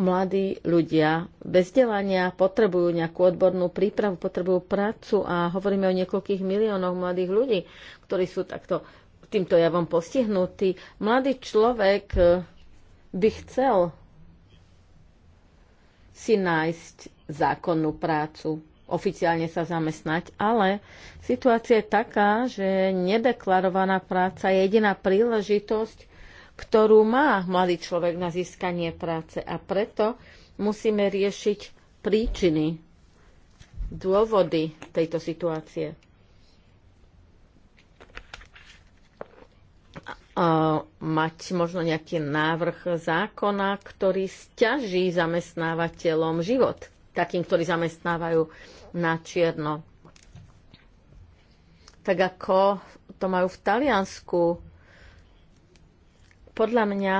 mladí ľudia bez vzdelania potrebujú nejakú odbornú prípravu, potrebujú prácu a hovoríme o niekoľkých miliónoch mladých ľudí, ktorí sú takto týmto javom postihnutí. Mladý človek e, by chcel si nájsť zákonnú prácu, oficiálne sa zamestnať, ale situácia je taká, že nedeklarovaná práca je jediná príležitosť, ktorú má mladý človek na získanie práce. A preto musíme riešiť príčiny, dôvody tejto situácie. mať možno nejaký návrh zákona, ktorý stiaží zamestnávateľom život, takým, ktorí zamestnávajú na čierno. Tak ako to majú v Taliansku, podľa mňa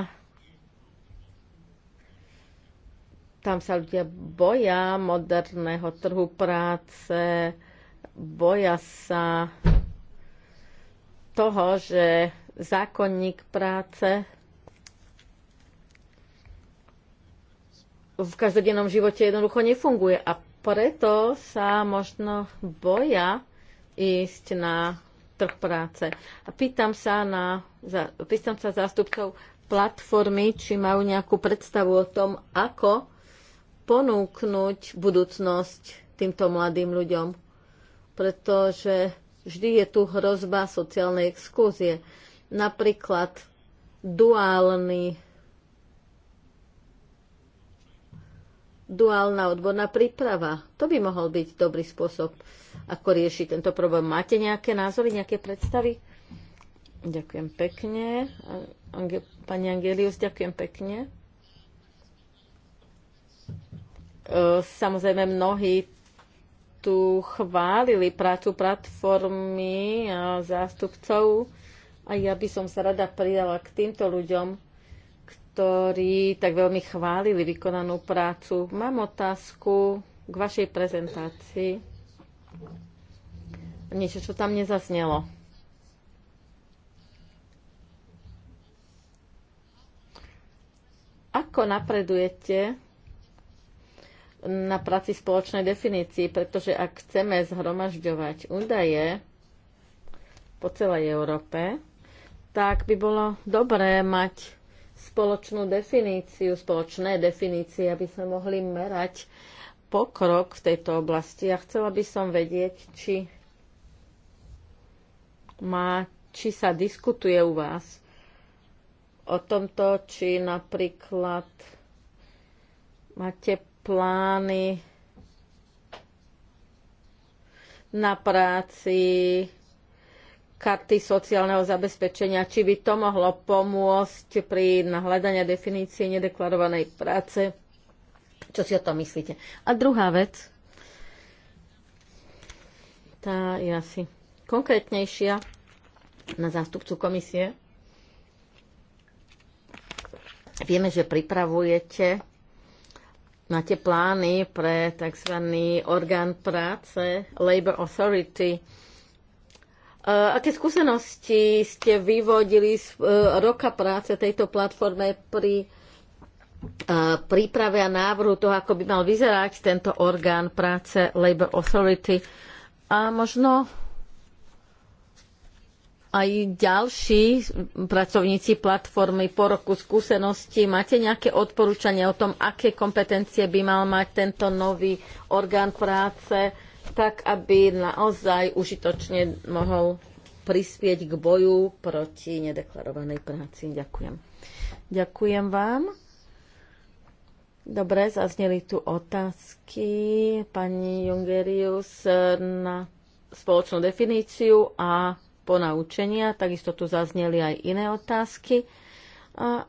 tam sa ľudia boja moderného trhu práce, boja sa toho, že zákonník práce v každodennom živote jednoducho nefunguje a preto sa možno boja ísť na trh práce. A pýtam sa na pýtam sa zástupcov platformy, či majú nejakú predstavu o tom, ako ponúknuť budúcnosť týmto mladým ľuďom. Pretože vždy je tu hrozba sociálnej exkúzie. Napríklad duálny duálna odborná príprava. To by mohol byť dobrý spôsob, ako riešiť tento problém. Máte nejaké názory, nejaké predstavy? Ďakujem pekne. Ange- Pani Angelius, ďakujem pekne. E, samozrejme, mnohí tu chválili prácu platformy a zástupcov a ja by som sa rada pridala k týmto ľuďom, ktorí tak veľmi chválili vykonanú prácu. Mám otázku k vašej prezentácii. Niečo, čo tam nezaznelo ako napredujete na práci spoločnej definícii, pretože ak chceme zhromažďovať údaje po celej Európe, tak by bolo dobré mať spoločnú definíciu, spoločné definície, aby sme mohli merať pokrok v tejto oblasti. A ja chcela by som vedieť, či, má, či sa diskutuje u vás o tomto, či napríklad máte plány na práci, karty sociálneho zabezpečenia, či by to mohlo pomôcť pri nahľadania definície nedeklarovanej práce. Čo si o tom myslíte? A druhá vec, tá je asi konkrétnejšia na zástupcu komisie. Vieme, že pripravujete máte plány pre tzv. orgán práce, Labor Authority. Aké skúsenosti ste vyvodili z e, roka práce tejto platforme pri e, príprave a návrhu toho, ako by mal vyzerať tento orgán práce Labor Authority? A možno aj ďalší pracovníci platformy po roku skúsenosti. Máte nejaké odporúčanie o tom, aké kompetencie by mal mať tento nový orgán práce, tak aby naozaj užitočne mohol prispieť k boju proti nedeklarovanej práci. Ďakujem. Ďakujem vám. Dobre, zazneli tu otázky pani Jungerius na spoločnú definíciu a ponaučenia. Takisto tu zazneli aj iné otázky. A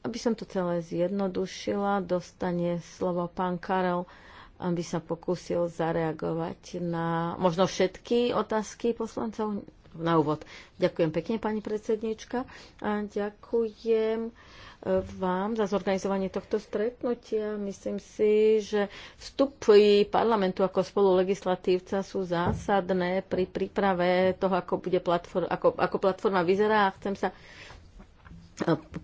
aby som to celé zjednodušila, dostane slovo pán Karel, aby sa pokúsil zareagovať na možno všetky otázky poslancov na úvod. Ďakujem pekne, pani predsednička. A ďakujem vám za zorganizovanie tohto stretnutia. Myslím si, že vstupy parlamentu ako spolulegislatívca sú zásadné pri príprave toho, ako, bude platform, ako, ako platforma vyzerá. Chcem sa e,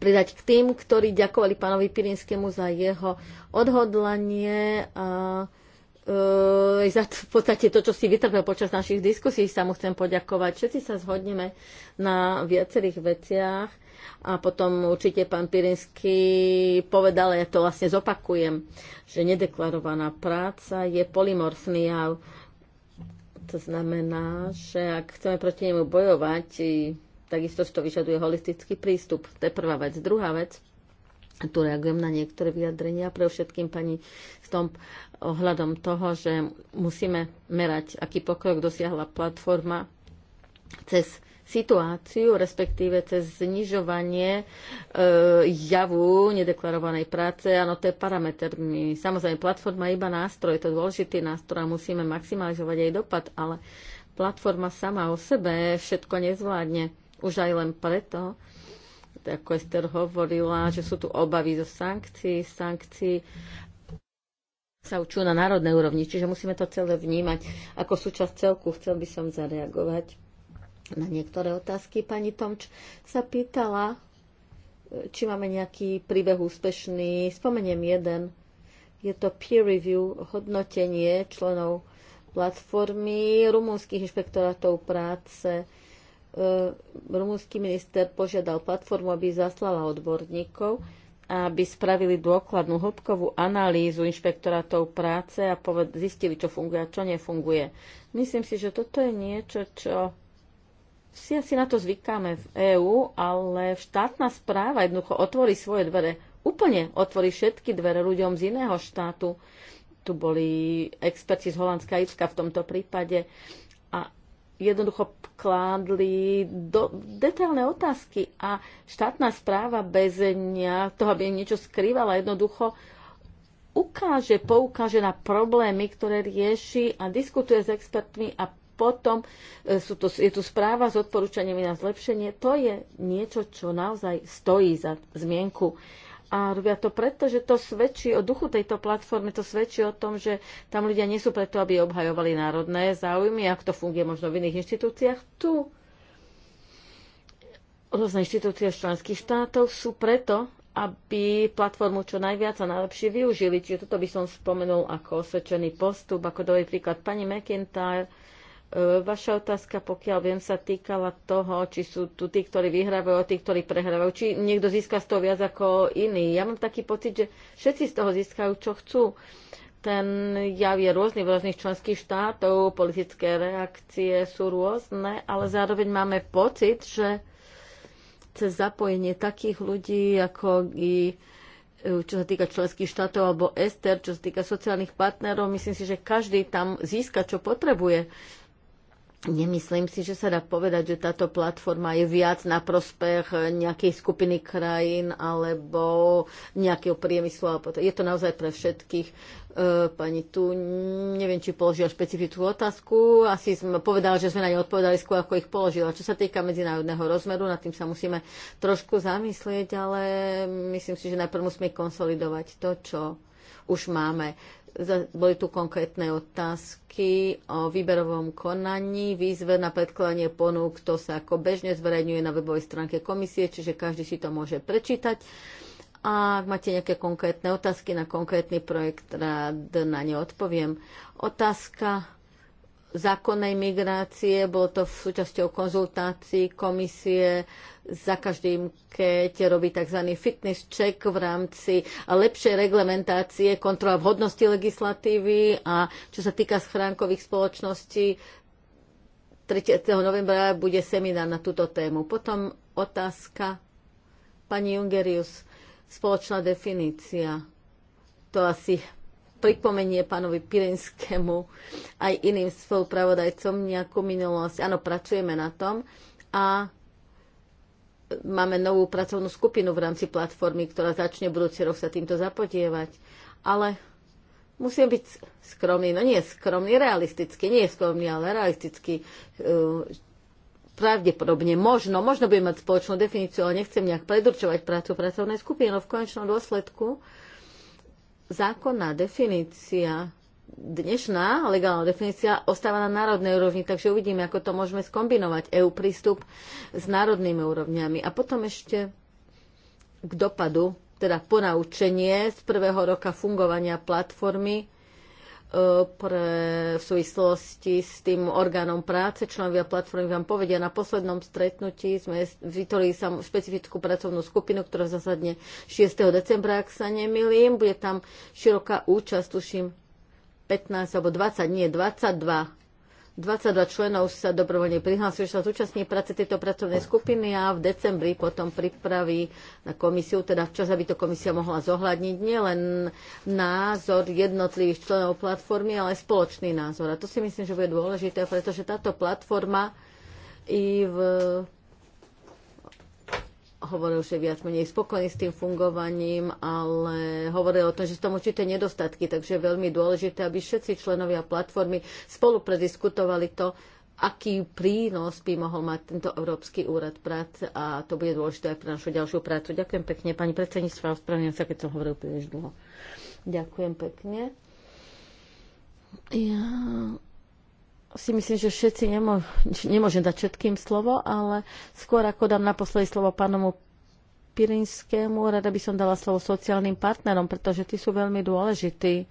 pridať k tým, ktorí ďakovali pánovi Pirinskému za jeho odhodlanie a e, za v podstate to, čo si vytrpel počas našich diskusí, sa mu chcem poďakovať. Všetci sa zhodneme na viacerých veciach a potom určite pán Pirinsky povedal, ja to vlastne zopakujem, že nedeklarovaná práca je polymorfný jav. To znamená, že ak chceme proti nemu bojovať, takisto to vyžaduje holistický prístup. To je prvá vec. Druhá vec, tu reagujem na niektoré vyjadrenia, pre všetkým pani s tom ohľadom toho, že musíme merať, aký pokrok dosiahla platforma cez situáciu, respektíve cez znižovanie e, javu nedeklarovanej práce. Áno, to je parameter. My, samozrejme, platforma je iba nástroj, to je dôležitý nástroj a musíme maximalizovať jej dopad, ale platforma sama o sebe všetko nezvládne. Už aj len preto, ako Ester hovorila, že sú tu obavy zo sankcií, sankcií sa učú na národnej úrovni, čiže musíme to celé vnímať ako súčasť celku. Chcel by som zareagovať na niektoré otázky. Pani Tomč sa pýtala, e, či máme nejaký príbeh úspešný. Spomeniem jeden. Je to peer review, hodnotenie členov platformy rumúnskych inšpektorátov práce. E, Rumúnsky minister požiadal platformu, aby zaslala odborníkov, aby spravili dôkladnú hĺbkovú analýzu inšpektorátov práce a zistili, čo funguje a čo nefunguje. Myslím si, že toto je niečo, čo si asi na to zvykáme v EÚ, ale štátna správa jednoducho otvorí svoje dvere. Úplne otvorí všetky dvere ľuďom z iného štátu. Tu boli experti z Holandska a Irska v tomto prípade. A jednoducho kládli do, detailné otázky a štátna správa bez nia, toho, aby niečo skrývala, jednoducho ukáže, poukáže na problémy, ktoré rieši a diskutuje s expertmi a potom e, sú to, je tu správa s odporúčaniami na zlepšenie. To je niečo, čo naozaj stojí za zmienku. A robia to preto, že to svedčí o duchu tejto platformy, to svedčí o tom, že tam ľudia nie sú preto, aby obhajovali národné záujmy, ak to funguje možno v iných inštitúciách. Tu rôzne inštitúcie členských štátov sú preto, aby platformu čo najviac a najlepšie využili. Čiže toto by som spomenul ako osvedčený postup, ako dobrý príklad pani McIntyre E, vaša otázka, pokiaľ viem, sa týkala toho, či sú tu tí, ktorí vyhrávajú a tí, ktorí prehrávajú. Či niekto získa z toho viac ako iný. Ja mám taký pocit, že všetci z toho získajú, čo chcú. Ten jav je rôzny v rôznych členských štátov, politické reakcie sú rôzne, ale zároveň máme pocit, že cez zapojenie takých ľudí ako i e, čo sa týka členských štátov alebo Ester, čo sa týka sociálnych partnerov, myslím si, že každý tam získa, čo potrebuje Nemyslím si, že sa dá povedať, že táto platforma je viac na prospech nejakej skupiny krajín alebo nejakého priemyslu. Je to naozaj pre všetkých. E, pani, tu neviem, či položila špecifickú otázku. Asi som povedala, že sme na ne odpovedali skôr, ako ich položila. Čo sa týka medzinárodného rozmeru, nad tým sa musíme trošku zamyslieť, ale myslím si, že najprv musíme konsolidovať to, čo už máme boli tu konkrétne otázky o výberovom konaní, výzve na predkladanie ponúk, to sa ako bežne zverejňuje na webovej stránke komisie, čiže každý si to môže prečítať. A ak máte nejaké konkrétne otázky na konkrétny projekt, rád na ne odpoviem. Otázka zákonnej migrácie, bolo to súčasťou konzultácií komisie za každým, keď robí tzv. fitness check v rámci lepšej reglementácie, kontrola vhodnosti legislatívy a čo sa týka schránkových spoločností, 3. novembra bude seminár na túto tému. Potom otázka pani Jungerius, spoločná definícia. To asi pripomenie pánovi Pirinskému aj iným spolupravodajcom nejakú minulosť. Áno, pracujeme na tom a máme novú pracovnú skupinu v rámci platformy, ktorá začne budúci rok sa týmto zapodievať. Ale musím byť skromný, no nie skromný, realistický, nie skromný, ale realistický. E, pravdepodobne, možno, možno budem mať spoločnú definíciu, ale nechcem nejak predurčovať prácu pracovnej skupiny, no v konečnom dôsledku uh, zákonná definícia, dnešná legálna definícia ostáva na národnej úrovni, takže uvidíme, ako to môžeme skombinovať EU prístup s národnými úrovniami. A potom ešte k dopadu, teda ponaučenie z prvého roka fungovania platformy pre, v súvislosti s tým orgánom práce. Členovia platformy vám povedia, na poslednom stretnutí sme vytvorili sam, špecifickú pracovnú skupinu, ktorá zasadne 6. decembra, ak sa nemilím. Bude tam široká účasť, tuším 15 alebo 20, nie 22 22 členov sa dobrovoľne prihlásil, že sa zúčastní práce tejto pracovnej skupiny a v decembri potom pripraví na komisiu, teda včas, aby to komisia mohla zohľadniť nielen názor jednotlivých členov platformy, ale aj spoločný názor. A to si myslím, že bude dôležité, pretože táto platforma i v hovoril, že viac menej spokojný s tým fungovaním, ale hovoril o tom, že sú tam určité nedostatky, takže je veľmi dôležité, aby všetci členovia platformy spolu prediskutovali to, aký prínos by mohol mať tento Európsky úrad práce a to bude dôležité aj pre našu ďalšiu prácu. Ďakujem pekne, pani predsedníctva, ospravedlňujem sa, keď som hovoril príliš dlho. Ďakujem pekne. Ja si myslím, že všetci nemô- nemôžem dať všetkým slovo, ale skôr ako dám naposledy slovo pánomu Pirinskému, rada by som dala slovo sociálnym partnerom, pretože tí sú veľmi dôležití.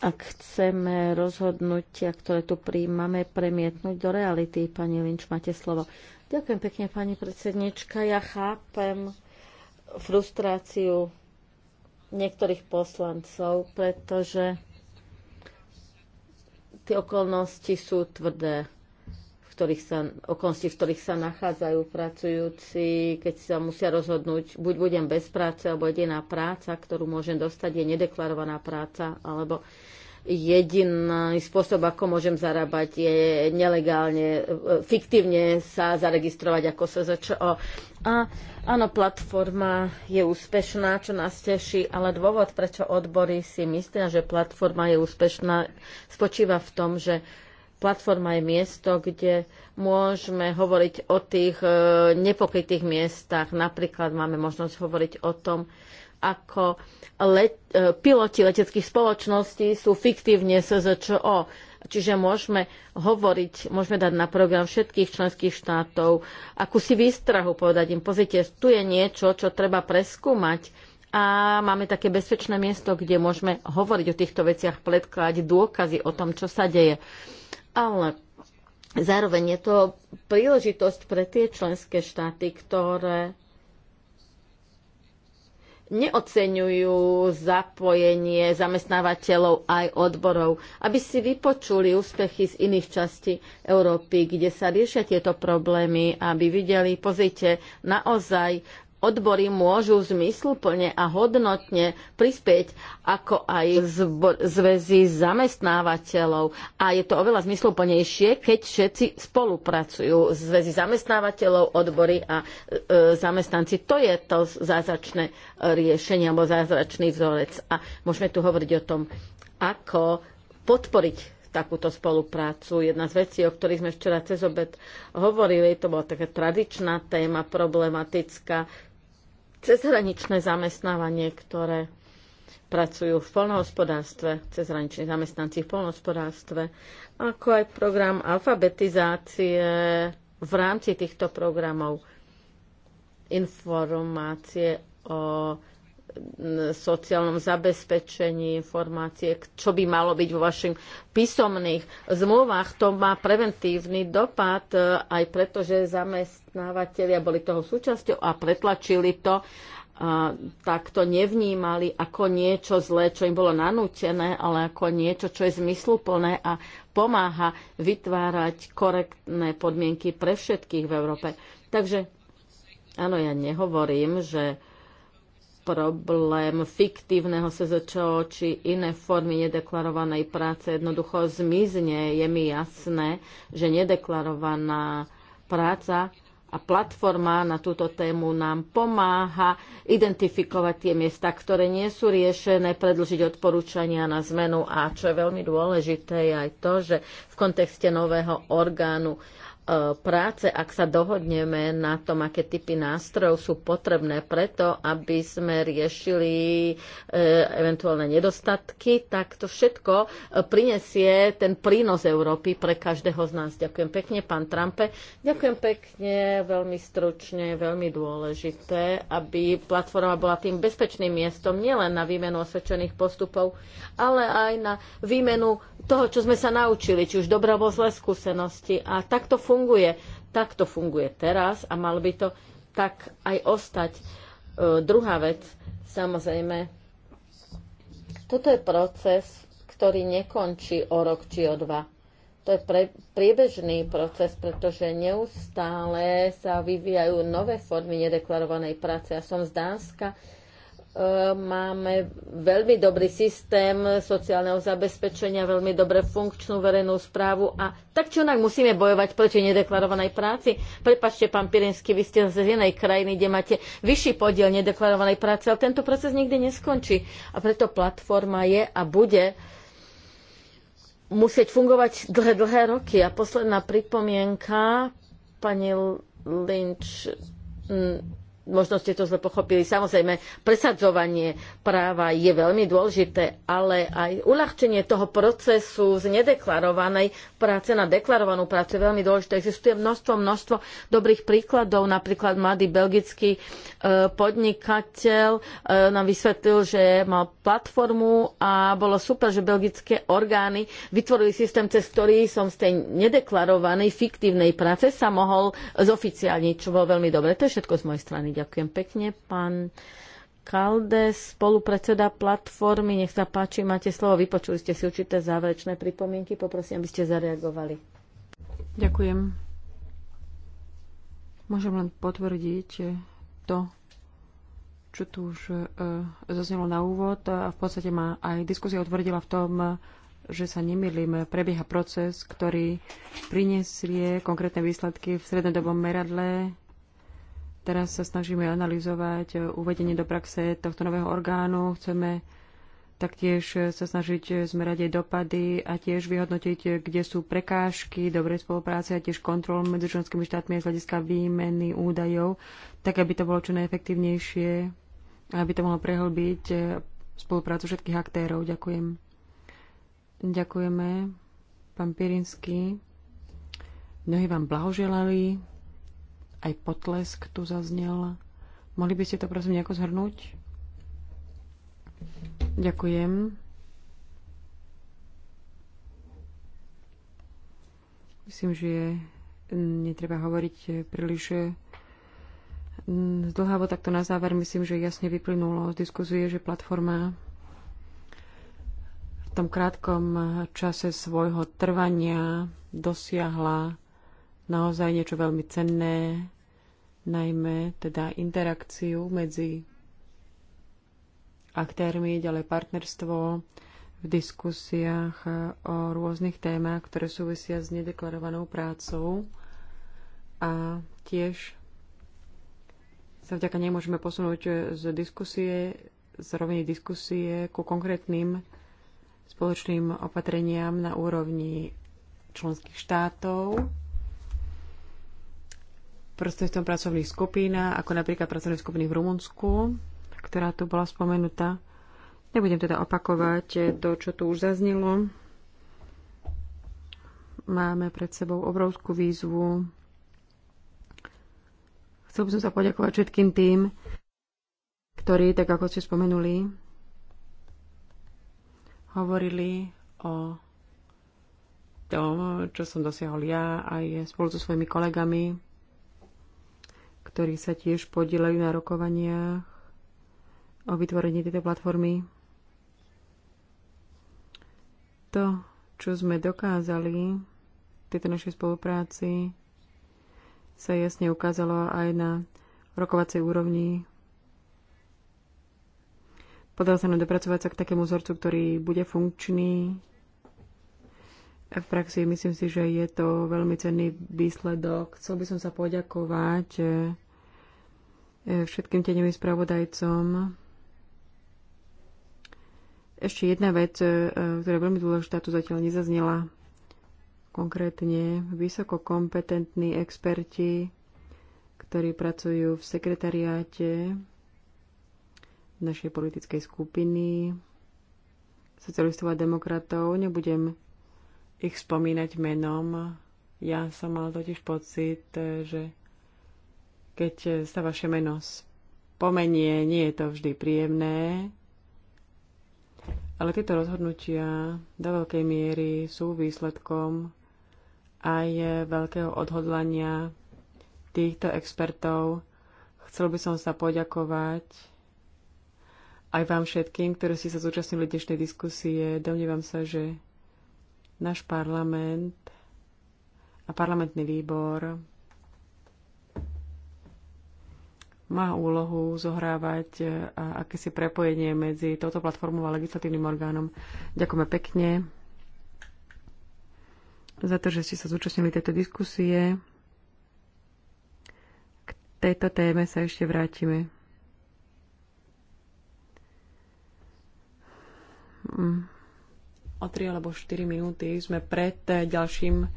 Ak chceme rozhodnutia, ktoré tu príjmame, premietnúť do reality, pani Linč, máte slovo. Ďakujem pekne, pani predsednička. Ja chápem frustráciu niektorých poslancov, pretože tie okolnosti sú tvrdé, v ktorých sa, okolnosti, v ktorých sa nachádzajú pracujúci, keď sa musia rozhodnúť, buď budem bez práce, alebo jediná práca, ktorú môžem dostať, je nedeklarovaná práca, alebo jediný spôsob, ako môžem zarábať, je nelegálne, e, fiktívne sa zaregistrovať ako SZČO. A áno, platforma je úspešná, čo nás teší, ale dôvod, prečo odbory si myslia, že platforma je úspešná, spočíva v tom, že platforma je miesto, kde môžeme hovoriť o tých e, nepokrytých miestach. Napríklad máme možnosť hovoriť o tom, ako le- e, piloti leteckých spoločností sú fiktívne SZČO. Čiže môžeme hovoriť, môžeme dať na program všetkých členských štátov, akú si výstrahu povedať im, pozrite, tu je niečo, čo treba preskúmať a máme také bezpečné miesto, kde môžeme hovoriť o týchto veciach, predkladať dôkazy o tom, čo sa deje. Ale zároveň je to príležitosť pre tie členské štáty, ktoré neoceňujú zapojenie zamestnávateľov aj odborov, aby si vypočuli úspechy z iných častí Európy, kde sa riešia tieto problémy, aby videli, pozrite, naozaj odbory môžu zmysluplne a hodnotne prispieť, ako aj zbor, zväzy zamestnávateľov. A je to oveľa zmysluplnejšie, keď všetci spolupracujú. Zväzy zamestnávateľov, odbory a e, zamestnanci. To je to zázračné e, riešenie alebo zázračný vzorec. A môžeme tu hovoriť o tom, ako podporiť takúto spoluprácu. Jedna z vecí, o ktorých sme včera cez obed hovorili, to bola taká tradičná téma, problematická, cezhraničné zamestnávanie, ktoré pracujú v polnohospodárstve, cezhraniční zamestnanci v polnohospodárstve, ako aj program alfabetizácie v rámci týchto programov informácie o Mm, sociálnom zabezpečení informácie, čo by malo byť vo vašich písomných zmluvách. To má preventívny dopad, e, aj preto, že zamestnávateľia boli toho súčasťou a pretlačili to, a, tak to nevnímali ako niečo zlé, čo im bolo nanútené, ale ako niečo, čo je zmysluplné a pomáha vytvárať korektné podmienky pre všetkých v Európe. Takže áno, ja nehovorím, že problém fiktívneho SZČO či iné formy nedeklarovanej práce jednoducho zmizne. Je mi jasné, že nedeklarovaná práca a platforma na túto tému nám pomáha identifikovať tie miesta, ktoré nie sú riešené, predlžiť odporúčania na zmenu a čo je veľmi dôležité je aj to, že v kontexte nového orgánu E, práce, ak sa dohodneme na tom, aké typy nástrojov sú potrebné preto, aby sme riešili e, eventuálne nedostatky, tak to všetko e, prinesie ten prínos Európy pre každého z nás. Ďakujem pekne, pán Trumpe. Ďakujem pekne, veľmi stručne, veľmi dôležité, aby platforma bola tým bezpečným miestom nielen na výmenu osvedčených postupov, ale aj na výmenu toho, čo sme sa naučili, či už dobré alebo zlé skúsenosti. A takto funguje. Tak to funguje teraz a mal by to tak aj ostať. E, druhá vec, samozrejme, toto je proces, ktorý nekončí o rok či o dva. To je pre, priebežný proces, pretože neustále sa vyvíjajú nové formy nedeklarovanej práce. Ja som z Dánska, E, máme veľmi dobrý systém sociálneho zabezpečenia, veľmi dobre funkčnú verejnú správu a tak či onak musíme bojovať proti nedeklarovanej práci. Prepačte, pán Pirinsky, vy ste z inej krajiny, kde máte vyšší podiel nedeklarovanej práce, ale tento proces nikdy neskončí. A preto platforma je a bude musieť fungovať dlhé, dlhé roky. A posledná pripomienka, pani Lynch, možno ste to zle pochopili. Samozrejme, presadzovanie práva je veľmi dôležité, ale aj uľahčenie toho procesu z nedeklarovanej práce na deklarovanú prácu je veľmi dôležité. Existuje množstvo, množstvo dobrých príkladov. Napríklad mladý belgický e, podnikateľ e, nám vysvetlil, že mal platformu a bolo super, že belgické orgány vytvorili systém, cez ktorý som z tej nedeklarovanej fiktívnej práce sa mohol zoficiálniť, čo bolo veľmi dobre. To je všetko z mojej strany. Ďakujem pekne, pán Kaldes, spolupredseda platformy. Nech sa páči, máte slovo. Vypočuli ste si určité záverečné pripomienky. Poprosím, aby ste zareagovali. Ďakujem. Môžem len potvrdiť to, čo tu už e, zaznelo na úvod a v podstate ma aj diskusia otvrdila v tom, že sa nemýlim, prebieha proces, ktorý prinesie konkrétne výsledky v srednodobom meradle Teraz sa snažíme analyzovať e, uvedenie do praxe tohto nového orgánu. Chceme taktiež e, sa snažiť e, zmerať aj dopady a tiež vyhodnotiť, kde sú prekážky dobrej spolupráce a tiež kontrol medzi členskými štátmi z hľadiska výmeny údajov, tak aby to bolo čo najefektívnejšie a aby to mohlo prehlbiť spoluprácu všetkých aktérov. Ďakujem. Ďakujeme, pán Pirinský. Mnohí vám blahoželali. Aj potlesk tu zaznel. Mohli by ste to prosím nejako zhrnúť? Ďakujem. Myslím, že netreba hovoriť príliš zdlhavo takto na záver. Myslím, že jasne vyplynulo z diskuzie, že platforma v tom krátkom čase svojho trvania dosiahla naozaj niečo veľmi cenné, najmä teda interakciu medzi aktérmi, ďalej partnerstvo v diskusiách o rôznych témach, ktoré súvisia s nedeklarovanou prácou a tiež sa vďaka nej môžeme posunúť z diskusie, z roviny diskusie ku konkrétnym spoločným opatreniam na úrovni členských štátov prostredstvom pracovných skupín, ako napríklad pracovnej skupiny v Rumunsku, ktorá tu bola spomenutá. Nebudem teda opakovať to, čo tu už zaznelo. Máme pred sebou obrovskú výzvu. Chcel by som sa poďakovať všetkým tým, ktorí, tak ako ste spomenuli, hovorili o tom, čo som dosiahol ja aj spolu so svojimi kolegami ktorí sa tiež podielajú na rokovaniach o vytvorení tejto platformy. To, čo sme dokázali v tejto našej spolupráci, sa jasne ukázalo aj na rokovacej úrovni. Podal sa nám dopracovať sa k takému vzorcu, ktorý bude funkčný v praxi. Myslím si, že je to veľmi cenný výsledok. Chcel by som sa poďakovať e, e, všetkým tenevým spravodajcom. Ešte jedna vec, e, ktorá je veľmi dôležitá, tu zatiaľ nezaznela. Konkrétne vysokokompetentní experti, ktorí pracujú v sekretariáte našej politickej skupiny socialistov a demokratov. Nebudem ich spomínať menom. Ja som mal totiž pocit, že keď sa vaše meno spomenie, nie je to vždy príjemné, ale tieto rozhodnutia do veľkej miery sú výsledkom aj veľkého odhodlania týchto expertov. Chcel by som sa poďakovať aj vám všetkým, ktorí ste sa zúčastnili dnešnej diskusie. Domnievam sa, že Náš parlament a parlamentný výbor má úlohu zohrávať e, a akési prepojenie medzi touto platformou a legislatívnym orgánom. Ďakujeme pekne za to, že ste sa zúčastnili tejto diskusie. K tejto téme sa ešte vrátime. Mm o 3 alebo 4 minúty sme pred ďalším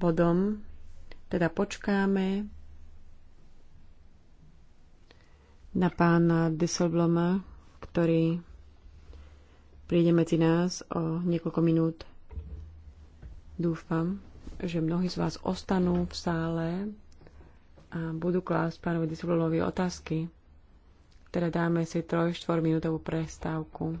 bodom. Teda počkáme na pána Disselbloma, ktorý príde medzi nás o niekoľko minút. Dúfam, že mnohí z vás ostanú v sále a budú klásť pánovi Disselblomovi otázky. Teda dáme si 3-4 minútovú prestávku.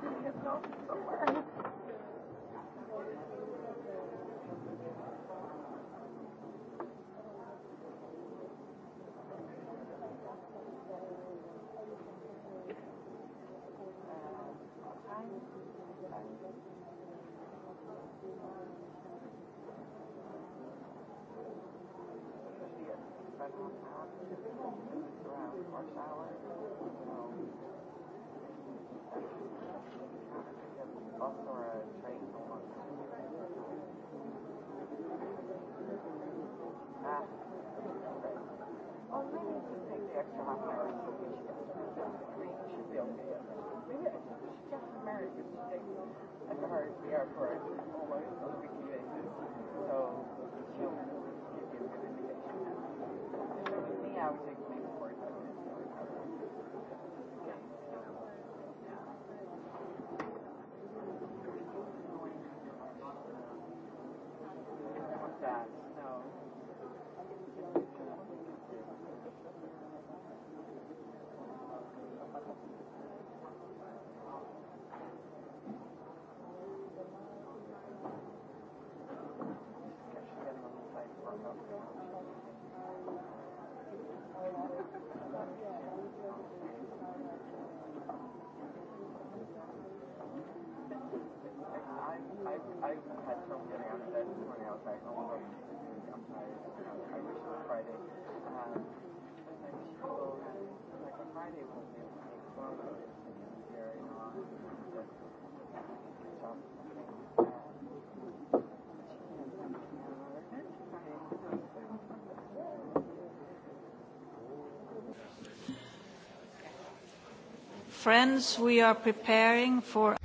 Thank you. Friends, for...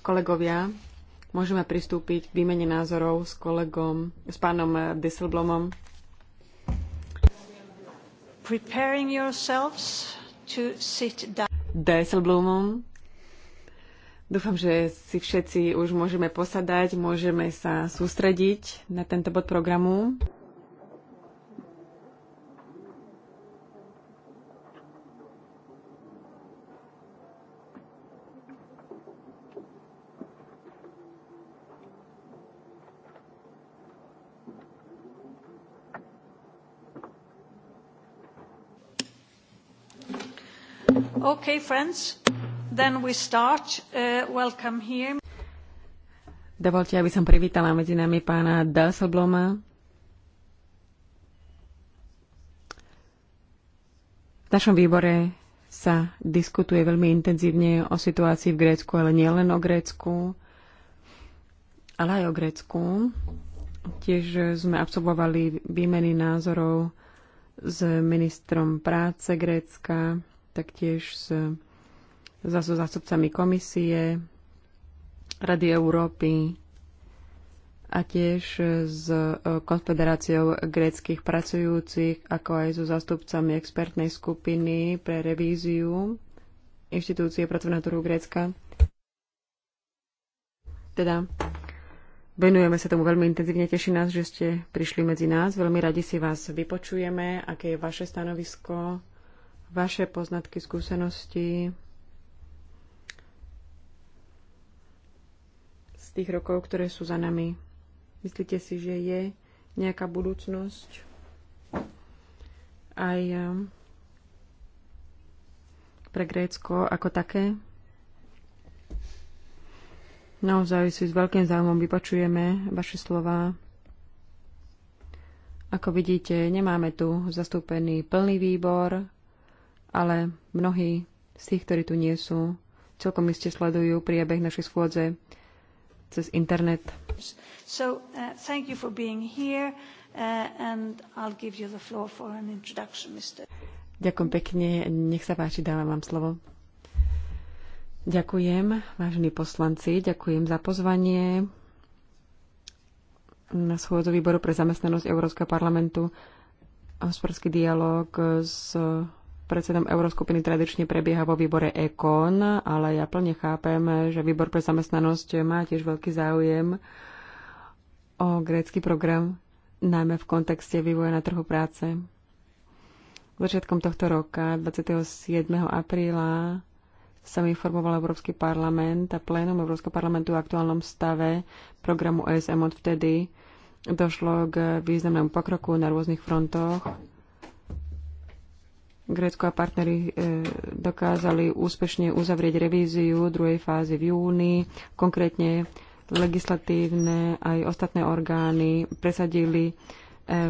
Kolegovia, môžeme pristúpiť k výmene názorov s kolegom, s pánom Disselblomom. Preparing yourselves to sit down. Dúfam, že si všetci už môžeme posadať, môžeme sa sústrediť na tento bod programu. Okay, friends, then we start. Uh, welcome here. Dovolte, aby som privítala medzi nami pána Dasselbloma. V našom výbore sa diskutuje veľmi intenzívne o situácii v Grécku, ale nie len o Grécku, ale aj o Grécku. Tiež sme absolvovali výmeny názorov s ministrom práce Grécka, taktiež s, s zástupcami komisie, Rady Európy a tiež s e, Konfederáciou gréckých pracujúcich, ako aj so zástupcami expertnej skupiny pre revíziu inštitúcie pracovného trhu Grécka. Teda venujeme sa tomu veľmi intenzívne. Teší nás, že ste prišli medzi nás. Veľmi radi si vás vypočujeme, aké je vaše stanovisko vaše poznatky, skúsenosti z tých rokov, ktoré sú za nami. Myslíte si, že je nejaká budúcnosť aj eh, pre Grécko ako také? Naozaj si s veľkým záujmom vypočujeme vaše slova. Ako vidíte, nemáme tu zastúpený plný výbor, ale mnohí z tých, ktorí tu nie sú, celkom iste sledujú priebeh našej schôdze cez internet. So, uh, thank you for being here, uh, and I'll give you the floor for an introduction, Mr. Ďakujem pekne, nech sa páči, dávam vám slovo. Ďakujem, vážení poslanci, ďakujem za pozvanie na schôdzu výboru pre zamestnanosť Európskeho parlamentu a hospodársky dialog s predsedom Euroskupiny tradične prebieha vo výbore EKON, ale ja plne chápem, že výbor pre zamestnanosť má tiež veľký záujem o grécky program, najmä v kontexte vývoja na trhu práce. Začiatkom tohto roka, 27. apríla, mi informoval Európsky parlament a plénum Európskeho parlamentu o aktuálnom stave programu ESM odvtedy. Došlo k významnému pokroku na rôznych frontoch Grécko a partnery e, dokázali úspešne uzavrieť revíziu druhej fázy v júni. Konkrétne legislatívne aj ostatné orgány presadili e,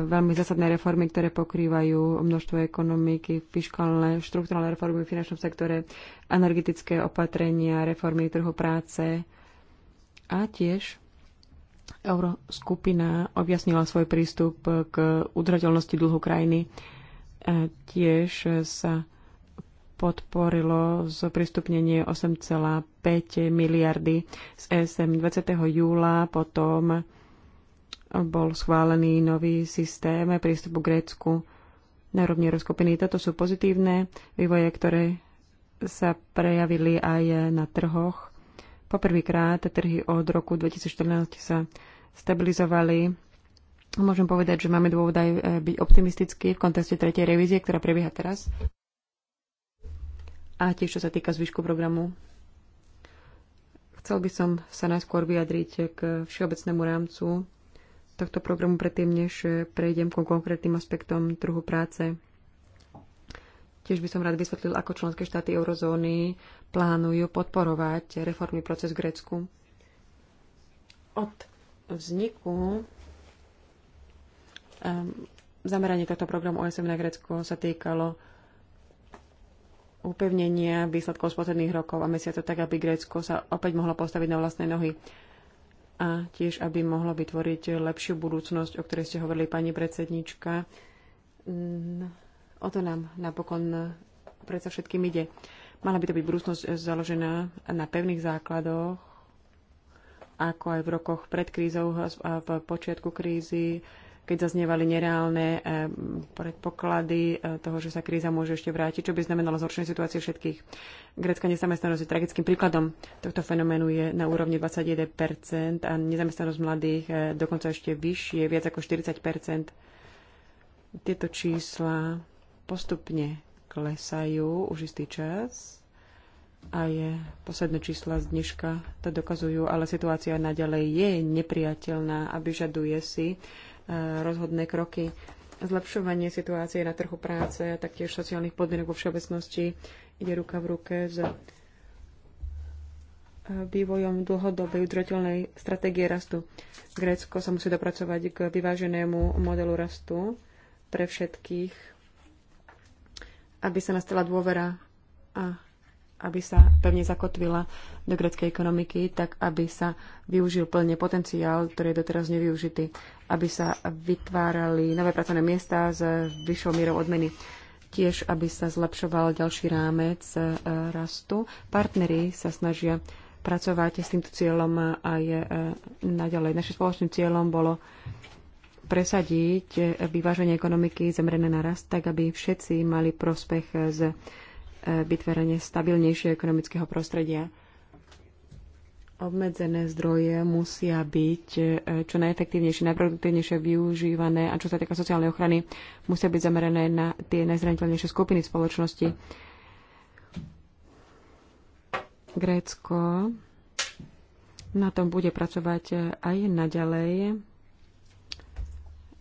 veľmi zásadné reformy, ktoré pokrývajú množstvo ekonomiky, fiskálne, štruktúrálne reformy v finančnom sektore, energetické opatrenia, reformy trhu práce. A tiež Euroskupina objasnila svoj prístup k udržateľnosti dlhu krajiny Tiež sa podporilo prístupnenie 8,5 miliardy z ESM 20. júla. Potom bol schválený nový systém prístupu Grécku na rovni rozkopiny. Toto sú pozitívne vývoje, ktoré sa prejavili aj na trhoch. Poprvýkrát trhy od roku 2014 sa stabilizovali Môžem povedať, že máme dôvod aj e, byť optimistickí v kontexte tretej revízie, ktorá prebieha teraz. A tiež, čo sa týka zvyšku programu. Chcel by som sa najskôr vyjadriť k všeobecnému rámcu tohto programu predtým, než e, prejdem ku konkrétnym aspektom trhu práce. Tiež by som rád vysvetlil, ako členské štáty eurozóny plánujú podporovať reformný proces v Grécku. Od vzniku Ehm, zameranie tohto programu OSM na Grécko sa týkalo upevnenia výsledkov z posledných rokov a mesiacov tak, aby Grécko sa opäť mohlo postaviť na vlastné nohy a tiež, aby mohlo vytvoriť lepšiu budúcnosť, o ktorej ste hovorili, pani predsednička. Mm, o to nám napokon predsa všetkým ide. Mala by to byť budúcnosť založená na pevných základoch, ako aj v rokoch pred krízou a v počiatku krízy, keď zaznievali nereálne eh, predpoklady eh, toho, že sa kríza môže ešte vrátiť, čo by znamenalo zhoršenie situácie všetkých. Grécka nezamestnanosť je tragickým príkladom tohto fenoménu je na úrovni 21% a nezamestnanosť mladých eh, dokonca ešte vyššie, viac ako 40%. Tieto čísla postupne klesajú už istý čas a je posledné čísla z dneška to dokazujú, ale situácia naďalej je nepriateľná a vyžaduje si rozhodné kroky. Zlepšovanie situácie na trhu práce a taktiež sociálnych podmienok vo všeobecnosti ide ruka v ruke s e, vývojom dlhodobej udržateľnej stratégie rastu. Grécko sa musí dopracovať k vyváženému modelu rastu pre všetkých, aby sa nastala dôvera a aby sa pevne zakotvila do greckej ekonomiky, tak aby sa využil plne potenciál, ktorý je doteraz nevyužitý, aby sa vytvárali nové pracovné miesta s vyššou mierou odmeny, tiež aby sa zlepšoval ďalší rámec e, rastu. Partnery sa snažia pracovať s týmto cieľom aj e, naďalej. Našim spoločným cieľom bolo presadiť vyváženie ekonomiky zemrené na rast, tak aby všetci mali prospech z vytvorenie stabilnejšieho ekonomického prostredia. Obmedzené zdroje musia byť e, čo najefektívnejšie, najproduktívnejšie využívané a čo sa týka sociálnej ochrany, musia byť zamerané na tie najzraniteľnejšie skupiny spoločnosti. Grécko na tom bude pracovať e, aj naďalej.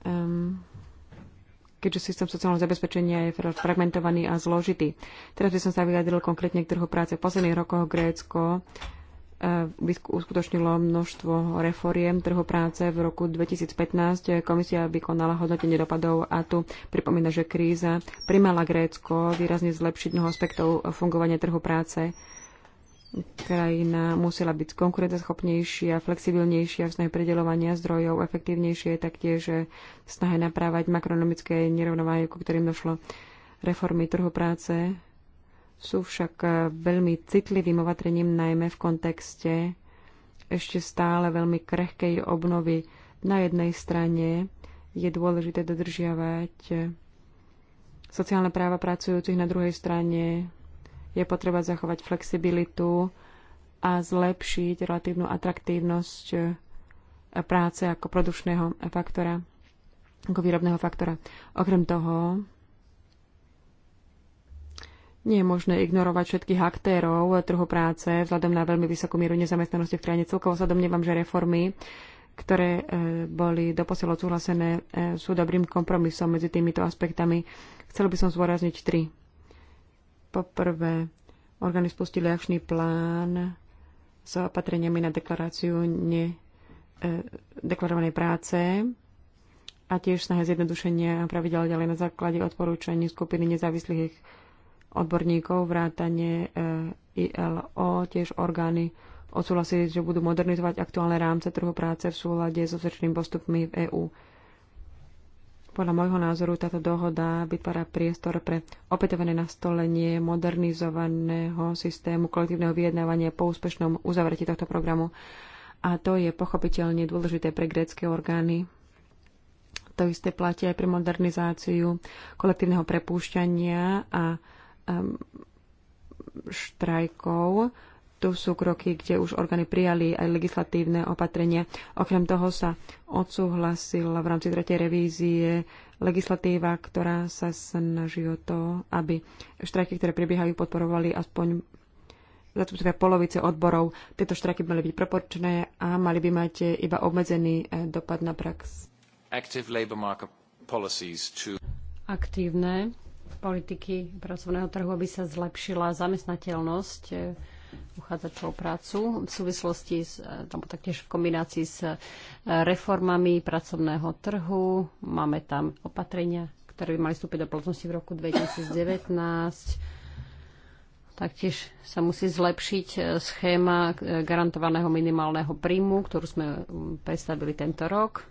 Um, keďže systém sociálneho zabezpečenia je fragmentovaný a zložitý. Teraz by som sa vyjadril konkrétne k trhu práce. V posledných rokoch Grécko eh, uskutočnilo množstvo reforiem trhu práce. V roku 2015 komisia vykonala hodnotenie dopadov a tu pripomína, že kríza primala Grécko výrazne zlepšiť mnoho aspektov fungovania trhu práce krajina musela byť konkurenceschopnejšia, flexibilnejšia v snahe predelovania zdrojov, efektívnejšie taktiež v snahe naprávať makronomické nerovnováhy, ku ktorým došlo reformy trhu práce, sú však veľmi citlivým ovatrením najmä v kontexte ešte stále veľmi krehkej obnovy. Na jednej strane je dôležité dodržiavať sociálne práva pracujúcich, na druhej strane je potreba zachovať flexibilitu a zlepšiť relatívnu atraktívnosť eh, práce ako produčného faktora, ako výrobného faktora. Okrem toho, nie je možné ignorovať všetkých aktérov trhu práce vzhľadom na veľmi vysokú mieru nezamestnanosti v krajine. Celkovo sa domnievam, že reformy, ktoré eh, boli doposiaľ odsúhlasené, eh, sú dobrým kompromisom medzi týmito aspektami. Chcel by som zvorazniť tri. Poprvé, orgány spustili akčný plán s opatreniami na deklaráciu ne, e, deklarovanej práce a tiež snahe zjednodušenia pravidel ďalej na základe odporúčaní skupiny nezávislých odborníkov, vrátane e, ILO, tiež orgány odsúhlasili, že budú modernizovať aktuálne rámce trhu práce v súlade so zrečnými postupmi v EÚ. Podľa môjho názoru táto dohoda vytvára priestor pre opätovné nastolenie modernizovaného systému kolektívneho vyjednávania po úspešnom uzavretí tohto programu. A to je pochopiteľne dôležité pre grécké orgány. To isté platí aj pre modernizáciu kolektívneho prepúšťania a um, štrajkov tu sú kroky, kde už orgány prijali aj legislatívne opatrenia. Okrem toho sa odsúhlasila v rámci tretej revízie legislatíva, ktorá sa snaží o to, aby štrajky, ktoré prebiehajú, podporovali aspoň zastupcovia polovice odborov. Tieto štrajky mali byť proporčné a mali by mať iba obmedzený eh, dopad na prax. Aktívne politiky pracovného trhu, aby sa zlepšila zamestnateľnosť eh, uchádzačov prácu v súvislosti s, tam e, taktiež v kombinácii s e, reformami pracovného trhu. Máme tam opatrenia, ktoré by mali vstúpiť do platnosti v roku 2019. Taktiež sa musí zlepšiť e, schéma garantovaného minimálneho príjmu, ktorú sme predstavili tento rok.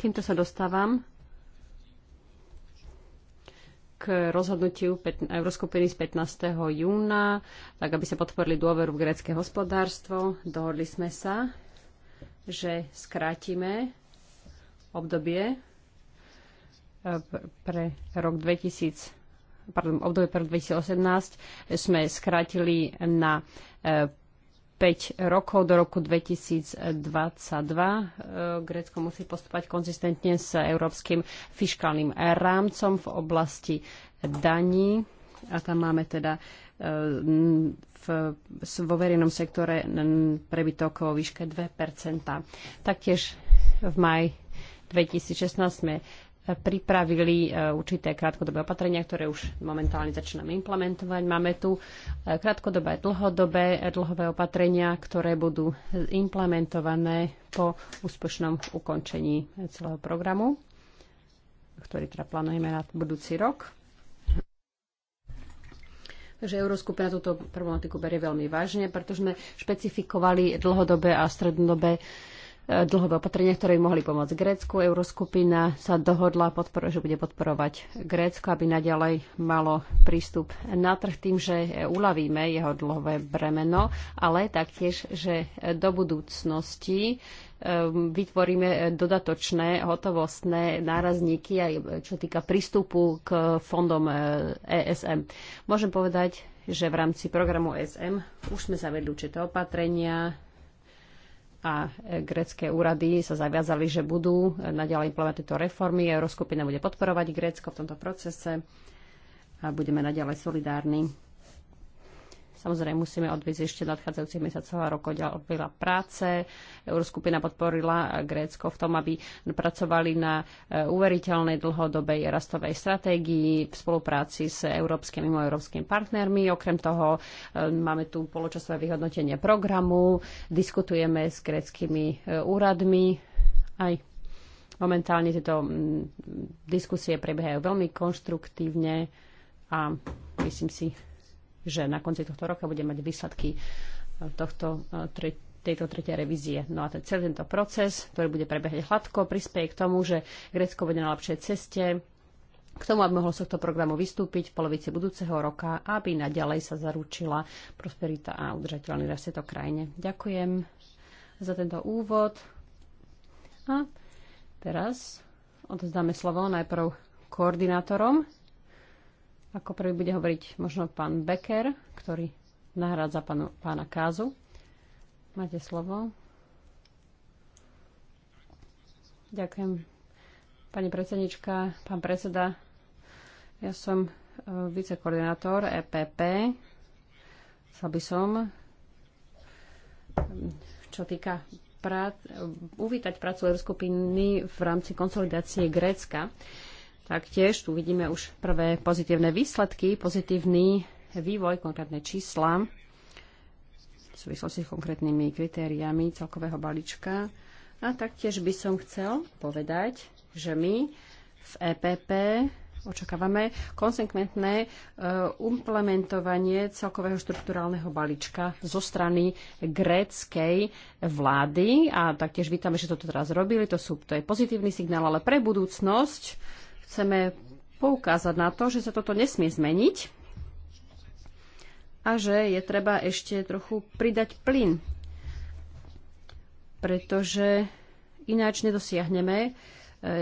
Týmto sa dostávam k rozhodnutiu Euroskupiny z 15. júna, tak aby sa podporili dôveru v grécké hospodárstvo. Dohodli sme sa, že skrátime obdobie e, pre rok 2000 pardon, obdobie pre 2018 sme skrátili na e, 5 rokov do roku 2022. E, Grécko musí postupovať konzistentne s európskym fiskálnym rámcom v oblasti daní. A tam máme teda e, v, vo verejnom sektore prebytok o výške 2 Taktiež v maj 2016 sme pripravili e, určité krátkodobé opatrenia, ktoré už momentálne začíname implementovať. Máme tu e, krátkodobé a dlhodobé e, dlhové opatrenia, ktoré budú implementované po úspešnom ukončení celého programu, ktorý teda plánujeme na budúci rok. Takže Euroskupina túto problematiku berie veľmi vážne, pretože sme špecifikovali dlhodobé a strednodobé uh, E, dlhové opatrenia, ktoré by mohli pomôcť Grécku. Euroskupina sa dohodla, že bude podporovať Grécko, aby naďalej malo prístup na trh tým, že uľavíme jeho dlhové bremeno, ale taktiež, že do budúcnosti e, vytvoríme dodatočné hotovostné nárazníky, aj čo týka prístupu k fondom ESM. E Môžem povedať, že v rámci programu ESM už sme zavedli určité opatrenia, a grecké úrady sa zaviazali, že budú naďalej implementovať tieto reformy. Euroskupina bude podporovať Grécko v tomto procese a budeme naďalej solidárni Samozrejme, musíme odviezť ešte nadchádzajúcich mesiacov a rokov veľa práce. Euroskupina podporila Grécko v tom, aby pracovali na e, uveriteľnej dlhodobej rastovej stratégii v spolupráci s európskymi a európskymi partnermi. Okrem toho e, máme tu poločasové vyhodnotenie programu, diskutujeme s gréckými e, úradmi aj momentálne tieto diskusie prebiehajú veľmi konštruktívne a myslím si, že na konci tohto roka budeme mať výsledky eh, tohto, eh, tejto tretej revízie. No a ten, celý tento proces, ktorý bude prebehať hladko, prispieje k tomu, že Grécko bude na lepšej ceste, k tomu, aby mohlo z tohto programu vystúpiť v polovici budúceho roka, aby naďalej sa zaručila prosperita a udržateľný rast tejto krajine. Ďakujem za tento úvod. A teraz odzdáme slovo najprv koordinátorom ako prvý bude hovoriť možno pán Becker, ktorý nahrádza pánu, pána Kázu. Máte slovo. Ďakujem. Pani predsednička, pán predseda, ja som e, vicekoordinátor EPP. Chcel by som, čo týka prát, uvítať prácu skupiny v rámci konsolidácie Grécka. Taktiež tu vidíme už prvé pozitívne výsledky, pozitívny vývoj, konkrétne čísla v súvislosti s konkrétnymi kritériami celkového balíčka. A taktiež by som chcel povedať, že my v EPP očakávame konsekventné e, implementovanie celkového štrukturálneho balíčka zo strany gréckej vlády a taktiež vítame, že toto teraz robili. To, sú, to je pozitívny signál, ale pre budúcnosť Chceme poukázať na to, že sa toto nesmie zmeniť a že je treba ešte trochu pridať plyn, pretože ináč nedosiahneme e,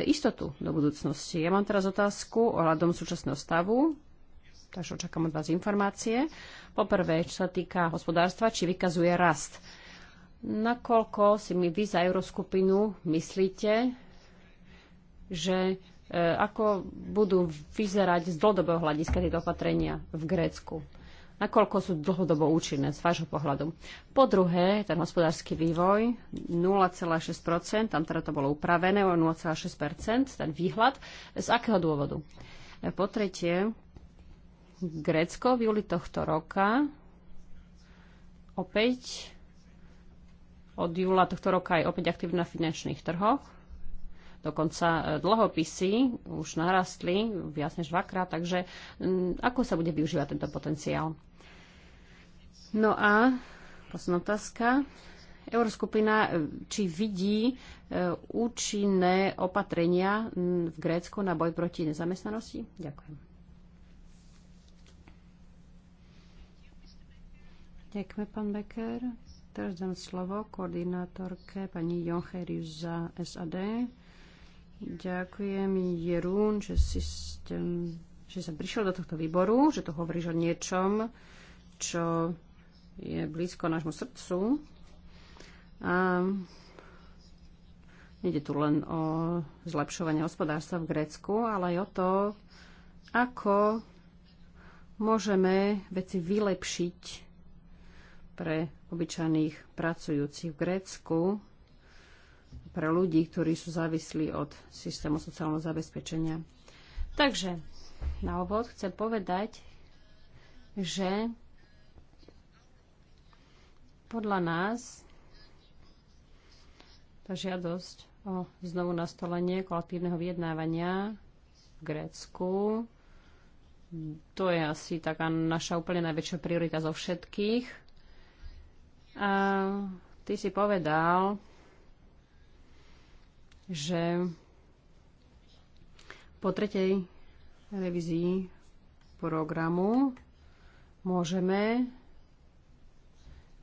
istotu do budúcnosti. Ja mám teraz otázku o hľadom súčasného stavu, takže očakám od vás informácie. Poprvé, čo sa týka hospodárstva, či vykazuje rast. Nakoľko si my vy za Euroskupinu myslíte, že E, ako budú vyzerať z dlhodobého hľadiska tieto opatrenia v Grécku? Nakoľko sú dlhodobo účinné z vášho pohľadu? Po druhé, ten hospodársky vývoj 0,6%, tam teda to bolo upravené o 0,6%, ten výhľad. Z akého dôvodu? E, po tretie, Grécko v júli tohto roka opäť od júla tohto roka je opäť aktívna na finančných trhoch Dokonca e, dlhopisy už narastli viac než dvakrát, takže ako sa bude využívať tento potenciál? No a posledná otázka. Euroskupina e, či vidí e, účinné opatrenia v Grécku na boj proti nezamestnanosti? Ďakujem. Ďakujem, pán Becker. Teraz dám slovo koordinátorke pani Joncherius za SAD. Ďakujem, Jerún, že si ste, že som prišiel do tohto výboru, že tu hovoríš o niečom, čo je blízko nášmu srdcu. A Nede tu len o zlepšovanie hospodárstva v Grécku, ale aj o to, ako môžeme veci vylepšiť pre obyčajných pracujúcich v Grécku pre ľudí, ktorí sú závislí od systému sociálneho zabezpečenia. Takže na úvod chcem povedať, že podľa nás tá žiadosť o znovu nastolenie kolektívneho vyjednávania v Grécku to je asi taká naša úplne najväčšia priorita zo všetkých. A ty si povedal, že po tretej revízii programu môžeme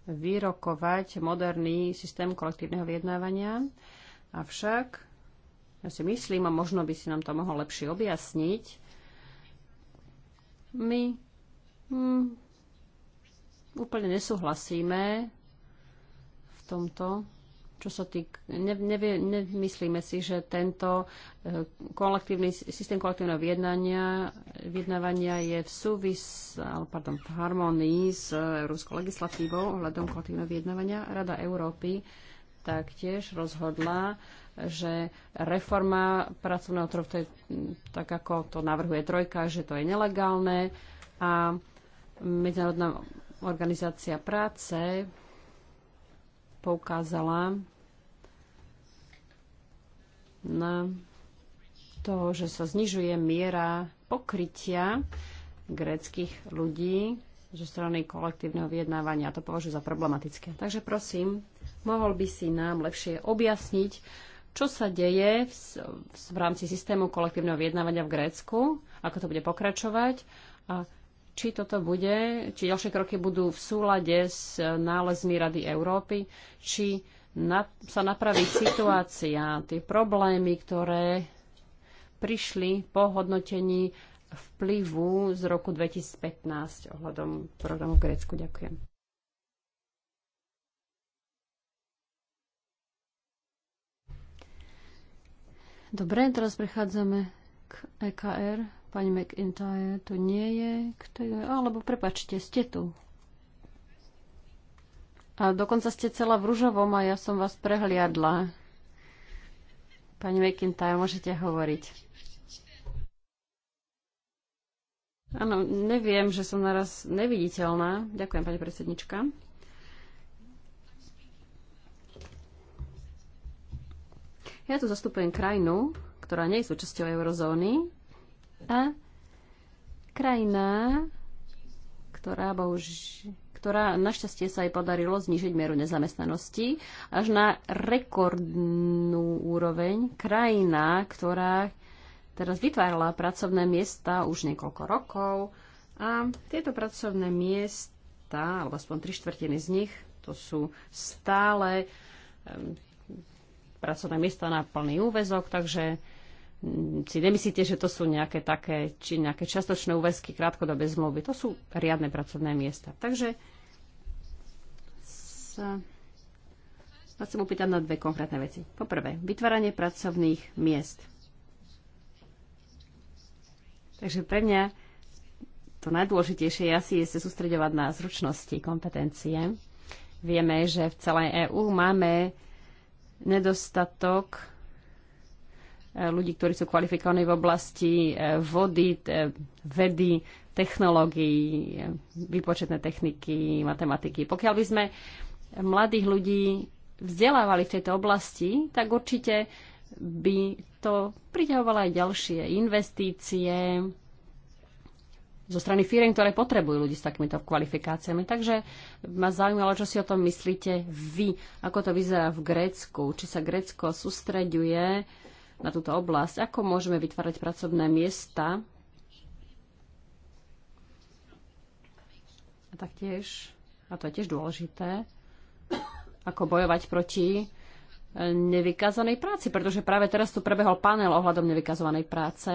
vyrokovať moderný systém kolektívneho vyjednávania. Avšak ja si myslím, a možno by si nám to mohol lepšie objasniť, my hm, úplne nesúhlasíme v tomto čo sa týk, ne, nevie, nemyslíme si, že tento e, kolektívny, systém kolektívneho vyjednávania je v súvis, ale pardon, v harmonii s e, európskou legislatívou ohľadom kolektívneho vyjednávania. Rada Európy taktiež rozhodla, že reforma pracovného trhu, to je tak, ako to navrhuje trojka, že to je nelegálne a Medzinárodná organizácia práce poukázala na to, že sa znižuje miera pokrytia gréckých ľudí zo strany kolektívneho vyjednávania. A to považujú za problematické. Takže prosím, mohol by si nám lepšie objasniť, čo sa deje v, v, v rámci systému kolektívneho vyjednávania v Grécku, ako to bude pokračovať a či toto bude, či ďalšie kroky budú v súlade s nálezmi Rady Európy, či na, sa napraví situácia, tie problémy, ktoré prišli po hodnotení vplyvu z roku 2015 ohľadom programu Grécku. Ďakujem. Dobre, teraz prechádzame k EKR. Pani McIntyre tu nie je. Kto je? Alebo prepačte, ste tu. A dokonca ste celá v ružovom a ja som vás prehliadla. Pani McIntyre, môžete hovoriť. Áno, neviem, že som naraz neviditeľná. Ďakujem, pani predsednička. Ja tu zastupujem krajinu, ktorá nie je súčasťou eurozóny, a krajina, ktorá, bož, ktorá našťastie sa aj podarilo znižiť mieru nezamestnanosti až na rekordnú úroveň. Krajina, ktorá teraz vytvárala pracovné miesta už niekoľko rokov a tieto pracovné miesta, alebo aspoň tri štvrtiny z nich, to sú stále um, pracovné miesta na plný úvezok, takže Mm, si nemyslíte, že to sú nejaké také, či nejaké častočné úväzky, krátkodobé zmluvy. To sú riadne pracovné miesta. Takže sa vás chcem opýtať na dve konkrétne veci. Poprvé, vytváranie pracovných miest. Takže pre mňa to najdôležitejšie je asi je sa sústredovať na zručnosti, kompetencie. Vieme, že v celej EÚ máme nedostatok E, ľudí, ktorí sú kvalifikovaní v oblasti e, vody, vedy, technológií, e, výpočetné techniky, matematiky. Pokiaľ by sme mladých ľudí vzdelávali v tejto oblasti, tak určite by to priťahovalo aj ďalšie investície zo strany firiem, ktoré potrebujú ľudí s takýmito kvalifikáciami. Takže ma zaujímalo, čo si o tom myslíte vy, ako to vyzerá v Grécku, či sa Grécko sústreďuje na túto oblasť. Ako môžeme vytvárať pracovné miesta a taktiež, a to je tiež dôležité, ako bojovať proti eh, nevykázanej práci, pretože práve teraz tu prebehol panel ohľadom nevykazovanej práce,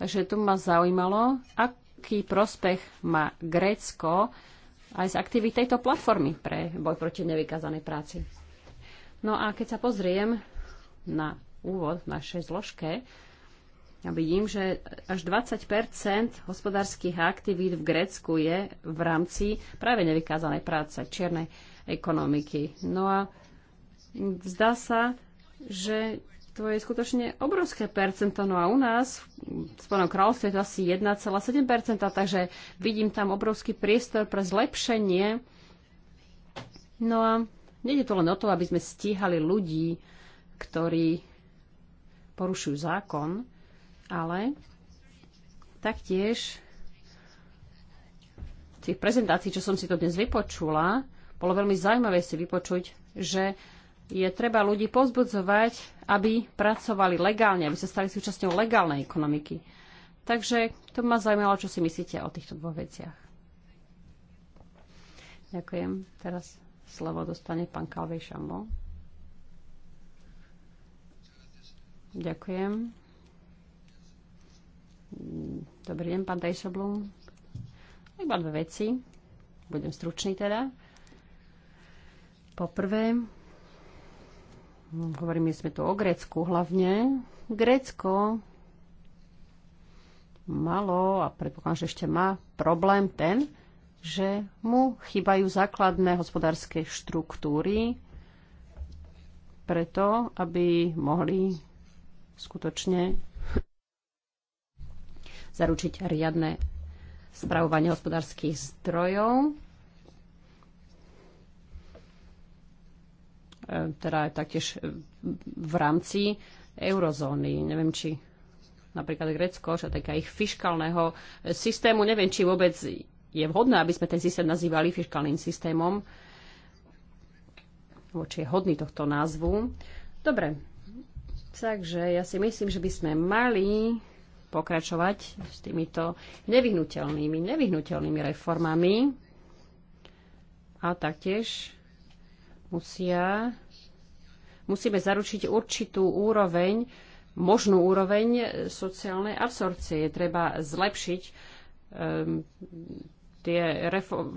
takže tu ma zaujímalo, aký prospech má Grécko aj z aktivít tejto platformy pre boj proti nevykazanej práci. No a keď sa pozriem na úvod v našej zložke. Ja vidím, že až 20 hospodárskych aktivít v Grécku je v rámci práve nevykázanej práce, čiernej ekonomiky. No a zdá sa, že to je skutočne obrovské percento. No a u nás v Spojenom kráľovstve je to asi 1,7%, takže vidím tam obrovský priestor pre zlepšenie. No a nie je to len o to, aby sme stíhali ľudí, ktorí porušujú zákon, ale taktiež tých prezentácií, čo som si to dnes vypočula, bolo veľmi zaujímavé si vypočuť, že je treba ľudí pozbudzovať, aby pracovali legálne, aby sa stali súčasťou legálnej ekonomiky. Takže to ma zaujímalo, čo si myslíte o týchto dvoch veciach. Ďakujem. Teraz slovo dostane pán Kalvej Šambo. Ďakujem. Dobrý deň, pán Dejsoblum. Iba dve veci. Budem stručný teda. Poprvé, hovoríme sme tu o Grécku hlavne. Grécko malo, a predpokladám, že ešte má problém ten, že mu chýbajú základné hospodárske štruktúry preto, aby mohli skutočne zaručiť riadne spravovanie hospodárskych zdrojov, e, teda taktiež v rámci eurozóny. Neviem, či napríklad Grécko, čo týka ich fiskálneho systému, neviem, či vôbec je vhodné, aby sme ten systém nazývali fiskálnym systémom, či je hodný tohto názvu. Dobre, Takže ja si myslím, že by sme mali pokračovať s týmito nevyhnutelnými, nevyhnutelnými reformami a taktiež musia, musíme zaručiť určitú úroveň, možnú úroveň sociálnej absorpcie. treba zlepšiť um, tie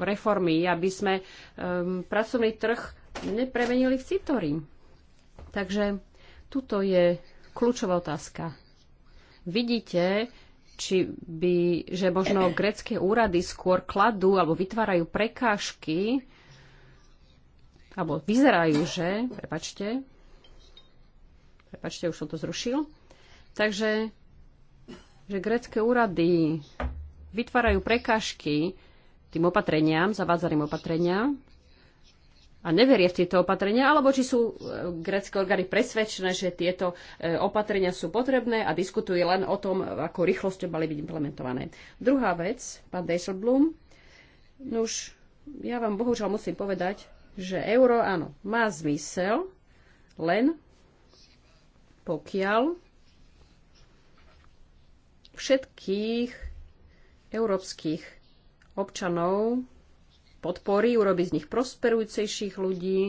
reformy, aby sme um, pracovný trh nepremenili v citory. Takže Tuto je kľúčová otázka. Vidíte, či by, že možno grecké úrady skôr kladú alebo vytvárajú prekážky, alebo vyzerajú, že, prepačte, prepačte, už som to zrušil, takže, že grecké úrady vytvárajú prekážky tým opatreniam, zavádzaným opatreniam, a neveria v tieto opatrenia, alebo či sú e, grecké orgány presvedčené, že tieto e, opatrenia sú potrebné a diskutujú len o tom, ako rýchlosťou mali byť implementované. Druhá vec, pán Dijsselblum, no už ja vám bohužiaľ musím povedať, že euro, áno, má zmysel, len pokiaľ všetkých európskych občanov podporí, urobí z nich prosperujúcejších ľudí,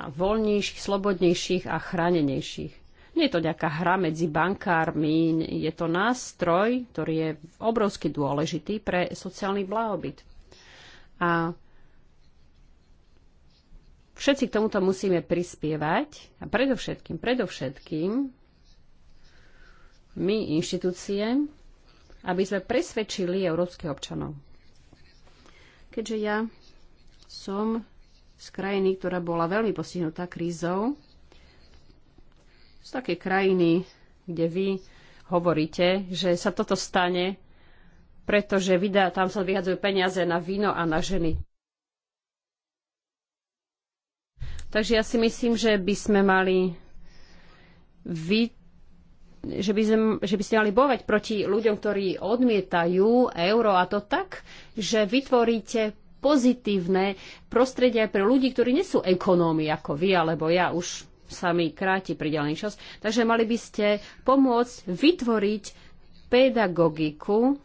a voľnejších, slobodnejších a chránenejších. Nie je to nejaká hra medzi bankármi, je to nástroj, ktorý je obrovsky dôležitý pre sociálny blahobyt. A všetci k tomuto musíme prispievať a predovšetkým, predovšetkým my inštitúcie, aby sme presvedčili európskych občanov keďže ja som z krajiny, ktorá bola veľmi postihnutá krízou, z takej krajiny, kde vy hovoríte, že sa toto stane, pretože vydá, tam sa vyhadzujú peniaze na víno a na ženy. Takže ja si myslím, že by sme mali vy, že by, sem, že by ste mali bovať proti ľuďom, ktorí odmietajú euro a to tak, že vytvoríte pozitívne prostredie aj pre ľudí, ktorí nie sú ekonómi ako vy alebo ja už sa mi kráti pridelený čas. Takže mali by ste pomôcť vytvoriť pedagogiku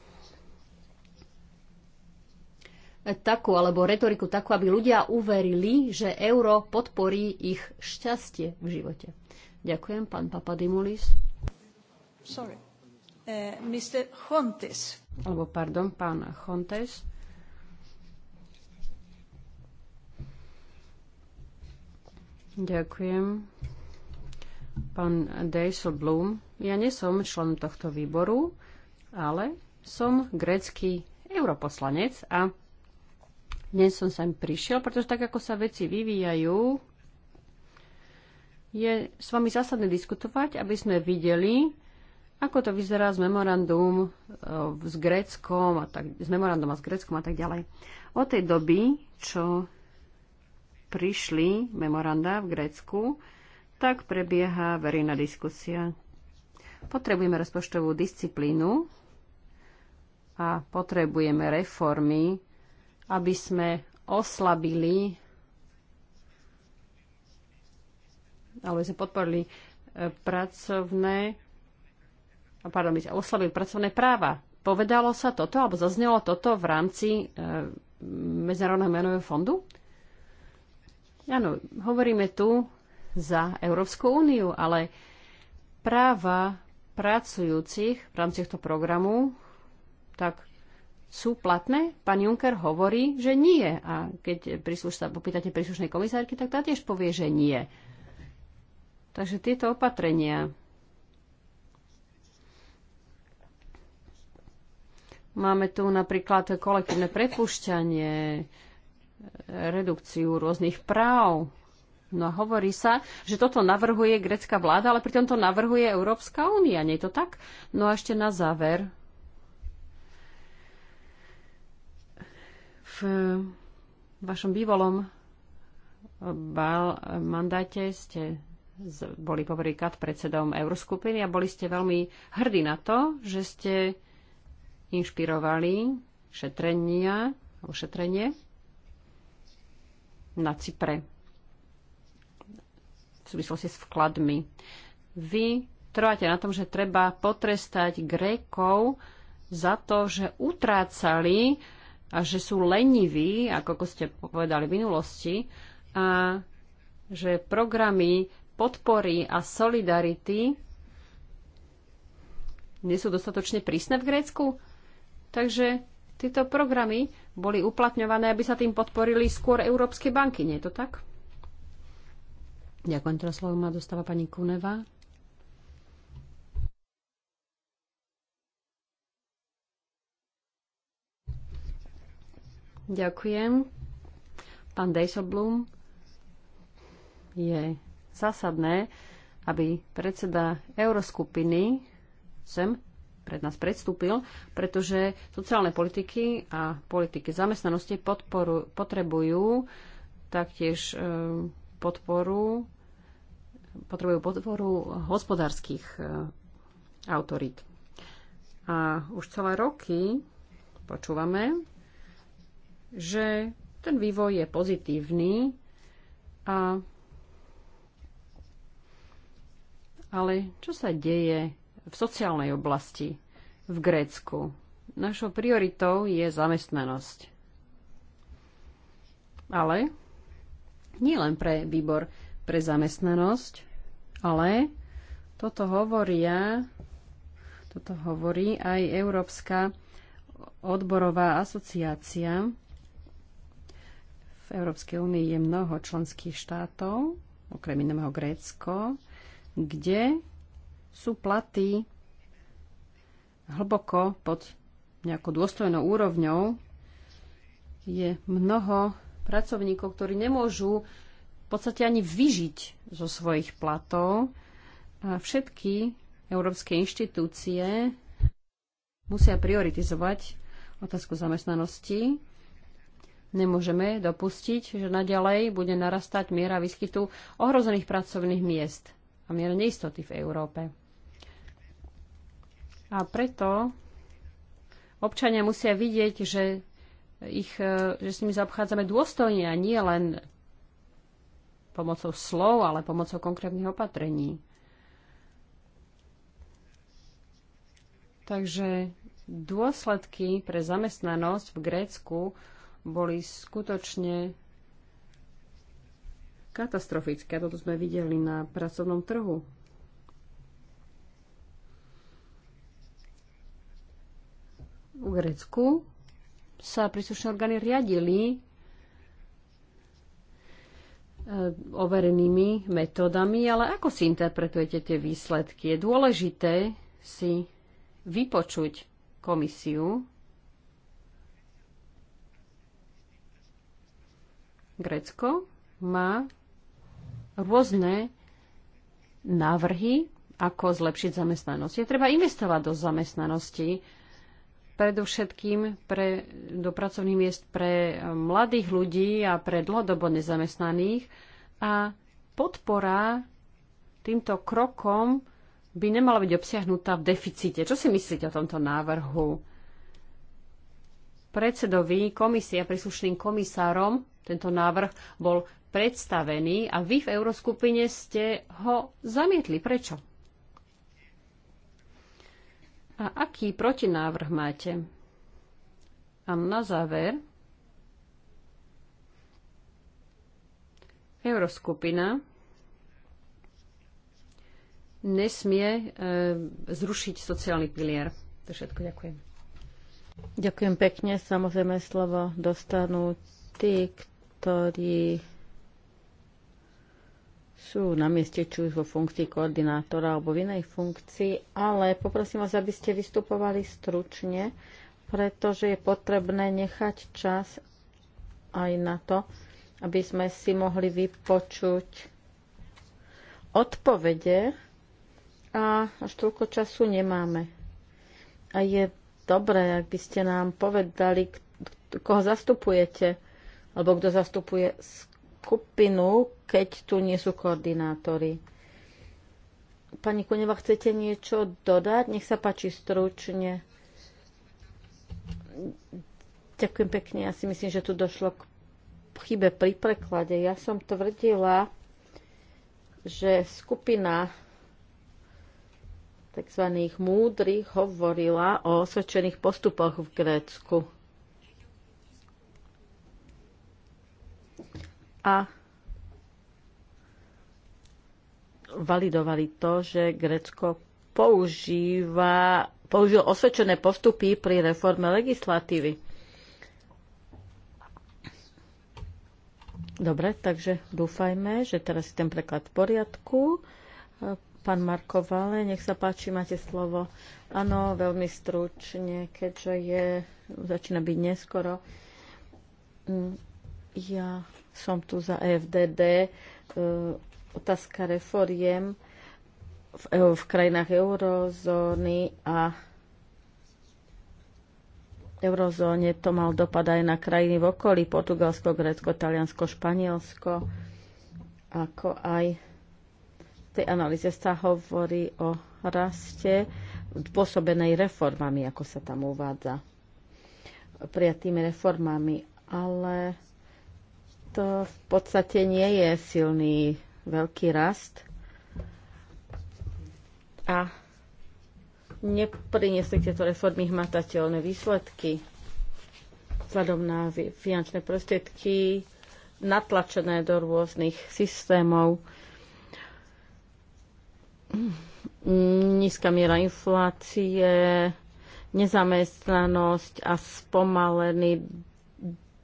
takú, alebo retoriku takú, aby ľudia uverili, že euro podporí ich šťastie v živote. Ďakujem, pán Papadimulis sorry. Uh, eh, Mr. Alebo pardon, pán Chontes. Ďakujem. Pán Dijsselbloem, ja nesom člen tohto výboru, ale som grécky europoslanec a dnes som sem prišiel, pretože tak, ako sa veci vyvíjajú, je s vami zásadné diskutovať, aby sme videli, ako to vyzerá s memorandum e, s Gréckom a tak, s memorandum a s Gréckom a tak ďalej. Od tej doby, čo prišli memoranda v Grécku, tak prebieha verejná diskusia. Potrebujeme rozpočtovú disciplínu a potrebujeme reformy, aby sme oslabili alebo sme podporili e, pracovné pardon, oslabili pracovné práva. Povedalo sa toto, alebo zaznelo toto v rámci e, Medzinárodného menového fondu? Áno, hovoríme tu za Európsku úniu, ale práva pracujúcich v rámci tohto programu tak sú platné? Pán Juncker hovorí, že nie. A keď príslušná, popýtate príslušnej komisárky, tak tá tiež povie, že nie. Takže tieto opatrenia Máme tu napríklad kolektívne prepušťanie, redukciu rôznych práv. No a hovorí sa, že toto navrhuje grecká vláda, ale pritom to navrhuje Európska únia, nie je to tak? No a ešte na záver. V vašom bývalom mandáte ste boli poprvýkrát predsedom Euroskupiny a boli ste veľmi hrdí na to, že ste inšpirovali šetrenia, ošetrenie na Cypre v súvislosti s vkladmi. Vy trváte na tom, že treba potrestať Grékov za to, že utrácali a že sú leniví, ako ste povedali v minulosti, a že programy podpory a solidarity nie sú dostatočne prísne v Grécku? Takže tieto programy boli uplatňované, aby sa tým podporili skôr európske banky, nie je to tak? Ďakujem, teraz slovo má dostáva pani Kuneva. Ďakujem. Pán Dejsoblum, je zásadné, aby predseda Euroskupiny sem pred nás predstúpil, pretože sociálne politiky a politiky zamestnanosti podporu, potrebujú taktiež e, podporu potrebujú podporu hospodárskych e, autorít. A už celé roky počúvame, že ten vývoj je pozitívny, a, ale čo sa deje v sociálnej oblasti v Grécku. Našou prioritou je zamestnanosť. Ale nie len pre výbor pre zamestnanosť, ale toto hovoria, toto hovorí aj Európska odborová asociácia. V Európskej únii je mnoho členských štátov, okrem iného Grécko, kde sú platy hlboko pod nejakou dôstojnou úrovňou. Je mnoho pracovníkov, ktorí nemôžu v podstate ani vyžiť zo svojich platov. A všetky európske inštitúcie musia prioritizovať otázku zamestnanosti. Nemôžeme dopustiť, že naďalej bude narastať miera výskytu ohrozených pracovných miest a miera neistoty v Európe. A preto občania musia vidieť, že, ich, e, že s nimi zaobchádzame dôstojne a nie len pomocou slov, ale pomocou konkrétnych opatrení. Takže dôsledky pre zamestnanosť v Grécku boli skutočne katastrofické. Toto sme videli na pracovnom trhu. V Grécku sa príslušné orgány riadili e, overenými metódami, ale ako si interpretujete tie výsledky? Je dôležité si vypočuť komisiu Grécko má rôzne návrhy, ako zlepšiť zamestnanosť. Je treba investovať do zamestnanosti, predovšetkým pre, do pracovných miest pre eh, mladých ľudí a pre dlhodobo nezamestnaných. A podpora týmto krokom by nemala byť obsiahnutá v deficite. Čo si myslíte o tomto návrhu? Predsedovi a príslušným komisárom tento návrh bol predstavený a vy v Euroskupine ste ho zamietli. Prečo? A aký protinávrh máte? A na záver, Euroskupina nesmie e, zrušiť sociálny pilier. To všetko ďakujem. Ďakujem pekne. Samozrejme slovo dostanú tí, ktorí sú na mieste či už vo funkcii koordinátora alebo v inej funkcii, ale poprosím vás, aby ste vystupovali stručne, pretože je potrebné nechať čas aj na to, aby sme si mohli vypočuť odpovede a až toľko času nemáme. A je dobré, ak by ste nám povedali, koho zastupujete alebo kto zastupuje skupinu, keď tu nie sú koordinátori. Pani Kuneva, chcete niečo dodať? Nech sa páči stručne. Ďakujem pekne. Ja si myslím, že tu došlo k chybe pri preklade. Ja som tvrdila, že skupina tzv. múdrych hovorila o osvedčených postupoch v Grécku. a validovali to, že Grécko používa, použil osvedčené postupy pri reforme legislatívy. Dobre, takže dúfajme, že teraz je ten preklad v poriadku. Pán Marko Vale, nech sa páči, máte slovo. Áno, veľmi stručne, keďže je, začína byť neskoro. Mm, ja som tu za EFDD. E, otázka reforiem v, e v krajinách eurozóny a eurozóne to mal dopad aj na krajiny v okolí, Portugalsko, Grécko, Taliansko, Španielsko, ako aj v tej analýze sa hovorí o raste spôsobenej reformami, ako sa tam uvádza prijatými reformami, ale to v podstate nie je silný veľký rast a neprinesli tieto reformy hmatateľné výsledky vzhľadom na finančné prostriedky natlačené do rôznych systémov. Nízka miera inflácie, nezamestnanosť a spomalený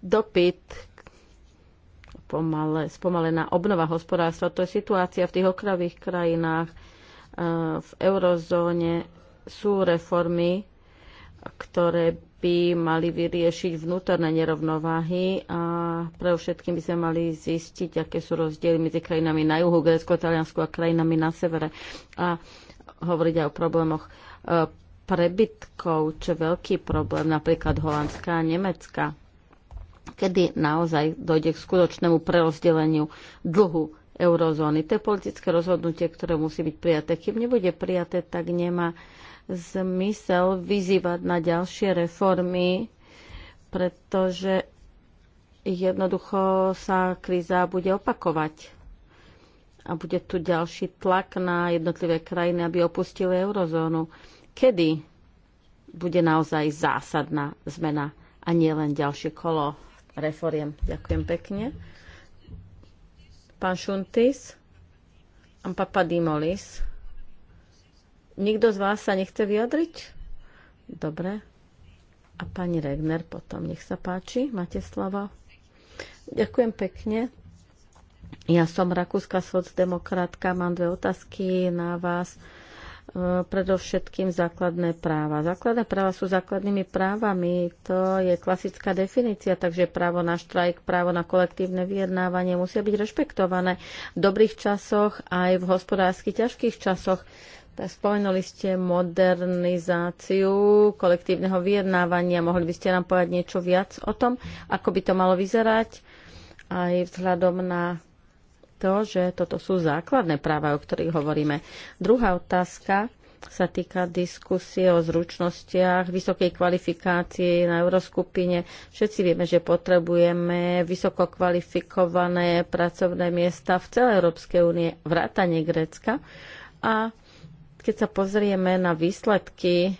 dopyt spomale, spomalená obnova hospodárstva. To je situácia v tých okravých krajinách. E, v eurozóne sú reformy, ktoré by mali vyriešiť vnútorné nerovnováhy a pre všetkým by sme mali zistiť, aké sú rozdiely medzi krajinami na juhu, Grécko, Taliansku a krajinami na severe a hovoriť aj o problémoch e, prebytkov, čo je veľký problém napríklad Holandska a Nemecka kedy naozaj dojde k skutočnému prerozdeleniu dlhu eurozóny. To je politické rozhodnutie, ktoré musí byť prijaté. Kým nebude prijaté, tak nemá zmysel vyzývať na ďalšie reformy, pretože jednoducho sa kríza bude opakovať. A bude tu ďalší tlak na jednotlivé krajiny, aby opustili eurozónu. Kedy bude naozaj zásadná zmena a nie len ďalšie kolo reforiem. Ďakujem pekne. Pán Šuntis a Papadimolis. Nikto z vás sa nechce vyjadriť? Dobre. A pani Regner potom, nech sa páči, máte slovo. Ďakujem pekne. Ja som Rakúska socdemokratka, mám dve otázky na vás. E, predovšetkým základné práva. Základné práva sú základnými právami, to je klasická definícia, takže právo na štrajk, právo na kolektívne vyjednávanie musia byť rešpektované v dobrých časoch aj v hospodársky ťažkých časoch. Spomenuli ste modernizáciu kolektívneho vyjednávania. Mohli by ste nám povedať niečo viac o tom, ako by to malo vyzerať aj vzhľadom na to, že toto sú základné práva, o ktorých hovoríme. Druhá otázka sa týka diskusie o zručnostiach, vysokej kvalifikácii na euroskupine. Všetci vieme, že potrebujeme vysoko kvalifikované pracovné miesta v celej Európskej únie, vrátane Grécka. A keď sa pozrieme na výsledky,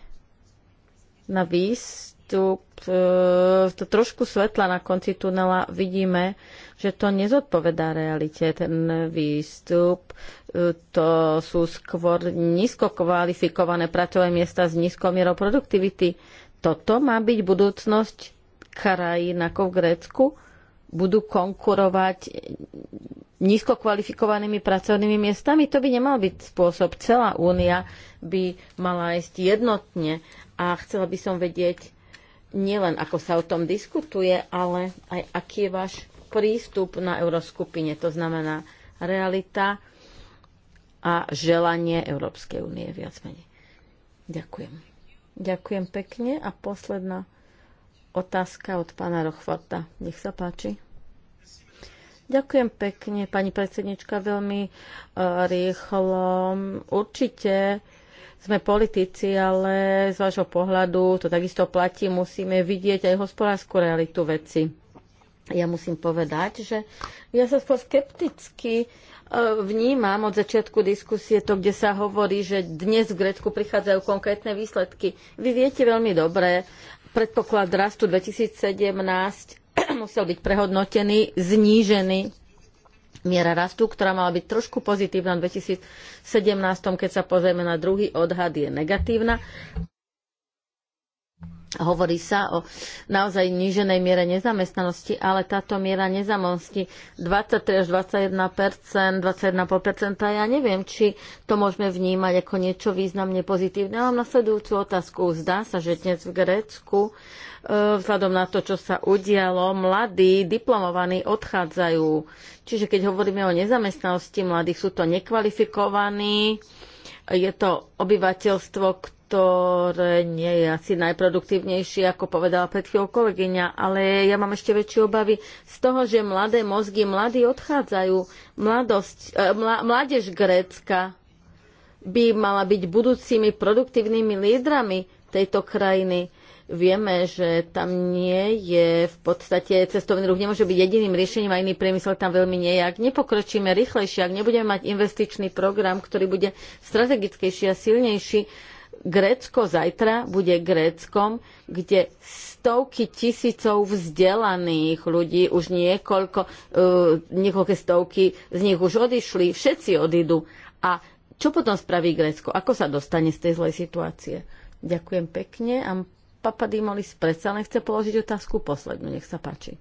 na výstup, e, to trošku svetla na konci tunela vidíme, že to nezodpovedá realite. Ten výstup e, to sú skôr nízko kvalifikované pracové miesta s nízkou mierou produktivity. Toto má byť budúcnosť krajín ako v Grécku? Budú konkurovať nízko kvalifikovanými pracovnými miestami? To by nemal byť spôsob. Celá únia by mala ísť jednotne a chcela by som vedieť nielen ako sa o tom diskutuje, ale aj aký je váš prístup na euroskupine, to znamená realita a želanie Európskej únie viac menej. Ďakujem. Ďakujem pekne a posledná otázka od pána Rochforta. Nech sa páči. Ďakujem pekne, pani predsednička, veľmi e, rýchlo. Určite sme politici, ale z vášho pohľadu to takisto platí, musíme vidieť aj hospodárskú realitu veci ja musím povedať, že ja sa skôr skepticky e, vnímam od začiatku diskusie to, kde sa hovorí, že dnes v Grécku prichádzajú konkrétne výsledky. Vy viete veľmi dobre, predpoklad rastu 2017 (clears throat) musel byť prehodnotený, znížený miera rastu, ktorá mala byť trošku pozitívna v 2017, keď sa pozrieme na druhý odhad, je negatívna. Hovorí sa o naozaj níženej miere nezamestnanosti, ale táto miera nezamestnanosti 23 až 21 21,5 ja neviem, či to môžeme vnímať ako niečo významne pozitívne. Ja mám nasledujúcu otázku. Zdá sa, že dnes v Grécku, e, vzhľadom na to, čo sa udialo, mladí diplomovaní odchádzajú. Čiže keď hovoríme o nezamestnanosti mladých, sú to nekvalifikovaní, je to obyvateľstvo, ktoré ktoré nie je asi najproduktívnejšie, ako povedala pred chvíľou kolegyňa, ale ja mám ešte väčšie obavy z toho, že mladé mozgy, mladí odchádzajú, mladosť, e, mla, mládež Grécka by mala byť budúcimi produktívnymi lídrami tejto krajiny. Vieme, že tam nie je v podstate cestovný ruch nemôže byť jediným riešením a iný priemysel tam veľmi nie je. Ak nepokročíme rýchlejšie, ak nebudeme mať investičný program, ktorý bude strategickejší a silnejší, Grécko zajtra bude Gréckom, kde stovky tisícov vzdelaných ľudí, už niekoľko, uh, niekoľké stovky z nich už odišli, všetci odídu. A čo potom spraví Grécko? Ako sa dostane z tej zlej situácie? Ďakujem pekne. A Dimolis predsa len chce položiť otázku poslednú. Nech sa páči.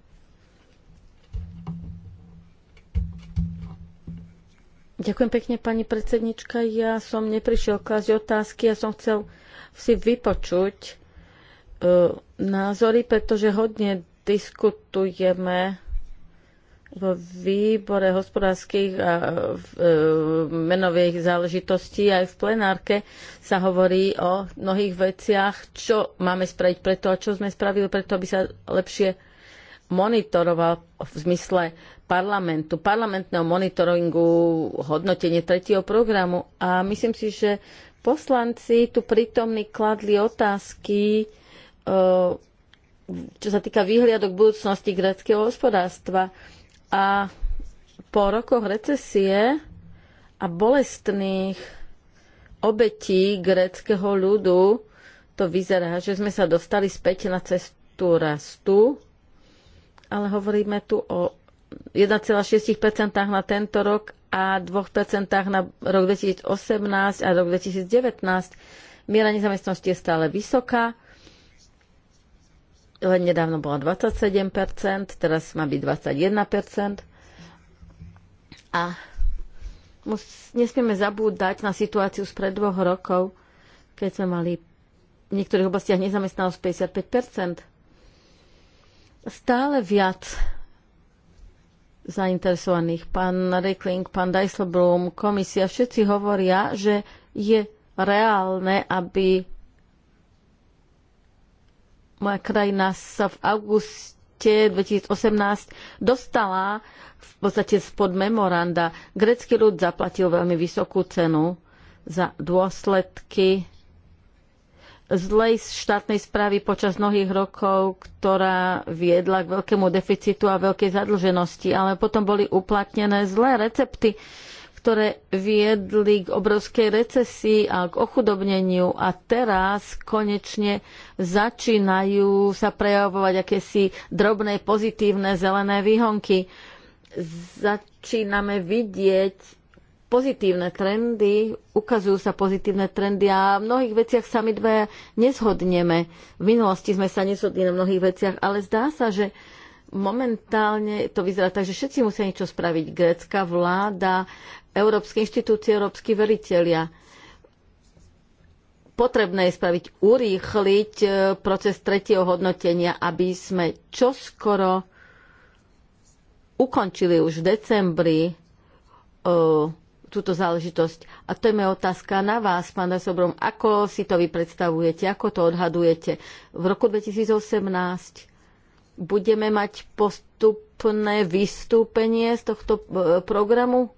Ďakujem pekne, pani predsednička. Ja som neprišiel klásť otázky, ja som chcel si vypočuť uh, názory, pretože hodne diskutujeme vo výbore hospodárskych a e, v, e, menových záležitostí aj v plenárke sa hovorí o mnohých veciach, čo máme spraviť preto a čo sme spravili preto, aby sa lepšie monitoroval v zmysle parlamentu, parlamentného monitoringu, hodnotenie tretieho programu a myslím si, že poslanci tu prítomní kladli otázky, e, čo sa týka výhliadok budúcnosti gréckého hospodárstva. A po rokoch recesie a bolestných obetí gréckého ľudu to vyzerá, že sme sa dostali späť na cestu rastu, ale hovoríme tu o 1,6% na tento rok a 2% na rok 2018 a rok 2019. Miera nezamestnosti je stále vysoká, len nedávno bola 27%, teraz má byť 21%. A mus, nesmieme zabúdať na situáciu z pred dvoch rokov, keď sme mali v niektorých oblastiach nezamestnanosť 55%. Stále viac zainteresovaných, pán Rekling, pán Dijsselbloom, komisia, všetci hovoria, že je reálne, aby moja krajina sa v auguste 2018 dostala v podstate spod memoranda. Grecký ľud zaplatil veľmi vysokú cenu za dôsledky zlej štátnej správy počas mnohých rokov, ktorá viedla k veľkému deficitu a veľkej zadlženosti, ale potom boli uplatnené zlé recepty, ktoré viedli k obrovskej recesii a k ochudobneniu a teraz konečne začínajú sa prejavovať akési drobné pozitívne zelené výhonky. Začíname vidieť pozitívne trendy, ukazujú sa pozitívne trendy a v mnohých veciach sa my dve nezhodneme. V minulosti sme sa nezhodli na mnohých veciach, ale zdá sa, že momentálne to vyzerá tak, že všetci musia niečo spraviť. Grécka vláda, európske inštitúcie, európsky veriteľia. Potrebné je spraviť, urýchliť e, proces tretieho hodnotenia, aby sme čoskoro ukončili už v decembri e, túto záležitosť. A to je moja otázka na vás, pán Sobrom. Ako si to vy predstavujete? Ako to odhadujete? V roku 2018 budeme mať postupné vystúpenie z tohto e, programu?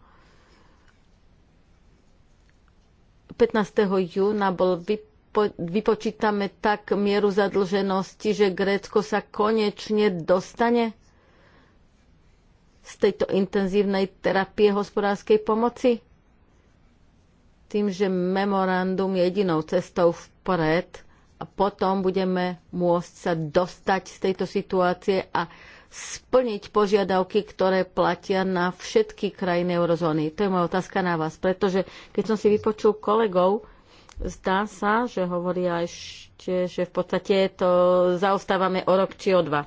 15. júna bol vypo, vypočítame tak mieru zadlženosti, že Grécko sa konečne dostane z tejto intenzívnej terapie hospodárskej pomoci? Tým, že memorandum je jedinou cestou vpred a potom budeme môcť sa dostať z tejto situácie a splniť požiadavky, ktoré platia na všetky krajiny eurozóny. To je moja otázka na vás, pretože keď som si vypočul kolegov, zdá sa, že hovoria ešte, že v podstate to zaostávame o rok či o dva.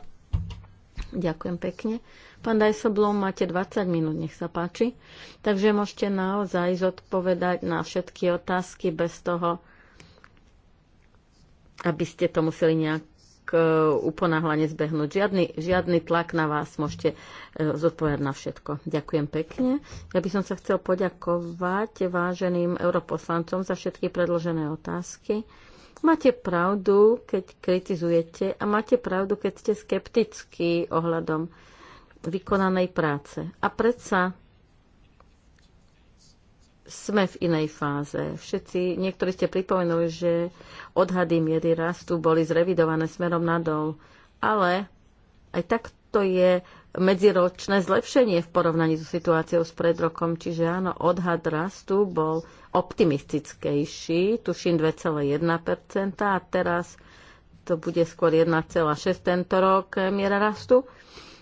Ďakujem pekne. Pán Dajsoblom, máte 20 minút, nech sa páči. Takže môžete naozaj zodpovedať na všetky otázky bez toho, aby ste to museli nejak e, uponáhľane zbehnúť. Žiadny, žiadny tlak na vás môžete e, zodpovedať na všetko. Ďakujem pekne. Ja by som sa chcel poďakovať váženým europoslancom za všetky predložené otázky. Máte pravdu, keď kritizujete a máte pravdu, keď ste skeptickí ohľadom vykonanej práce. A predsa sme v inej fáze. Všetci, niektorí ste pripomenuli, že odhady miery rastu boli zrevidované smerom nadol, ale aj takto je medziročné zlepšenie v porovnaní so situáciou s pred rokom, čiže áno, odhad rastu bol optimistickejší, tuším 2,1% a teraz to bude skôr 1,6 tento rok eh, miera rastu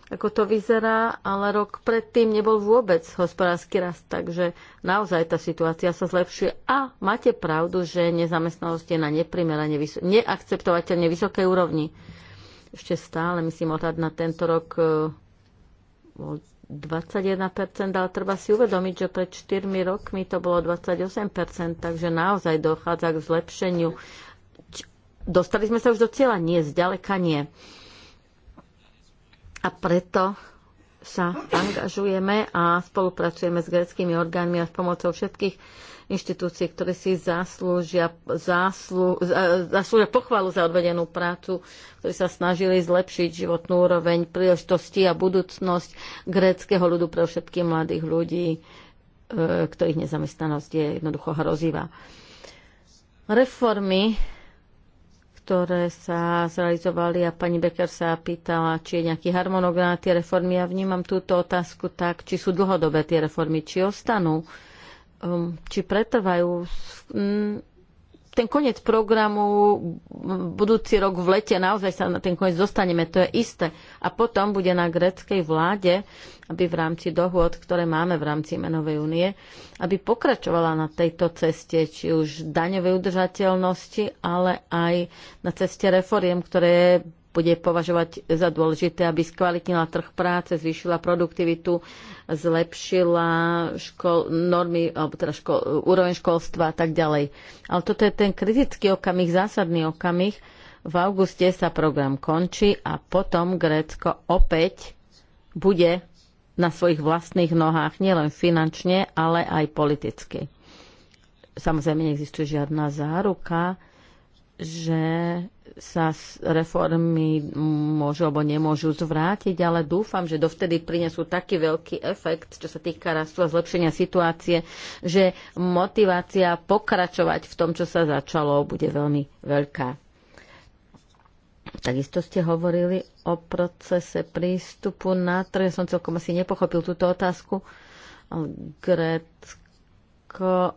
ako to vyzerá, ale rok predtým nebol vôbec hospodársky rast, takže naozaj tá situácia sa zlepšuje. A máte pravdu, že nezamestnanosť je na neprimerane vys- neakceptovateľne vysokej úrovni. Ešte stále, myslím, odhad na tento rok e, bol 21%, ale treba si uvedomiť, že pred 4 rokmi to bolo 28%, takže naozaj dochádza k zlepšeniu. Dostali sme sa už do cieľa? Nie, zďaleka nie. A preto sa angažujeme a spolupracujeme s greckými orgánmi a s pomocou všetkých inštitúcií, ktoré si zaslúžia, zaslú, zaslúžia pochvalu za odvedenú prácu, ktorí sa snažili zlepšiť životnú úroveň, príležitosti a budúcnosť gréckého ľudu pre všetkých mladých ľudí, e, ktorých nezamestnanosť je jednoducho hrozivá. Reformy ktoré sa zrealizovali a pani Becker sa pýtala, či je nejaký harmonogram na tie reformy. Ja vnímam túto otázku tak, či sú dlhodobé tie reformy, či ostanú, um, či pretrvajú ten koniec programu budúci rok v lete, naozaj sa na ten koniec dostaneme, to je isté. A potom bude na greckej vláde, aby v rámci dohôd, ktoré máme v rámci menovej únie, aby pokračovala na tejto ceste, či už daňovej udržateľnosti, ale aj na ceste reforiem, ktoré bude považovať za dôležité, aby skvalitnila trh práce, zvýšila produktivitu, zlepšila škol, normy, teda škol, úroveň školstva a tak ďalej. Ale toto je ten kritický okamih, zásadný okamih. V auguste sa program končí a potom Grécko opäť bude na svojich vlastných nohách, nielen finančne, ale aj politicky. Samozrejme, neexistuje žiadna záruka, že sa reformy môžu alebo nemôžu zvrátiť, ale dúfam, že dovtedy prinesú taký veľký efekt, čo sa týka rastu a zlepšenia situácie, že motivácia pokračovať v tom, čo sa začalo, bude veľmi veľká. Takisto ste hovorili o procese prístupu na trh. som celkom asi nepochopil túto otázku. Grécko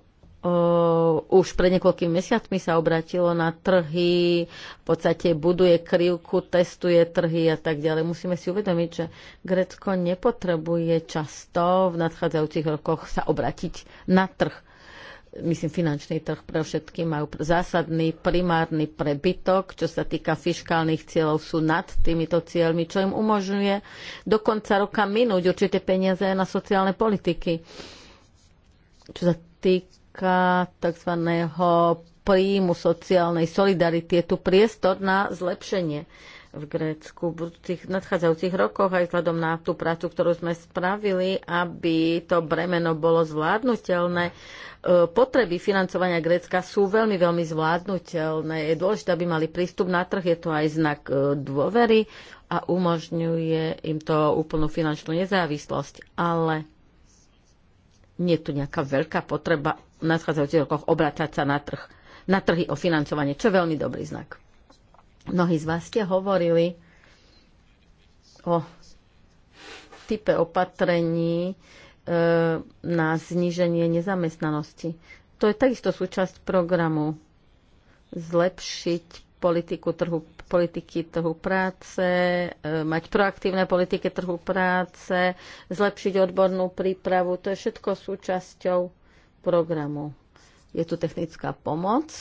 už pred niekoľkými mesiacmi sa obratilo na trhy, v podstate buduje krivku, testuje trhy a tak ďalej. Musíme si uvedomiť, že Grécko nepotrebuje často v nadchádzajúcich rokoch sa obratiť na trh. Myslím, finančný trh pre všetky majú zásadný primárny prebytok, čo sa týka fiskálnych cieľov, sú nad týmito cieľmi, čo im umožňuje do konca roka minúť určité peniaze na sociálne politiky. Čo sa týka týka tzv. príjmu sociálnej solidarity. Je tu priestor na zlepšenie v Grécku v tých nadchádzajúcich rokoch aj vzhľadom na tú prácu, ktorú sme spravili, aby to bremeno bolo zvládnutelné. E, potreby financovania Grécka sú veľmi, veľmi zvládnutelné. Je dôležité, aby mali prístup na trh, je to aj znak e, dôvery a umožňuje im to úplnú finančnú nezávislosť. Ale nie je tu nejaká veľká potreba nadchádzajúcich rokoch obracať sa na, trh, na trhy o financovanie, čo je veľmi dobrý znak. Mnohí z vás ste hovorili o type opatrení e, na zníženie nezamestnanosti. To je takisto súčasť programu zlepšiť politiku trhu, politiky trhu práce, e, mať proaktívne politiky trhu práce, zlepšiť odbornú prípravu. To je všetko súčasťou programu. Je tu technická pomoc,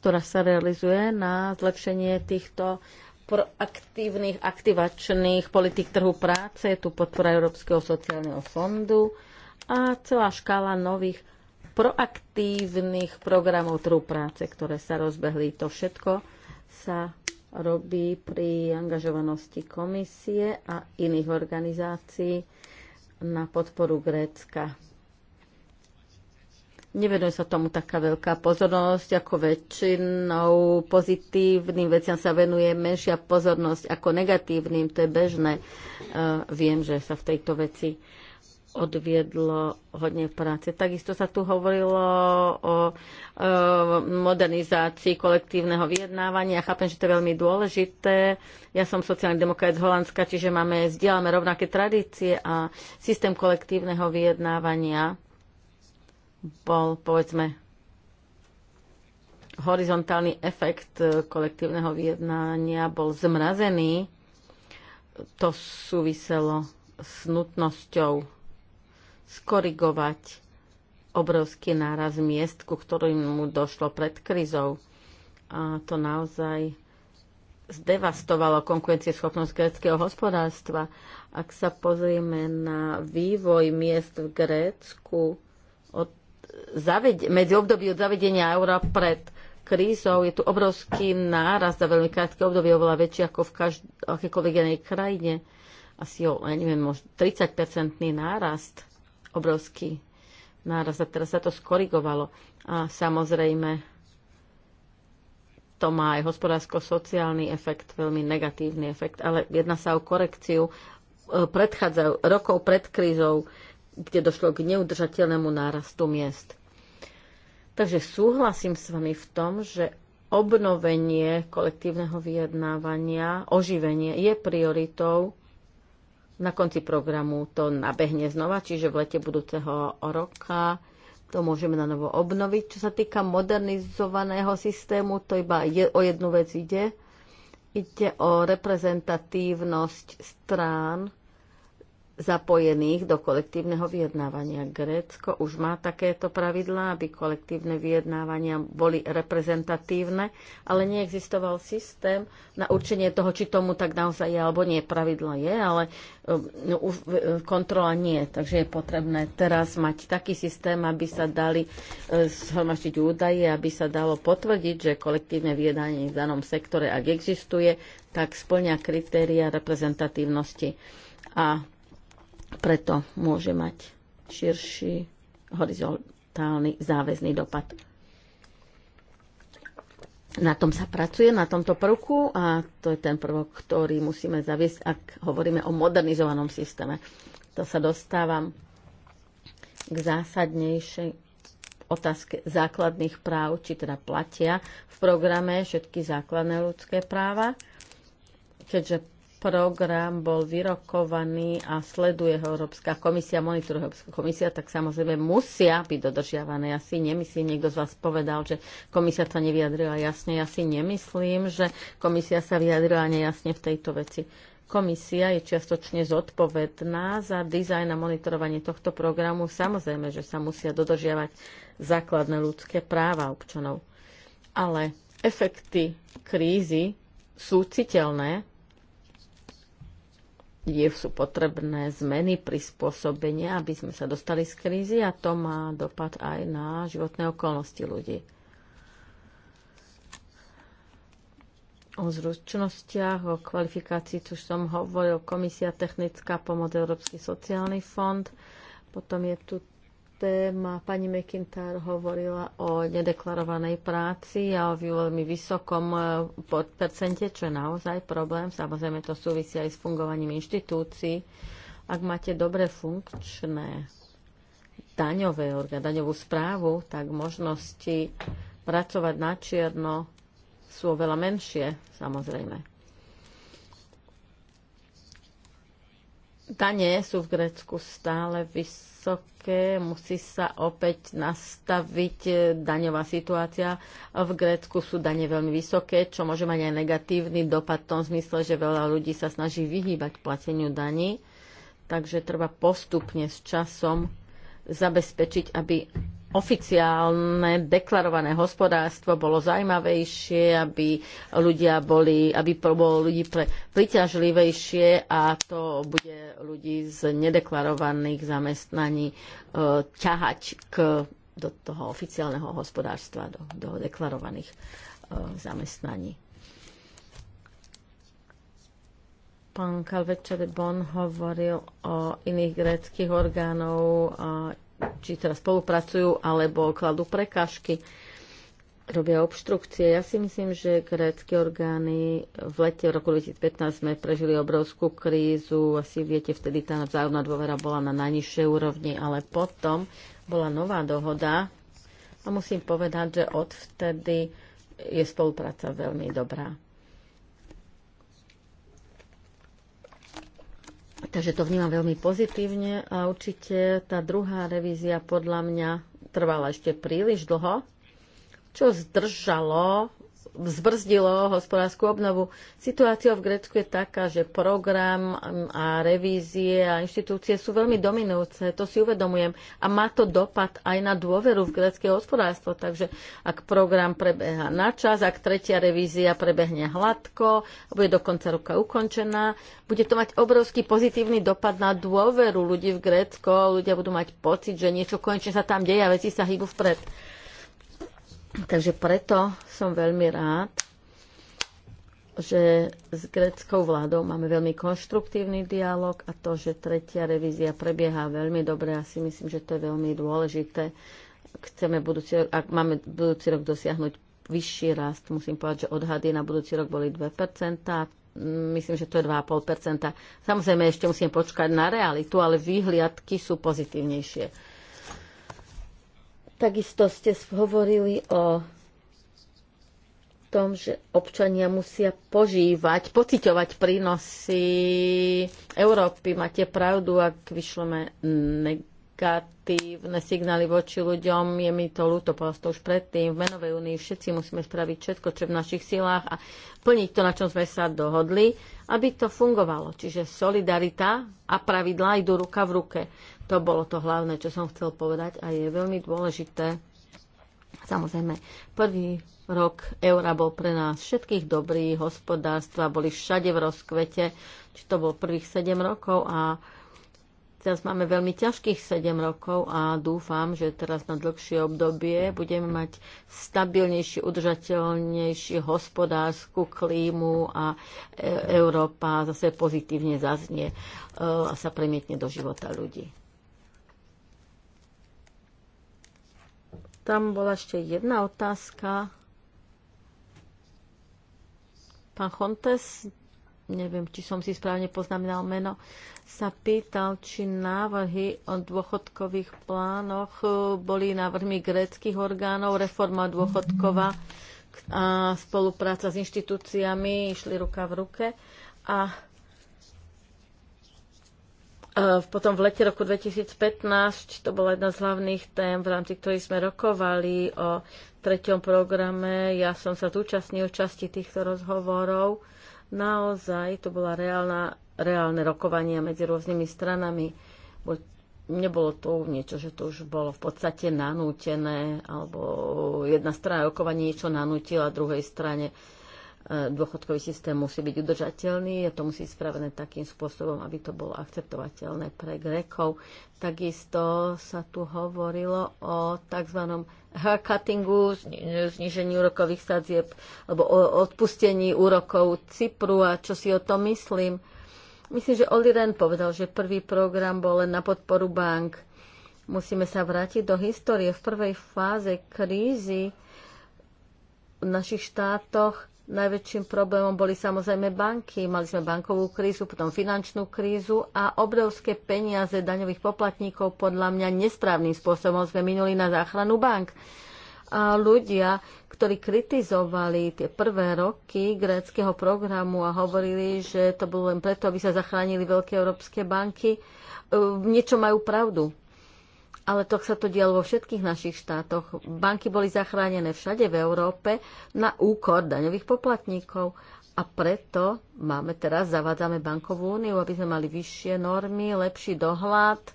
ktorá sa realizuje na zlepšenie týchto proaktívnych, aktivačných politik trhu práce. Je tu podpora Európskeho sociálneho fondu a celá škála nových proaktívnych programov trhu práce, ktoré sa rozbehli. To všetko sa robí pri angažovanosti komisie a iných organizácií na podporu Grécka. Nevenuje sa tomu taká veľká pozornosť, ako väčšinou pozitívnym veciam sa venuje menšia pozornosť ako negatívnym, to je bežné. E, viem, že sa v tejto veci odviedlo hodne práce. Takisto sa tu hovorilo o e, modernizácii kolektívneho vyjednávania. Ja chápem, že to je veľmi dôležité. Ja som sociálny demokrat z Holandska, čiže máme, zdieľame rovnaké tradície a systém kolektívneho vyjednávania bol, povedzme, horizontálny efekt kolektívneho vyjednania bol zmrazený. To súviselo s nutnosťou skorigovať obrovský náraz miest, ku mu došlo pred krizou. A to naozaj zdevastovalo konkurencieschopnosť gréckého hospodárstva. Ak sa pozrieme na vývoj miest v Grécku od zaved- medzi období od zavedenia eura pred krízou, je tu obrovský náraz za veľmi krátke obdobie, oveľa väčší ako v každ- akékoľvek inej krajine. Asi o, ja neviem, možno 30-percentný nárast obrovský náraz a teraz sa to skorigovalo. A samozrejme, to má aj hospodársko-sociálny efekt, veľmi negatívny efekt, ale jedná sa o korekciu e, predchádzajú, rokov pred krízou, kde došlo k neudržateľnému nárastu miest. Takže súhlasím s vami v tom, že obnovenie kolektívneho vyjednávania, oživenie je prioritou na konci programu to nabehne znova, čiže v lete budúceho roka to môžeme na novo obnoviť. Čo sa týka modernizovaného systému, to iba je, o jednu vec ide. Ide o reprezentatívnosť strán zapojených do kolektívneho vyjednávania. Grécko už má takéto pravidlá, aby kolektívne vyjednávania boli reprezentatívne, ale neexistoval systém na určenie toho, či tomu tak naozaj je alebo nie. Pravidlo je, ale no, kontrola nie. Takže je potrebné teraz mať taký systém, aby sa dali e, zhromaštiť údaje, aby sa dalo potvrdiť, že kolektívne vyjednávanie v danom sektore, ak existuje, tak splňa kritéria reprezentatívnosti. A preto môže mať širší horizontálny záväzný dopad. Na tom sa pracuje, na tomto prvku a to je ten prvok, ktorý musíme zaviesť, ak hovoríme o modernizovanom systéme. To sa dostávam k zásadnejšej otázke základných práv, či teda platia v programe všetky základné ľudské práva, keďže program bol vyrokovaný a sleduje ho Európska komisia, monitoruje Európska komisia, tak samozrejme musia byť dodržiavané. Ja si nemyslím, niekto z vás povedal, že komisia sa nevyjadrila jasne. Ja si nemyslím, že komisia sa vyjadrila nejasne v tejto veci. Komisia je čiastočne zodpovedná za dizajn a monitorovanie tohto programu. Samozrejme, že sa musia dodržiavať základné ľudské práva občanov. Ale efekty krízy sú citeľné je, sú potrebné zmeny, prispôsobenia, aby sme sa dostali z krízy a to má dopad aj na životné okolnosti ľudí. O zručnostiach, o kvalifikácii, čo som hovoril, Komisia technická pomoc Európsky sociálny fond. Potom je tu téma. Pani McIntyre hovorila o nedeklarovanej práci a o veľmi vysokom eh, percente, čo je naozaj problém. Samozrejme, to súvisí aj s fungovaním inštitúcií. Ak máte dobre funkčné daňové orgány, daňovú správu, tak možnosti pracovať na čierno sú oveľa menšie, samozrejme. Dane sú v Grécku stále vysoké, musí sa opäť nastaviť e, daňová situácia. V Grécku sú dane veľmi vysoké, čo môže mať aj negatívny dopad v tom zmysle, že veľa ľudí sa snaží vyhýbať plateniu daní. Takže treba postupne s časom zabezpečiť, aby oficiálne deklarované hospodárstvo bolo zaujímavejšie, aby ľudia boli, aby bolo ľudí pre, priťažlivejšie a to bude ľudí z nedeklarovaných zamestnaní e, ťahať k, do toho oficiálneho hospodárstva, do, do deklarovaných e, zamestnaní. Pán Calvečer Bon hovoril o iných gréckých orgánov, e, či teraz spolupracujú, alebo kladú prekážky, robia obštrukcie. Ja si myslím, že grécké orgány v lete v roku 2015 sme prežili obrovskú krízu. Asi viete, vtedy tá vzájomná dôvera bola na najnižšej úrovni, ale potom bola nová dohoda a musím povedať, že odvtedy je spolupráca veľmi dobrá. Takže to vnímam veľmi pozitívne a určite tá druhá revízia podľa mňa trvala ešte príliš dlho, čo zdržalo zbrzdilo hospodárskú obnovu. Situácia v Grécku je taká, že program a revízie a inštitúcie sú veľmi dominujúce, to si uvedomujem. A má to dopad aj na dôveru v grécké hospodárstvo. Takže ak program prebeha na čas, ak tretia revízia prebehne hladko, bude do konca roka ukončená, bude to mať obrovský pozitívny dopad na dôveru ľudí v Grécko. Ľudia budú mať pocit, že niečo konečne sa tam deje a veci sa hýbu vpred. Takže preto som veľmi rád, že s greckou vládou máme veľmi konštruktívny dialog a to, že tretia revízia prebieha veľmi dobre, asi si myslím, že to je veľmi dôležité. Chceme budúci, ak máme budúci rok dosiahnuť vyšší rast, musím povedať, že odhady na budúci rok boli 2%, a myslím, že to je 2,5%. Samozrejme, ešte musím počkať na realitu, ale výhliadky sú pozitívnejšie. Takisto ste hovorili o tom, že občania musia požívať, pociťovať prínosy Európy. Máte pravdu, ak vyšleme negatívne signály voči ľuďom, je mi to ľúto, povedal to už predtým. V menovej únii všetci musíme spraviť všetko, čo je v našich silách a plniť to, na čom sme sa dohodli, aby to fungovalo. Čiže solidarita a pravidlá idú ruka v ruke. To bolo to hlavné, čo som chcel povedať a je veľmi dôležité. Samozrejme, prvý rok eura bol pre nás všetkých dobrý, hospodárstva boli všade v rozkvete, či to bol prvých 7 rokov a teraz máme veľmi ťažkých 7 rokov a dúfam, že teraz na dlhšie obdobie budeme mať stabilnejší, udržateľnejší hospodárskú klímu a e- Európa zase pozitívne zaznie e, a sa premietne do života ľudí. Tam bola ešte jedna otázka. Pán Chontes, neviem, či som si správne poznamenal meno, sa pýtal, či návrhy o dôchodkových plánoch e, boli návrhmi gréckých orgánov, reforma dôchodková a spolupráca s inštitúciami išli ruka v ruke. A E, potom v lete roku 2015 to bola jedna z hlavných tém, v rámci ktorých sme rokovali o treťom programe. Ja som sa zúčastnil časti týchto rozhovorov. Naozaj to bola reálna, reálne rokovania medzi rôznymi stranami. nebolo to niečo, že to už bolo v podstate nanútené, alebo jedna strana rokovania niečo nanútila druhej strane dôchodkový systém musí byť udržateľný a to musí spravené takým spôsobom, aby to bolo akceptovateľné pre Grékov. Takisto sa tu hovorilo o tzv. haircuttingu, znižení úrokových sadzieb alebo o odpustení úrokov Cypru a čo si o tom myslím. Myslím, že Oli Ren povedal, že prvý program bol len na podporu bank. Musíme sa vrátiť do histórie. V prvej fáze krízy v našich štátoch Najväčším problémom boli samozrejme banky. Mali sme bankovú krízu, potom finančnú krízu a obrovské peniaze daňových poplatníkov podľa mňa nesprávnym spôsobom sme minuli na záchranu bank. A ľudia, ktorí kritizovali tie prvé roky gréckého programu a hovorili, že to bolo len preto, aby sa zachránili veľké európske banky, niečo majú pravdu ale to sa to dialo vo všetkých našich štátoch. Banky boli zachránené všade v Európe na úkor daňových poplatníkov. A preto máme teraz, zavádzame bankovú úniu, aby sme mali vyššie normy, lepší dohľad, e,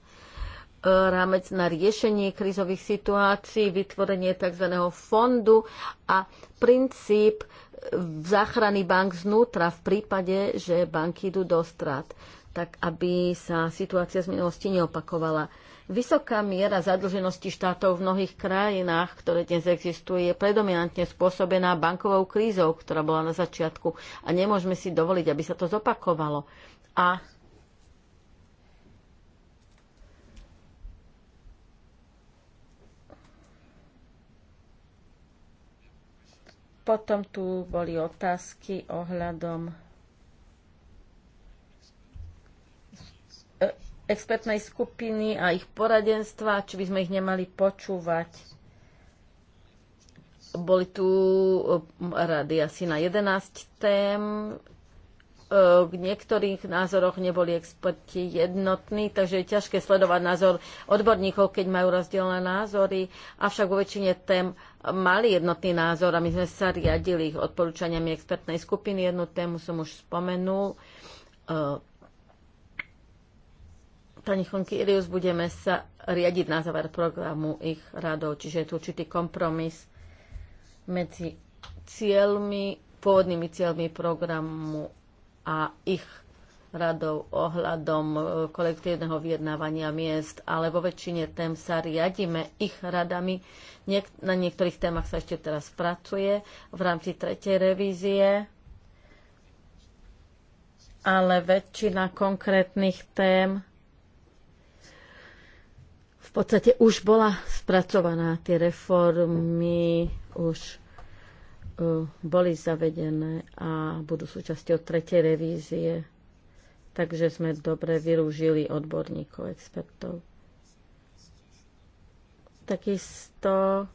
rámec na riešenie krizových situácií, vytvorenie tzv. fondu a princíp záchrany bank znútra v prípade, že banky idú do strát, tak aby sa situácia z minulosti neopakovala. Vysoká miera zadlženosti štátov v mnohých krajinách, ktoré dnes existuje, je predominantne spôsobená bankovou krízou, ktorá bola na začiatku a nemôžeme si dovoliť, aby sa to zopakovalo. A Potom tu boli otázky ohľadom expertnej skupiny a ich poradenstva, či by sme ich nemali počúvať. Boli tu rady asi na 11 tém, e, v niektorých názoroch neboli experti jednotní, takže je ťažké sledovať názor odborníkov, keď majú rozdielne názory, avšak vo väčšine tém mali jednotný názor a my sme sa riadili ich odporúčaniami expertnej skupiny. Jednu tému som už spomenul, e, pani Irius, budeme sa riadiť na záver programu ich radov, čiže je tu určitý kompromis medzi cieľmi, pôvodnými cieľmi programu a ich radov ohľadom eh, kolektívneho vyjednávania miest, ale vo väčšine tém sa riadíme ich radami. Niek- na niektorých témach sa ešte teraz pracuje v rámci tretej revízie, ale väčšina konkrétnych tém podstate už bola spracovaná. Tie reformy už uh, boli zavedené a budú súčasťou tretej revízie. Takže sme dobre vyrúžili odborníkov, expertov. Takisto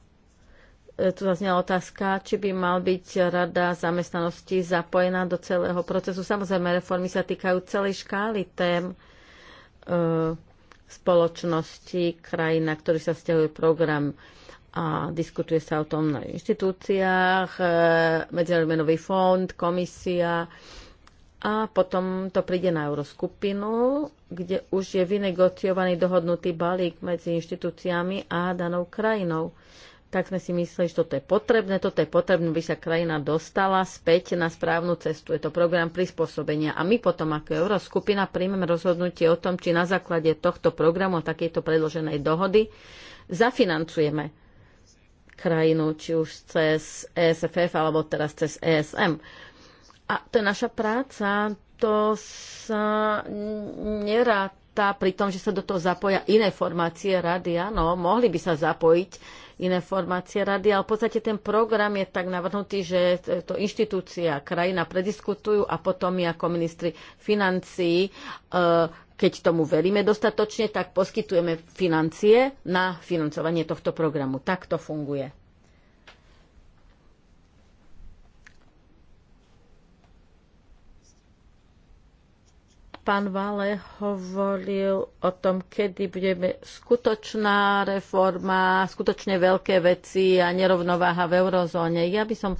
e, tu zaznela otázka, či by mal byť rada zamestnanosti zapojená do celého procesu. Samozrejme, reformy sa týkajú celej škály tém. Uh, spoločnosti krajín, na ktorých sa stiahuje program a diskutuje sa o tom na inštitúciách, e, Medzinárodný fond, komisia a potom to príde na euroskupinu, kde už je vynegociovaný dohodnutý balík medzi inštitúciami a danou krajinou tak sme si mysleli, že toto je potrebné, toto je potrebné, aby sa krajina dostala späť na správnu cestu. Je to program prispôsobenia a my potom ako Euroskupina príjmeme rozhodnutie o tom, či na základe tohto programu a takejto predloženej dohody zafinancujeme krajinu, či už cez ESFF alebo teraz cez ESM. A to je naša práca, to sa neráta pri tom, že sa do toho zapoja iné formácie rady. Áno, mohli by sa zapojiť iné formácie rady, ale v podstate ten program je tak navrhnutý, že to inštitúcia, krajina prediskutujú a potom my ako ministri financií e, keď tomu veríme dostatočne, tak poskytujeme financie na financovanie tohto programu. Tak to funguje. Pán Vale hovoril o tom, kedy budeme skutočná reforma, skutočne veľké veci a nerovnováha v eurozóne. Ja by som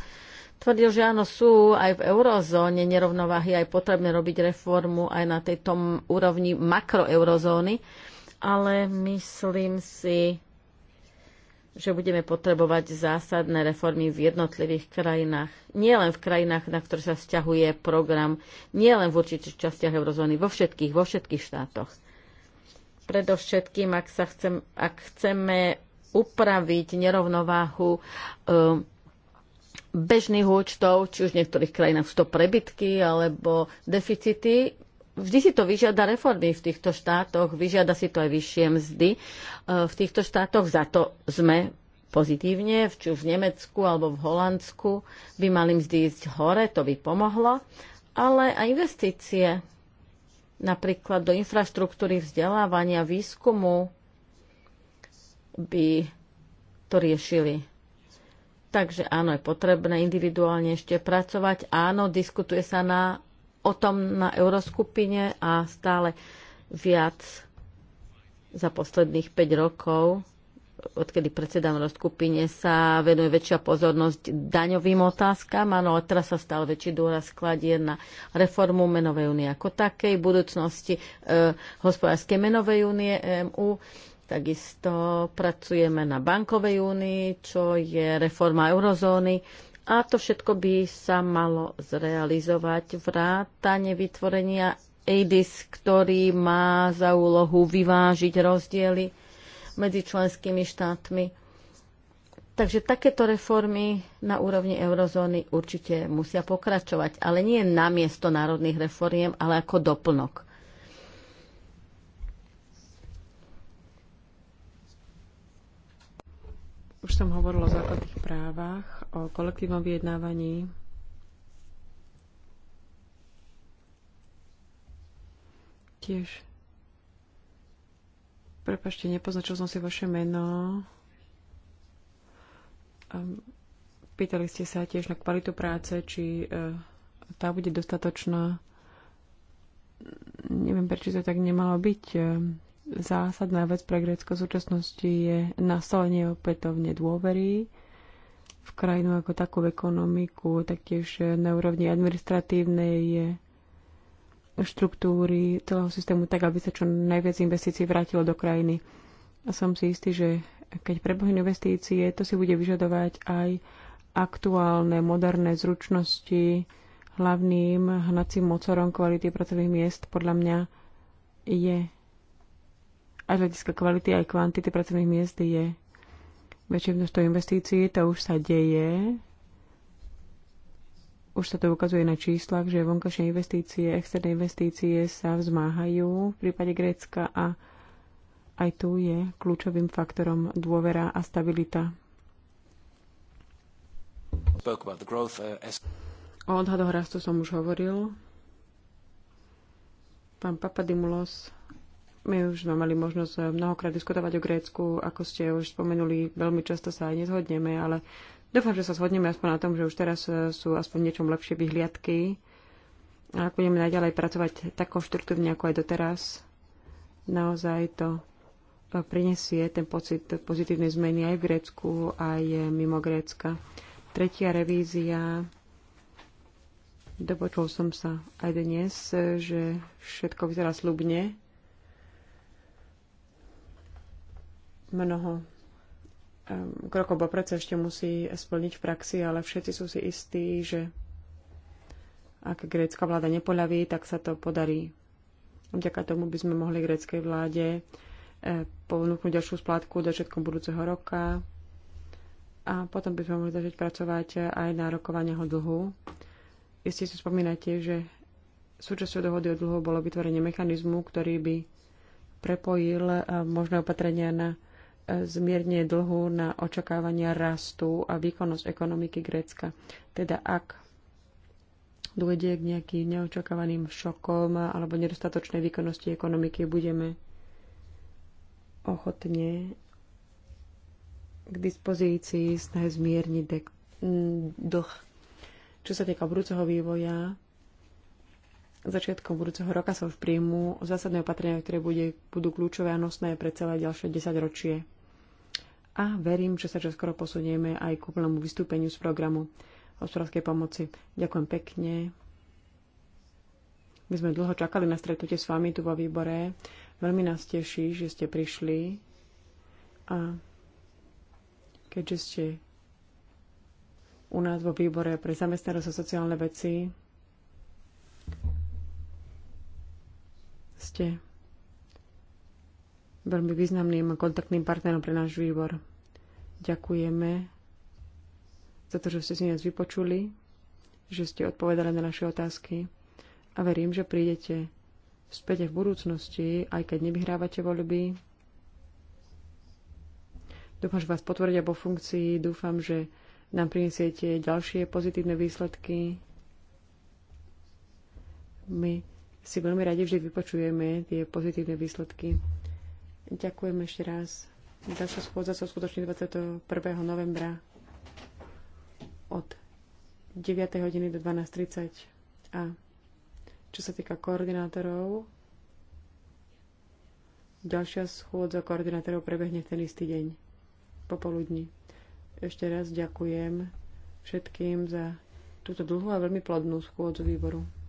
tvrdil, že áno, sú aj v eurozóne nerovnováhy, aj potrebné robiť reformu aj na tejto úrovni makroeurozóny, ale myslím si, že budeme potrebovať zásadné reformy v jednotlivých krajinách. Nie len v krajinách, na ktoré sa vzťahuje program, nie len v určitých častiach eurozóny, vo všetkých, vo všetkých štátoch. Predovšetkým, ak, sa chcem, ak chceme upraviť nerovnováhu um, bežných účtov, či už v niektorých krajinách sú to prebytky alebo deficity, vždy si to vyžiada reformy v týchto štátoch, vyžiada si to aj vyššie mzdy. E, v týchto štátoch za to sme pozitívne, či už v Nemecku alebo v Holandsku by mali mzdy ísť hore, to by pomohlo, ale aj investície napríklad do infraštruktúry vzdelávania, výskumu by to riešili. Takže áno, je potrebné individuálne ešte pracovať. Áno, diskutuje sa na o tom na euroskupine a stále viac za posledných 5 rokov, odkedy predsedám rozkupine, sa venuje väčšia pozornosť daňovým otázkam. Áno, a teraz sa stále väčší dôraz kladie na reformu menovej únie ako takej, budúcnosti e, hospodárskej menovej únie EMU. Takisto pracujeme na bankovej únii, čo je reforma eurozóny a to všetko by sa malo zrealizovať vrátane vytvorenia EIDIS, ktorý má za úlohu vyvážiť rozdiely medzi členskými štátmi. Takže takéto reformy na úrovni eurozóny určite musia pokračovať, ale nie na miesto národných reformiem, ale ako doplnok. Už som hovorila o základných právach o kolektívnom vyjednávaní. Tiež. Prepašte, nepoznačil som si vaše meno. Ehm, pýtali ste sa tiež na kvalitu práce, či e, tá bude dostatočná. Neviem, prečo to tak nemalo byť ehm, zásadná vec pre Grécko v súčasnosti je nastolenie opätovne dôvery v krajinu ako takú, v ekonomiku, taktiež na úrovni administratívnej štruktúry celého systému, tak aby sa čo najviac investícií vrátilo do krajiny. A som si istý, že keď prebehnú investície, to si bude vyžadovať aj aktuálne, moderné zručnosti. Hlavným hnacím mocorom kvality pracovných miest podľa mňa je aj z hľadiska kvality, aj kvantity pracovných miest je väčšie množstvo investícií, to už sa deje. Už sa to ukazuje na číslach, že vonkajšie investície, externé investície sa vzmáhajú v prípade Grécka a aj tu je kľúčovým faktorom dôvera a stabilita. Uh, o odhadoch rastu som už hovoril. Pán Papadimulos my už sme mali možnosť eh, mnohokrát diskutovať o Grécku, ako ste už spomenuli, veľmi často sa aj nezhodneme, ale dúfam, že sa zhodneme aspoň na tom, že už teraz eh, sú aspoň niečom lepšie vyhliadky. A ak budeme naďalej pracovať tak konštruktívne ako aj doteraz, naozaj to eh, prinesie ten pocit pozitívnej zmeny aj v Grécku, aj mimo Grécka. Tretia revízia. Dopočul som sa aj dnes, že všetko vyzerá slubne. mnoho krokov bo predsa ešte musí splniť v praxi, ale všetci sú si istí, že ak grécka vláda nepoľaví, tak sa to podarí. Vďaka tomu by sme mohli gréckej vláde eh, ponúknuť ďalšiu splátku do všetkom budúceho roka a potom by sme mohli začať pracovať eh, aj na rokovanie o dlhu. Isté si spomínate, že súčasťou dohody o dlhu bolo vytvorenie mechanizmu, ktorý by prepojil eh, možné opatrenia na zmierne dlhu na očakávania rastu a výkonnosť ekonomiky Grécka. Teda ak dôjde k nejakým neočakávaným šokom alebo nedostatočnej výkonnosti ekonomiky, budeme ochotne k dispozícii snahe zmierniť dlh. Čo sa týka budúceho vývoja, začiatkom budúceho roka sa už príjmu zásadné opatrenia, ktoré bude, budú kľúčové a nosné pre celé ďalšie desaťročie. A verím, že sa čoskoro posunieme aj k úplnému vystúpeniu z programu hospodárskej pomoci. Ďakujem pekne. My sme dlho čakali na stretnutie s vami tu vo výbore. Veľmi nás teší, že ste prišli. A keďže ste u nás vo výbore pre zamestnanosť a sociálne veci, Ste veľmi významným kontaktným partnerom pre náš výbor. Ďakujeme za to, že ste si nás vypočuli, že ste odpovedali na naše otázky a verím, že prídete späť v budúcnosti, aj keď nevyhrávate voľby. Dúfam, že vás potvrdia po funkcii, dúfam, že nám prinesiete ďalšie pozitívne výsledky. My si veľmi radi vždy vypočujeme tie pozitívne výsledky. Ďakujem ešte raz. Ďalšia schôdza sa skutočne 21. novembra od 9. hodiny do 12.30. A čo sa týka koordinátorov, ďalšia schôdza koordinátorov prebehne v ten istý deň, popoludní. Ešte raz ďakujem všetkým za túto dlhú a veľmi plodnú schôdzu výboru.